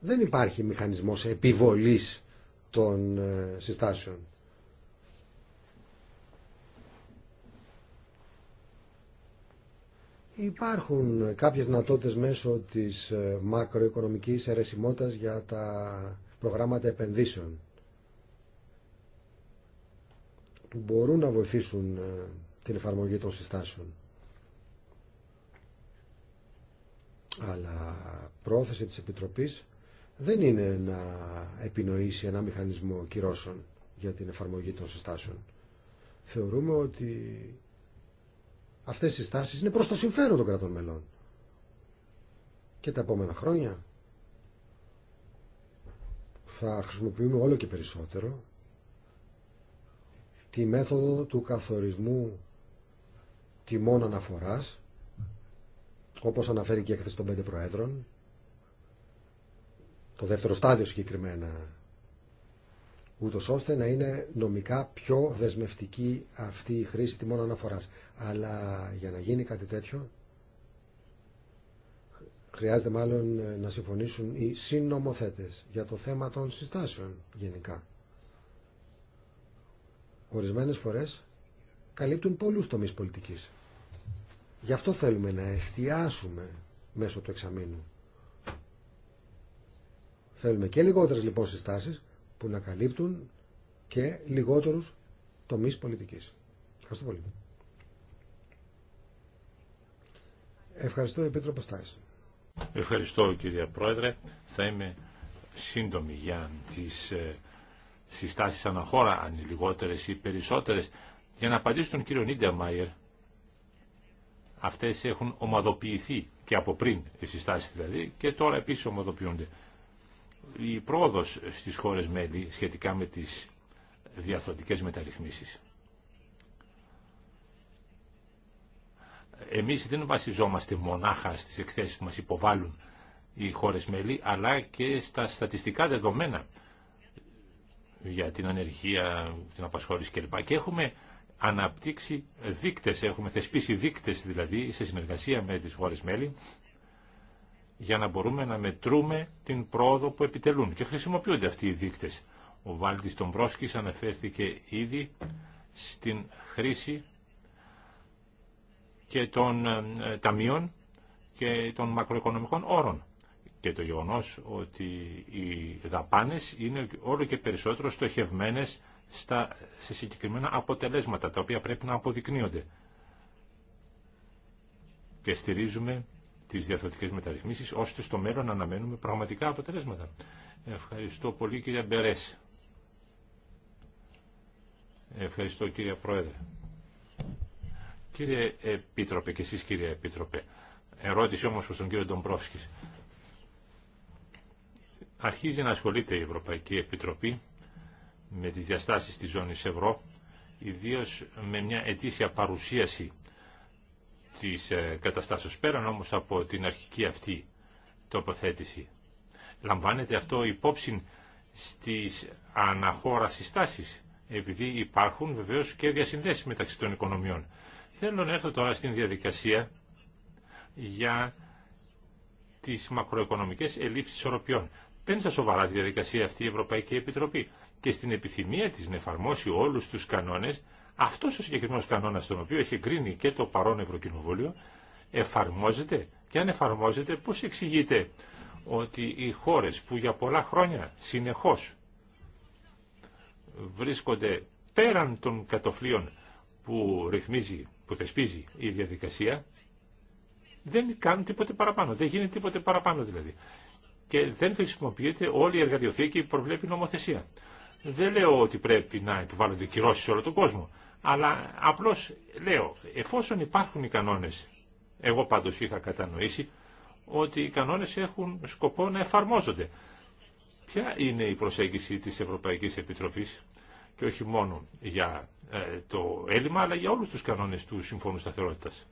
δεν υπάρχει μηχανισμός επιβολής των ε, συστάσεων. Υπάρχουν κάποιες δυνατότητες μέσω της ε, μακροοικονομικής αιρεσιμότητας για τα προγράμματα επενδύσεων που μπορούν να βοηθήσουν ε, την εφαρμογή των συστάσεων. Αλλά πρόθεση της Επιτροπής δεν είναι να επινοήσει ένα μηχανισμό κυρώσεων για την εφαρμογή των συστάσεων. Θεωρούμε ότι Αυτέ οι στάσει είναι προ το συμφέρον των κρατών μελών. Και τα επόμενα χρόνια θα χρησιμοποιούμε όλο και περισσότερο τη μέθοδο του καθορισμού τιμών αναφοράς όπως αναφέρει και η έκθεση των πέντε προέδρων το δεύτερο στάδιο συγκεκριμένα ούτως ώστε να είναι νομικά πιο δεσμευτική αυτή η χρήση τη μόνο αναφοράς. Αλλά για να γίνει κάτι τέτοιο χρειάζεται μάλλον ε, να συμφωνήσουν οι συνομοθέτες για το θέμα των συστάσεων γενικά. Ορισμένες φορές καλύπτουν πολλούς τομείς πολιτικής. Γι' αυτό θέλουμε να εστιάσουμε μέσω του εξαμήνου. Θέλουμε και λιγότερες λοιπόν συστάσεις που να καλύπτουν και λιγότερους τομείς πολιτικής. Ευχαριστώ πολύ. Ευχαριστώ, Επίτροπο Στάση. Ευχαριστώ, κύριε Πρόεδρε. Θα είμαι σύντομη για τις ε, συστάσεις αναχώρα, αν είναι λιγότερες ή περισσότερες. Για να απαντήσω τον κύριο Μαϊερ. αυτές έχουν ομαδοποιηθεί και από πριν οι συστάσεις δηλαδή και τώρα επίσης ομαδοποιούνται η πρόοδος στις χώρες μέλη σχετικά με τις διαθροτικές μεταρρυθμίσεις. Εμείς δεν βασιζόμαστε μονάχα στις εκθέσεις που μας υποβάλλουν οι χώρες μέλη, αλλά και στα στατιστικά δεδομένα για την ανεργία, την απασχόληση κλπ. Και έχουμε αναπτύξει δείκτες, έχουμε θεσπίσει δείκτες δηλαδή σε συνεργασία με τις χώρες μέλη για να μπορούμε να μετρούμε την πρόοδο που επιτελούν. Και χρησιμοποιούνται αυτοί οι δείκτες. Ο Βάλτης Πρόσκης αναφέρθηκε ήδη στην χρήση και των ε, ε, ταμείων και των μακροοικονομικών όρων. Και το γεγονός ότι οι δαπάνες είναι όλο και περισσότερο στοχευμένες στα, σε συγκεκριμένα αποτελέσματα, τα οποία πρέπει να αποδεικνύονται. Και στηρίζουμε τις διαφορετικέ μεταρρυθμίσεις, ώστε στο μέλλον να αναμένουμε πραγματικά αποτελέσματα. Ευχαριστώ πολύ κύριε Μπερές. Ευχαριστώ κύριε Πρόεδρε. Κύριε Επίτροπε και εσείς κύριε Επίτροπε, ερώτηση όμως προς τον κύριο Ντομπρόφσκης. Αρχίζει να ασχολείται η Ευρωπαϊκή Επιτροπή με τις διαστάσεις της ζώνης ευρώ, ιδίως με μια ετήσια παρουσίαση της ε, καταστάσεως. Πέραν όμως από την αρχική αυτή τοποθέτηση. Λαμβάνεται αυτό υπόψη στις αναχώρα συστάσεις, επειδή υπάρχουν βεβαίως και διασυνδέσεις μεταξύ των οικονομιών. Θέλω να έρθω τώρα στην διαδικασία για τις μακροοικονομικές ελλείψεις ισορροπιών. πέντε σοβαρά τη διαδικασία αυτή η Ευρωπαϊκή Επιτροπή και στην επιθυμία της να εφαρμόσει όλους τους κανόνες αυτό ο συγκεκριμένος κανόνας, τον οποίο έχει κρίνει και το παρόν Ευρωκοινοβούλιο, εφαρμόζεται και αν εφαρμόζεται πώς εξηγείται ότι οι χώρε που για πολλά χρόνια συνεχώς βρίσκονται πέραν των κατοφλίων που ρυθμίζει, που θεσπίζει η διαδικασία, δεν κάνουν τίποτε παραπάνω, δεν γίνεται τίποτε παραπάνω δηλαδή. Και δεν χρησιμοποιείται όλη η εργαλειοθήκη που προβλέπει νομοθεσία. Δεν λέω ότι πρέπει να επιβάλλονται κυρώσει σε όλο τον κόσμο, αλλά απλώς λέω, εφόσον υπάρχουν οι κανόνες, εγώ πάντως είχα κατανοήσει ότι οι κανόνες έχουν σκοπό να εφαρμόζονται. Ποια είναι η προσέγγιση της Ευρωπαϊκής Επιτροπής και όχι μόνο για ε, το έλλειμμα, αλλά για όλους τους κανόνες του Συμφώνου Σταθερότητας.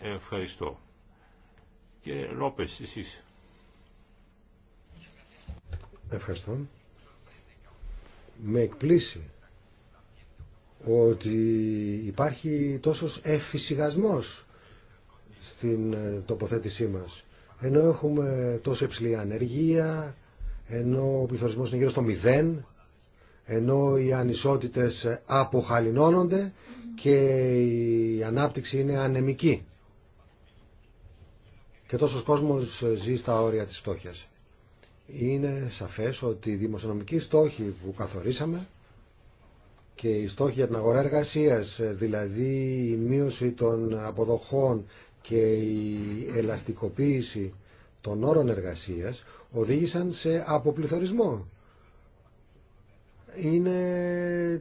Ευχαριστώ. και Λόπες, εσείς. Ευχαριστώ. Με εκπλήσει ότι υπάρχει τόσος εφησυχασμός στην ε, τοποθέτησή μας. Ενώ έχουμε τόσο υψηλή ανεργία, ενώ ο πληθωρισμός είναι γύρω στο μηδέν, ενώ οι ανισότητες ε, αποχαλινώνονται και η ανάπτυξη είναι ανεμική. Και τόσος κόσμος ε, ζει στα όρια της φτώχειας. Είναι σαφές ότι οι δημοσιονομικοί στόχοι που καθορίσαμε και οι στόχοι για την αγορά εργασίας, δηλαδή η μείωση των αποδοχών και η ελαστικοποίηση των όρων εργασίας, οδήγησαν σε αποπληθωρισμό. Είναι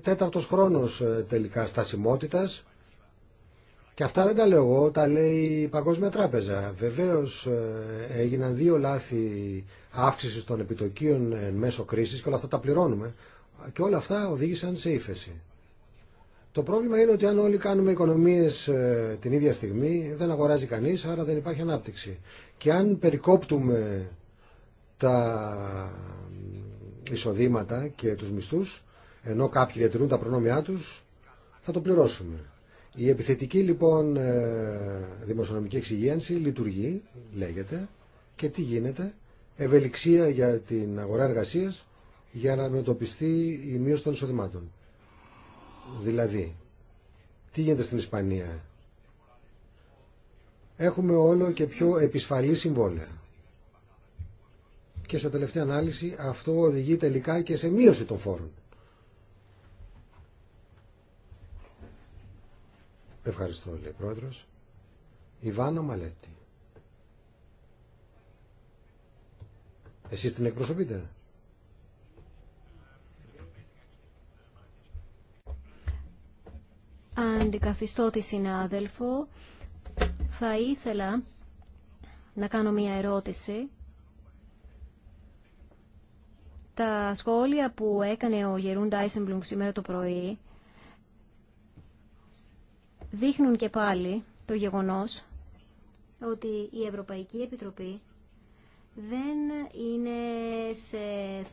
τέταρτος χρόνος ε, τελικά στασιμότητας και αυτά δεν τα λέω εγώ, τα λέει η Παγκόσμια Τράπεζα. Βεβαίως ε, έγιναν δύο λάθη αύξησης των επιτοκίων εν μέσω κρίσης και όλα αυτά τα πληρώνουμε. Και όλα αυτά οδήγησαν σε ύφεση. Το πρόβλημα είναι ότι αν όλοι κάνουμε οικονομίες ε, την ίδια στιγμή, δεν αγοράζει κανείς, άρα δεν υπάρχει ανάπτυξη. Και αν περικόπτουμε τα εισοδήματα και τους μισθούς, ενώ κάποιοι διατηρούν τα προνόμια τους, θα το πληρώσουμε. Η επιθετική λοιπόν ε, δημοσιονομική εξυγίανση λειτουργεί, λέγεται, και τι γίνεται, ευελιξία για την αγορά εργασίας για να αντιμετωπιστεί η μείωση των εισοδημάτων. Δηλαδή, τι γίνεται στην Ισπανία. Έχουμε όλο και πιο επισφαλή συμβόλαια. Και σε τελευταία ανάλυση αυτό οδηγεί τελικά και σε μείωση των φόρων. Ευχαριστώ, λέει πρόεδρος. Ιβάνο Μαλέτη. Εσείς την εκπροσωπείτε. αντικαθιστώ τη συνάδελφο. Θα ήθελα να κάνω μία ερώτηση. Τα σχόλια που έκανε ο Γερούν Ντάισεμπλουμ σήμερα το πρωί δείχνουν και πάλι το γεγονός ότι η Ευρωπαϊκή Επιτροπή δεν είναι σε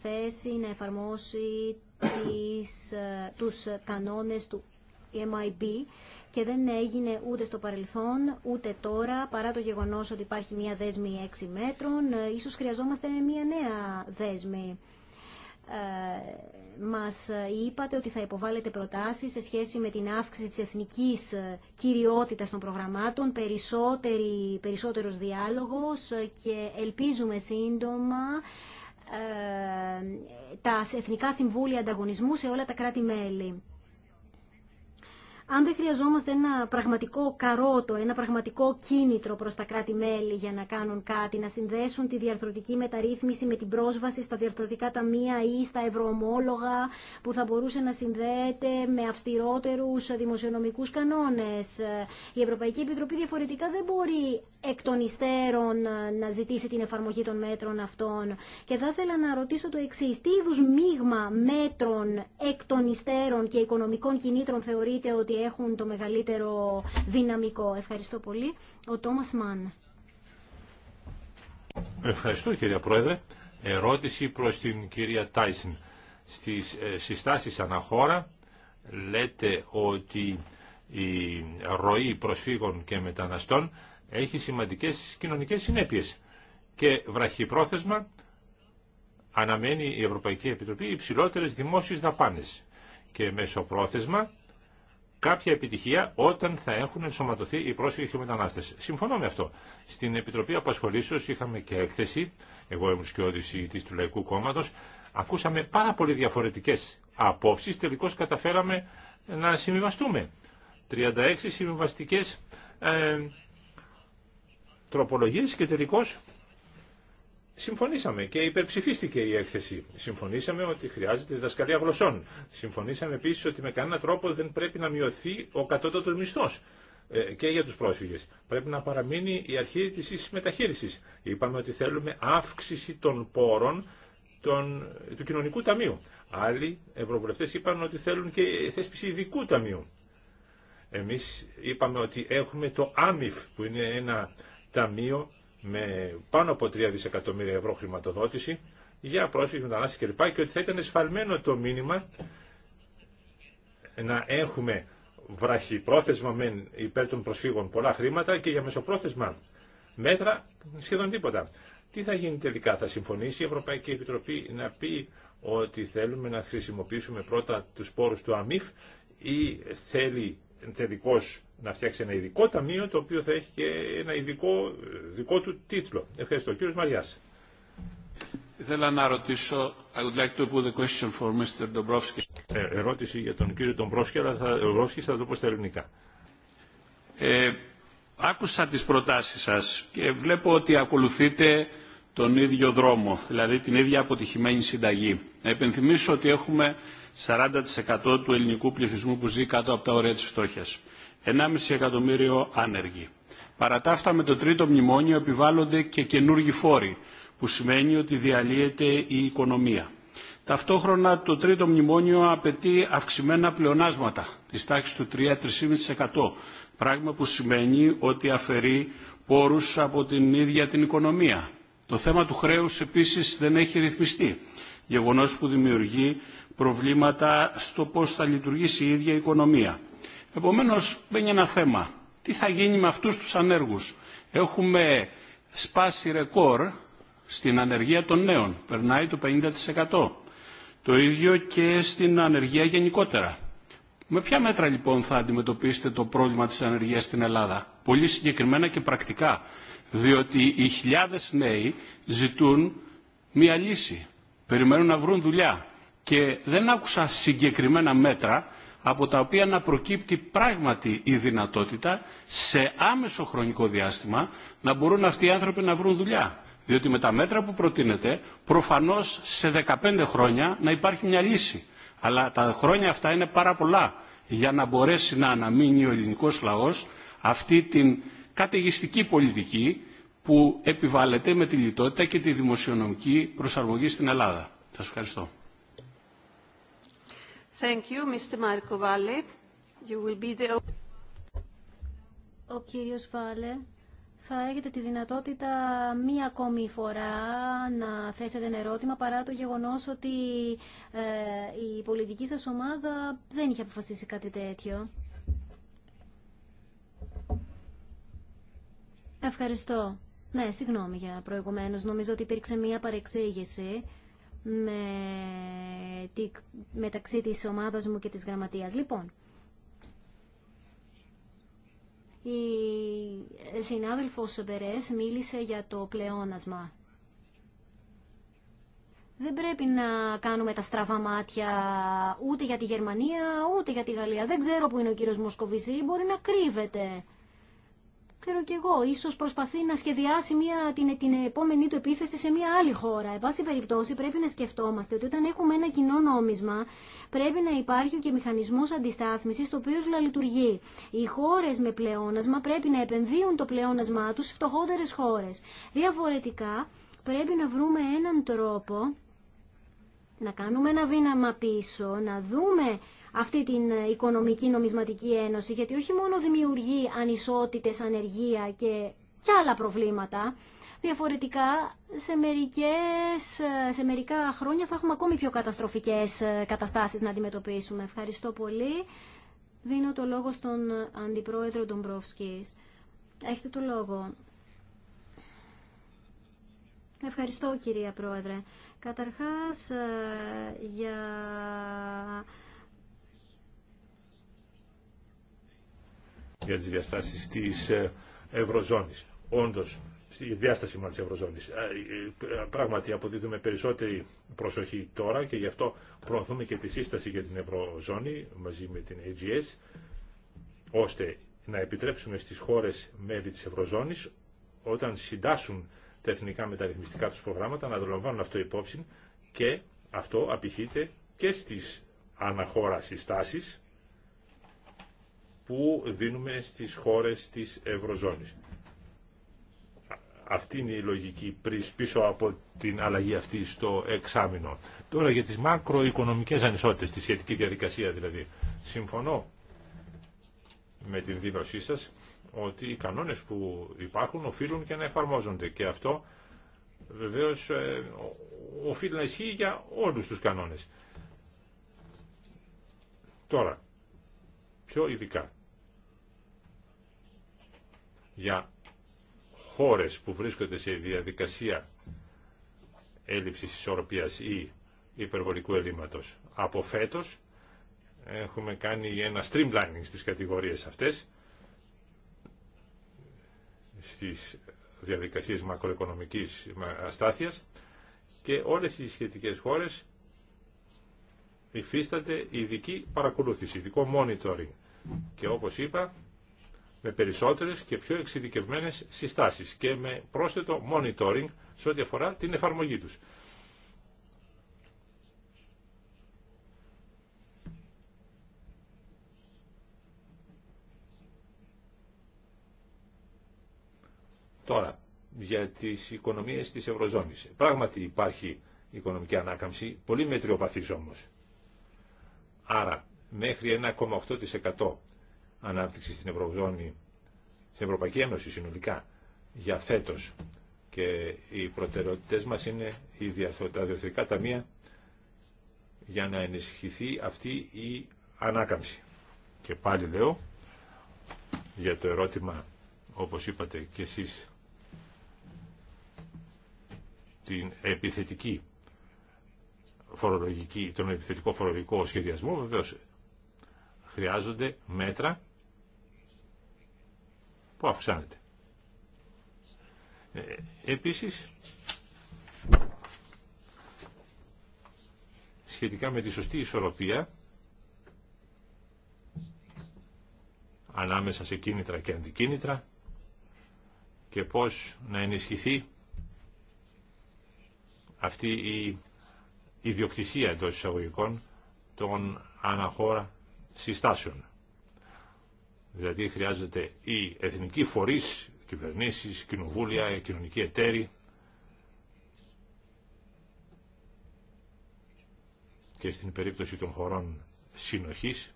θέση να εφαρμόσει τις, ε, τους κανόνες του MIB και δεν έγινε ούτε στο παρελθόν ούτε τώρα παρά το γεγονός ότι υπάρχει μια δέσμη 6 μέτρων. Ίσως χρειαζόμαστε μια νέα δέσμη. Ε, μας είπατε ότι θα υποβάλλετε προτάσεις σε σχέση με την αύξηση της εθνικής κυριότητας των προγραμμάτων, περισσότερη, περισσότερος διάλογος και ελπίζουμε σύντομα τα εθνικά συμβούλια ανταγωνισμού σε όλα τα κράτη-μέλη αν δεν χρειαζόμαστε ένα πραγματικό καρότο, ένα πραγματικό κίνητρο προς τα κράτη-μέλη για να κάνουν κάτι, να συνδέσουν τη διαρθρωτική μεταρρύθμιση με την πρόσβαση στα διαρθρωτικά ταμεία ή στα ευρωομόλογα που θα μπορούσε να συνδέεται με αυστηρότερους δημοσιονομικούς κανόνες. Η Ευρωπαϊκή Επιτροπή διαφορετικά δεν μπορεί εκ των υστέρων να ζητήσει την εφαρμογή των μέτρων αυτών. Και θα ήθελα να ρωτήσω το εξή. Τι είδου μείγμα μέτρων εκ των υστέρων και οικονομικών κινήτρων θεωρείτε ότι ότι έχουν το μεγαλύτερο δυναμικό. Ευχαριστώ πολύ. Ο Τόμας Μαν. Ευχαριστώ κυρία Πρόεδρε. Ερώτηση προς την κυρία Τάισιν. Στις ε, συστάσεις αναχώρα λέτε ότι η ροή προσφύγων και μεταναστών έχει σημαντικές κοινωνικές συνέπειες και βραχυπρόθεσμα αναμένει η Ευρωπαϊκή Επιτροπή υψηλότερες δημόσιες δαπάνες και μεσοπρόθεσμα κάποια επιτυχία όταν θα έχουν ενσωματωθεί οι πρόσφυγε και οι μετανάστε. Συμφωνώ με αυτό. Στην Επιτροπή Απασχολήσεω είχαμε και έκθεση, εγώ ήμουν ο της του Λαϊκού Κόμματο, ακούσαμε πάρα πολύ διαφορετικές απόψεις, τελικώς καταφέραμε να συμβιβαστούμε. 36 συμβιβαστικέ ε, τροπολογίες και τελικώ συμφωνήσαμε και υπερψηφίστηκε η έκθεση. Συμφωνήσαμε ότι χρειάζεται διδασκαλία γλωσσών. Συμφωνήσαμε επίση ότι με κανένα τρόπο δεν πρέπει να μειωθεί ο κατώτατο μισθός ε, και για τους πρόσφυγες. Πρέπει να παραμείνει η αρχή της ίσης μεταχείρισης. Είπαμε ότι θέλουμε αύξηση των πόρων των, του κοινωνικού ταμείου. Άλλοι ευρωβουλευτές είπαν ότι θέλουν και θέσπιση ειδικού ταμείου. Εμείς είπαμε ότι έχουμε το ΆΜΙΦ που είναι ένα ταμείο με πάνω από 3 δισεκατομμύρια ευρώ χρηματοδότηση για πρόσφυγες μετανάστες κλπ. Και ότι θα ήταν εσφαλμένο το μήνυμα να έχουμε βραχυπρόθεσμα μεν υπέρ των προσφύγων πολλά χρήματα και για μεσοπρόθεσμα μέτρα σχεδόν τίποτα. Τι θα γίνει τελικά, θα συμφωνήσει η Ευρωπαϊκή Επιτροπή να πει ότι θέλουμε να χρησιμοποιήσουμε πρώτα τους πόρους του ΑΜΙΦ ή θέλει τελικώς να φτιάξει ένα ειδικό ταμείο το οποίο θα έχει και ένα ειδικό δικό του τίτλο. Ευχαριστώ. Κύριος Μαριάς. Ήθελα να ρωτήσω, I would like to put a question for Mr. Dombrovski. Ε, ερώτηση για τον κύριο Dombrovski, αλλά θα, θα το πω στα ελληνικά. Ε, άκουσα τις προτάσεις σας και βλέπω ότι ακολουθείτε τον ίδιο δρόμο, δηλαδή την ίδια αποτυχημένη συνταγή. Να επενθυμίσω ότι έχουμε 40% του ελληνικού πληθυσμού που ζει κάτω από τα ωραία της φτώχειας. 1,5 εκατομμύριο άνεργοι. Παρά τα αυτά με το τρίτο μνημόνιο επιβάλλονται και καινούργοι φόροι, που σημαίνει ότι διαλύεται η οικονομία. Ταυτόχρονα το τρίτο μνημόνιο απαιτεί αυξημένα πλεονάσματα της τάξης του 3-3,5%, πράγμα που σημαίνει ότι αφαιρεί πόρους από την ίδια την οικονομία. Το θέμα του χρέους επίσης δεν έχει ρυθμιστεί, γεγονός που δημιουργεί προβλήματα στο πώς θα λειτουργήσει η ίδια η οικονομία. Επομένω, μπαίνει ένα θέμα. Τι θα γίνει με αυτούς τους ανέργους. Έχουμε σπάσει ρεκόρ στην ανεργία των νέων. Περνάει το 50%. Το ίδιο και στην ανεργία γενικότερα. Με ποια μέτρα λοιπόν θα αντιμετωπίσετε το πρόβλημα της ανεργίας στην Ελλάδα. Πολύ συγκεκριμένα και πρακτικά. Διότι οι χιλιάδες νέοι ζητούν μία λύση. Περιμένουν να βρουν δουλειά. Και δεν άκουσα συγκεκριμένα μέτρα από τα οποία να προκύπτει πράγματι η δυνατότητα σε άμεσο χρονικό διάστημα να μπορούν αυτοί οι άνθρωποι να βρουν δουλειά. Διότι με τα μέτρα που προτείνεται, προφανώς σε 15 χρόνια να υπάρχει μια λύση. Αλλά τα χρόνια αυτά είναι πάρα πολλά για να μπορέσει να αναμείνει ο ελληνικός λαός αυτή την καταιγιστική πολιτική που επιβάλλεται με τη λιτότητα και τη δημοσιονομική προσαρμογή στην Ελλάδα. Σας ευχαριστώ. Ο κύριος Βάλε, θα έχετε τη δυνατότητα μία ακόμη φορά να θέσετε ένα ερώτημα παρά το γεγονός ότι ε, η πολιτική σας ομάδα δεν είχε αποφασίσει κάτι τέτοιο. Ευχαριστώ. Ναι, συγγνώμη για προηγουμένως. Νομίζω ότι υπήρξε μία παρεξήγηση με τη, μεταξύ της ομάδας μου και της γραμματείας. Λοιπόν, η συνάδελφος Σομπερές μίλησε για το πλεόνασμα. Δεν πρέπει να κάνουμε τα στραβά μάτια ούτε για τη Γερμανία, ούτε για τη Γαλλία. Δεν ξέρω που είναι ο κύριος Μοσκοβισή, μπορεί να κρύβεται ξέρω εγώ, ίσως προσπαθεί να σχεδιάσει μια, την, την επόμενή του επίθεση σε μια άλλη χώρα. Εν πάση περιπτώσει πρέπει να σκεφτόμαστε ότι όταν έχουμε ένα κοινό νόμισμα πρέπει να υπάρχει και μηχανισμός αντιστάθμισης το οποίο να λειτουργεί. Οι χώρε με πλεόνασμα πρέπει να επενδύουν το πλεόνασμά του σε φτωχότερε χώρε. Διαφορετικά πρέπει να βρούμε έναν τρόπο να κάνουμε ένα βήμα πίσω, να δούμε αυτή την ε, οικονομική νομισματική ένωση, γιατί όχι μόνο δημιουργεί ανισότητες, ανεργία και, και άλλα προβλήματα, διαφορετικά σε, μερικές, ε, σε μερικά χρόνια θα έχουμε ακόμη πιο καταστροφικές ε, καταστάσεις να αντιμετωπίσουμε. Ευχαριστώ πολύ. Δίνω το λόγο στον Αντιπρόεδρο Ντομπρόφσκης. Έχετε το λόγο. Ευχαριστώ κυρία Πρόεδρε. Καταρχάς για για τις διαστάσεις της ε, Ευρωζώνης. Όντως, στη διάσταση μας της Ευρωζώνης. Ε, ε, πράγματι αποδίδουμε περισσότερη προσοχή τώρα και γι' αυτό προωθούμε και τη σύσταση για την Ευρωζώνη μαζί με την AGS, ώστε να επιτρέψουμε στις χώρες μέλη της Ευρωζώνης όταν συντάσσουν τα εθνικά μεταρρυθμιστικά τους προγράμματα να το αυτό υπόψη και αυτό απηχείται και στις αναχώρα συστάσεις που δίνουμε στις χώρες της Ευρωζώνης. Αυτή είναι η λογική πίσω από την αλλαγή αυτή στο εξάμεινο. Τώρα για τις μακροοικονομικές ανισότητες, τη σχετική διαδικασία δηλαδή. Συμφωνώ με την δήλωσή σας ότι οι κανόνες που υπάρχουν οφείλουν και να εφαρμόζονται και αυτό βεβαίως ε, οφείλει να ισχύει για όλους τους κανόνες. Τώρα, πιο ειδικά, για χώρες που βρίσκονται σε διαδικασία έλλειψης ισορροπίας ή υπερβολικού ελλείμματος. Από φέτος έχουμε κάνει ένα streamlining στις κατηγορίες αυτές, στις διαδικασίες μακροοικονομικής αστάθειας και όλες οι σχετικές χώρες υφίσταται ειδική παρακολούθηση, ειδικό monitoring. Και όπως είπα, με περισσότερες και πιο εξειδικευμένες συστάσεις και με πρόσθετο monitoring σε ό,τι αφορά την εφαρμογή τους. Τώρα, για τις οικονομίες της Ευρωζώνης. Πράγματι υπάρχει οικονομική ανάκαμψη, πολύ μετριοπαθής όμως. Άρα, μέχρι 1,8% ανάπτυξη στην Ευρωζώνη, στην Ευρωπαϊκή Ένωση συνολικά για φέτος και οι προτεραιότητες μας είναι τα διευθυντικά ταμεία για να ενισχυθεί αυτή η ανάκαμψη. Και πάλι λέω για το ερώτημα όπως είπατε και εσείς την επιθετική φορολογική, τον επιθετικό φορολογικό σχεδιασμό βεβαίως χρειάζονται μέτρα που αυξάνεται. Ε, επίσης, σχετικά με τη σωστή ισορροπία ανάμεσα σε κίνητρα και αντικίνητρα και πώς να ενισχυθεί αυτή η ιδιοκτησία εντό εισαγωγικών των αναχώρα συστάσεων. Δηλαδή χρειάζεται οι εθνικοί φορείς, κυβερνήσεις, κοινοβούλια, κοινωνικοί εταίροι και στην περίπτωση των χωρών συνοχής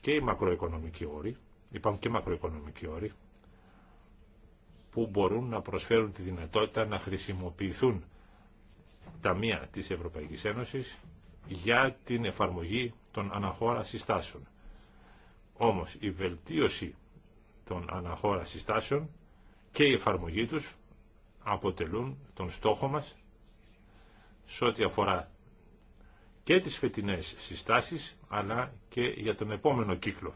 και οι μακροοικονομικοί όροι, υπάρχουν και μακροοικονομικοί όροι, που μπορούν να προσφέρουν τη δυνατότητα να χρησιμοποιηθούν ταμεία της Ευρωπαϊκής Ένωσης για την εφαρμογή των αναχώρα συστάσεων. Όμως η βελτίωση των αναχώρα συστάσεων και η εφαρμογή τους αποτελούν τον στόχο μας σε ό,τι αφορά και τις φετινές συστάσεις αλλά και για τον επόμενο κύκλο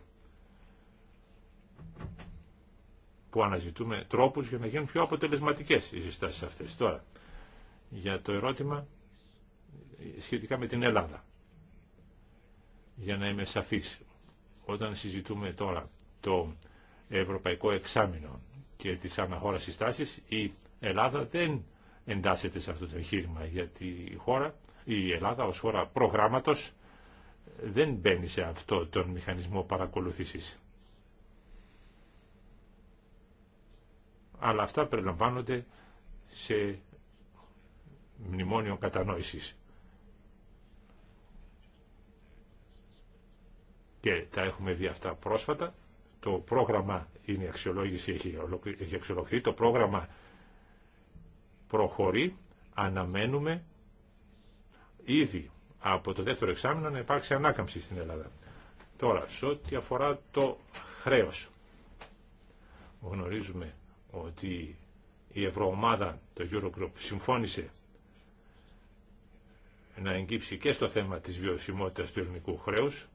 που αναζητούμε τρόπους για να γίνουν πιο αποτελεσματικές οι συστάσεις αυτές. Τώρα, για το ερώτημα σχετικά με την Ελλάδα, για να είμαι σαφής, όταν συζητούμε τώρα το ευρωπαϊκό εξάμεινο και τις αναχώρασεις τάση, η Ελλάδα δεν εντάσσεται σε αυτό το εγχείρημα, γιατί η, χώρα, η Ελλάδα ως χώρα προγράμματος δεν μπαίνει σε αυτό τον μηχανισμό παρακολουθήσης. Αλλά αυτά περιλαμβάνονται σε μνημόνιο κατανόησης. και τα έχουμε δει αυτά πρόσφατα. Το πρόγραμμα, είναι η αξιολόγηση έχει, έχει αξιολογηθεί, το πρόγραμμα προχωρεί, αναμένουμε ήδη από το δεύτερο εξάμεινο να υπάρξει ανάκαμψη στην Ελλάδα. Τώρα, σε ό,τι αφορά το χρέος, γνωρίζουμε ότι η Ευρωομάδα, το Eurogroup, συμφώνησε να εγκύψει και στο θέμα της βιωσιμότητας του ελληνικού χρέους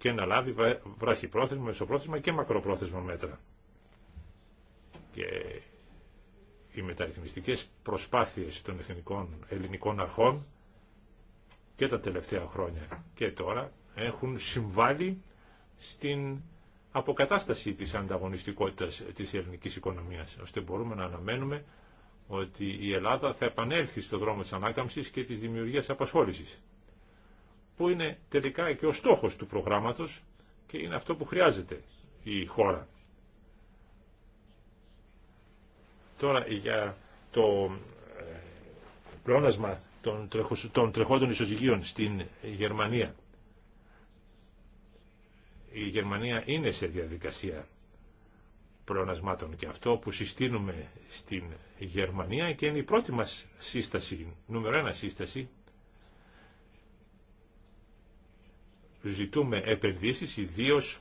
και να λάβει βραχυπρόθεσμα, μεσοπρόθεσμα και μακροπρόθεσμα μέτρα. Και οι μεταρρυθμιστικές προσπάθειες των εθνικών ελληνικών αρχών και τα τελευταία χρόνια και τώρα έχουν συμβάλει στην αποκατάσταση της ανταγωνιστικότητας της ελληνικής οικονομίας, ώστε μπορούμε να αναμένουμε ότι η Ελλάδα θα επανέλθει στο δρόμο της ανάκαμψης και της δημιουργίας απασχόλησης που είναι τελικά και ο στόχος του προγράμματος και είναι αυτό που χρειάζεται η χώρα. Τώρα για το ε, πλώνασμα των, των τρεχόντων ισοζυγίων στην Γερμανία. Η Γερμανία είναι σε διαδικασία πλεονασμάτων και αυτό που συστήνουμε στην Γερμανία και είναι η πρώτη μας σύσταση, νούμερο ένα σύσταση, ζητούμε επενδύσεις ιδίως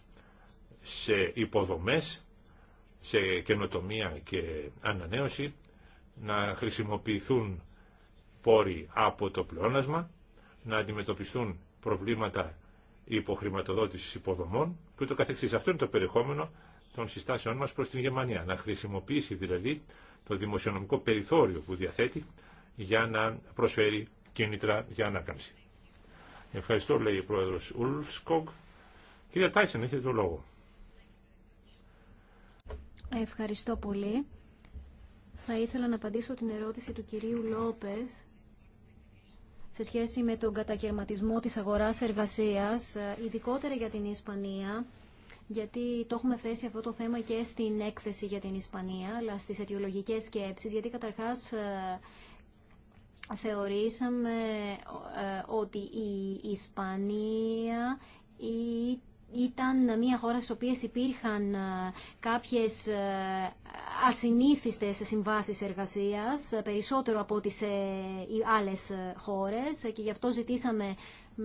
σε υποδομές, σε καινοτομία και ανανέωση, να χρησιμοποιηθούν πόροι από το πλεόνασμα, να αντιμετωπιστούν προβλήματα υποχρηματοδότησης υποδομών και το καθεξής. Αυτό είναι το περιεχόμενο των συστάσεών μας προς την Γερμανία. Να χρησιμοποιήσει δηλαδή το δημοσιονομικό περιθώριο που διαθέτει για να προσφέρει κίνητρα για ανάκαμψη. Ευχαριστώ, λέει ο πρόεδρος Ουλφσκογκ. Κυρία Τάισεν, έχετε το λόγο. Ευχαριστώ πολύ. Θα ήθελα να απαντήσω την ερώτηση του κυρίου Λόπες σε σχέση με τον κατακαιρματισμό της αγοράς εργασίας, ειδικότερα για την Ισπανία, γιατί το έχουμε θέσει αυτό το θέμα και στην έκθεση για την Ισπανία, αλλά στις αιτιολογικές σκέψεις, γιατί καταρχάς ε, θεωρήσαμε ε, ότι η Ισπανία ήταν μια χώρα στις οποίες υπήρχαν ε, κάποιες ε, ασυνήθιστες συμβάσεις εργασίας, περισσότερο από τις άλλες χώρες και γι' αυτό ζητήσαμε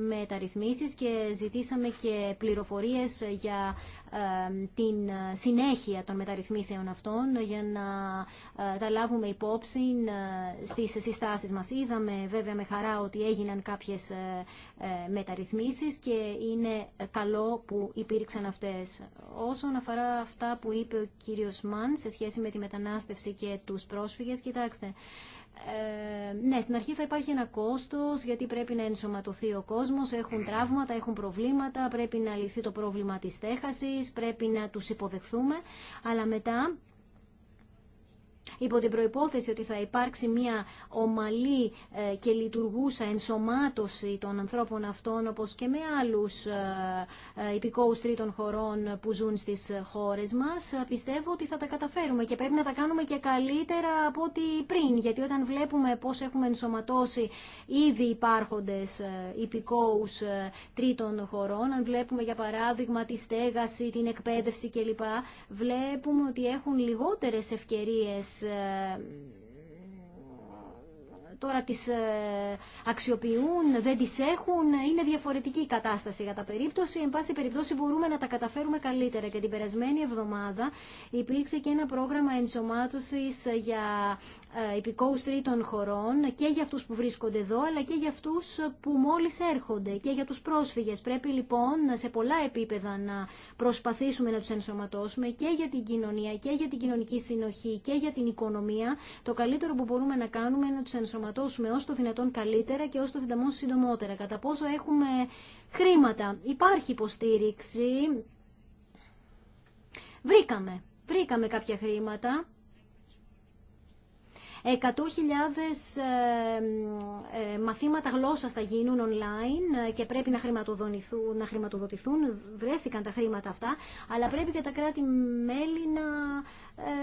μεταρρυθμίσεις και ζητήσαμε και πληροφορίες για ε, την συνέχεια των μεταρρυθμίσεων αυτών για να ε, τα λάβουμε υπόψη ε, στις συστάσεις μας. Είδαμε βέβαια με χαρά ότι έγιναν κάποιες μεταρρυθμίσεις και είναι καλό που υπήρξαν αυτές. Όσον αφορά αυτά που είπε ο κύριος Μαν σε σχέση με τη μετανάστευση και τους πρόσφυγες, κοιτάξτε, ε, ναι, στην αρχή θα υπάρχει ένα κόστος γιατί πρέπει να ενσωματωθεί ο κόσμος, έχουν τραύματα, έχουν προβλήματα, πρέπει να λυθεί το πρόβλημα της στέχασης, πρέπει να τους υποδεχθούμε, αλλά μετά υπό την προϋπόθεση ότι θα υπάρξει μια ομαλή ε, και λειτουργούσα ενσωμάτωση των ανθρώπων αυτών όπως και με άλλους ε, ε, υπηκόους τρίτων χωρών που ζουν στις χώρες μας πιστεύω ότι θα τα καταφέρουμε και πρέπει να τα κάνουμε και καλύτερα από ό,τι πριν γιατί όταν βλέπουμε πώς έχουμε ενσωματώσει ήδη υπάρχοντες υπηκόους τρίτων χωρών αν βλέπουμε για παράδειγμα τη στέγαση, την εκπαίδευση κλπ βλέπουμε ότι έχουν λιγότερες ευκαιρίες ε, τώρα τις ε, αξιοποιούν, δεν τις έχουν. Είναι διαφορετική η κατάσταση για τα περίπτωση. Εν πάση περιπτώσει μπορούμε να τα καταφέρουμε καλύτερα. Και την περασμένη εβδομάδα υπήρξε και ένα πρόγραμμα ενσωμάτωσης για ε, υπηκόους τρίτων χωρών και για αυτούς που βρίσκονται εδώ αλλά και για αυτούς που μόλις έρχονται και για τους πρόσφυγες. Πρέπει λοιπόν σε πολλά επίπεδα να προσπαθήσουμε να τους ενσωματώσουμε και για την κοινωνία και για την κοινωνική συνοχή και για την οικονομία. Το καλύτερο που μπορούμε να κάνουμε είναι να τους ενσωματώσουμε όσο το δυνατόν καλύτερα και όσο το δυνατόν συντομότερα. Κατά πόσο έχουμε χρήματα. Υπάρχει υποστήριξη. Βρήκαμε. Βρήκαμε κάποια χρήματα 100.000 ε, μαθήματα γλώσσας θα γίνουν online ε, και πρέπει να χρηματοδοτηθούν, να χρηματοδοτηθούν. Βρέθηκαν τα χρήματα αυτά, αλλά πρέπει και τα κράτη-μέλη να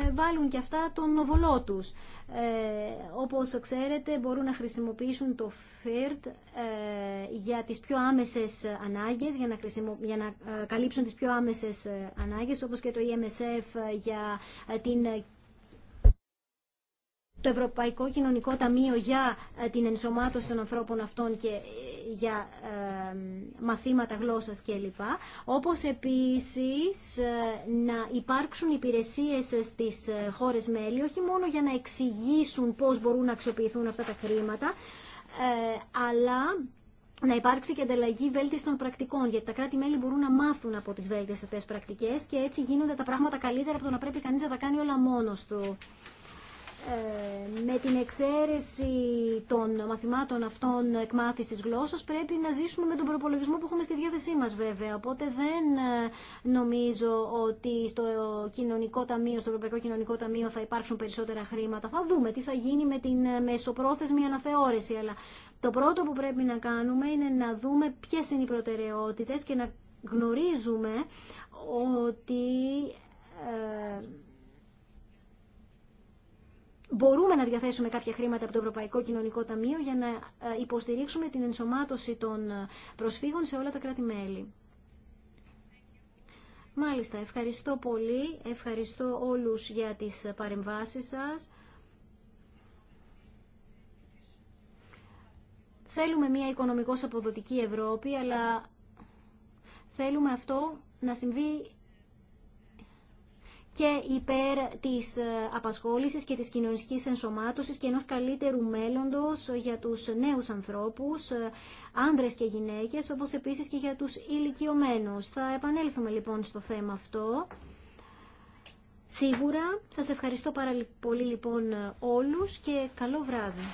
ε, βάλουν και αυτά τον νοβολό τους. Όπως ξέρετε μπορούν να χρησιμοποιήσουν το FIRT e για τις πιο άμεσες ανάγκες, για να, για να καλύψουν τις πιο άμεσες ανάγκες, όπως και το EMSF για την το Ευρωπαϊκό Κοινωνικό Ταμείο για ε, την ενσωμάτωση των ανθρώπων αυτών και ε, για ε, μαθήματα γλώσσας κλπ. Όπως επίσης να υπάρξουν υπηρεσίες στις χώρες μέλη, όχι μόνο για να εξηγήσουν πώς μπορούν να αξιοποιηθούν αυτά τα χρήματα, αλλά να υπάρξει και ανταλλαγή βέλτιστων πρακτικών, γιατί τα κράτη-μέλη μπορούν να μάθουν από τις βέλτιστες αυτές πρακτικές και έτσι γίνονται τα πράγματα καλύτερα από το να πρέπει κανείς να τα κάνει όλα μόνος του. Ε, με την εξαίρεση των μαθημάτων αυτών εκμάθησης γλώσσας πρέπει να ζήσουμε με τον προπολογισμό που έχουμε στη διάθεσή μας βέβαια. Οπότε δεν ε, νομίζω ότι στο, κοινωνικό ταμείο, στο Ευρωπαϊκό Κοινωνικό Ταμείο θα υπάρξουν περισσότερα χρήματα. Θα δούμε τι θα γίνει με την ε, μεσοπρόθεσμη αναθεώρηση. Αλλά το πρώτο που πρέπει να κάνουμε είναι να δούμε ποιες είναι οι προτεραιότητες και να γνωρίζουμε ότι μπορούμε να διαθέσουμε κάποια χρήματα από το Ευρωπαϊκό Κοινωνικό Ταμείο για να ε, υποστηρίξουμε την ενσωμάτωση των ε, προσφύγων σε όλα τα κράτη-μέλη. Μάλιστα, ευχαριστώ πολύ. Ευχαριστώ όλους για τις ε, παρεμβάσεις σας. Θέλουμε μια οικονομικώς αποδοτική Ευρώπη, αλλά θέλουμε αυτό να συμβεί και υπέρ της ε, απασχόλησης και της κοινωνικής ενσωμάτωσης και ενός καλύτερου μέλλοντος για τους νέους ανθρώπους, ε, άνδρες και γυναίκες, όπως επίσης και για τους ηλικιωμένους. Θα επανέλθουμε λοιπόν στο θέμα αυτό. Σίγουρα, σας ευχαριστώ πάρα πολύ λοιπόν όλους και καλό βράδυ.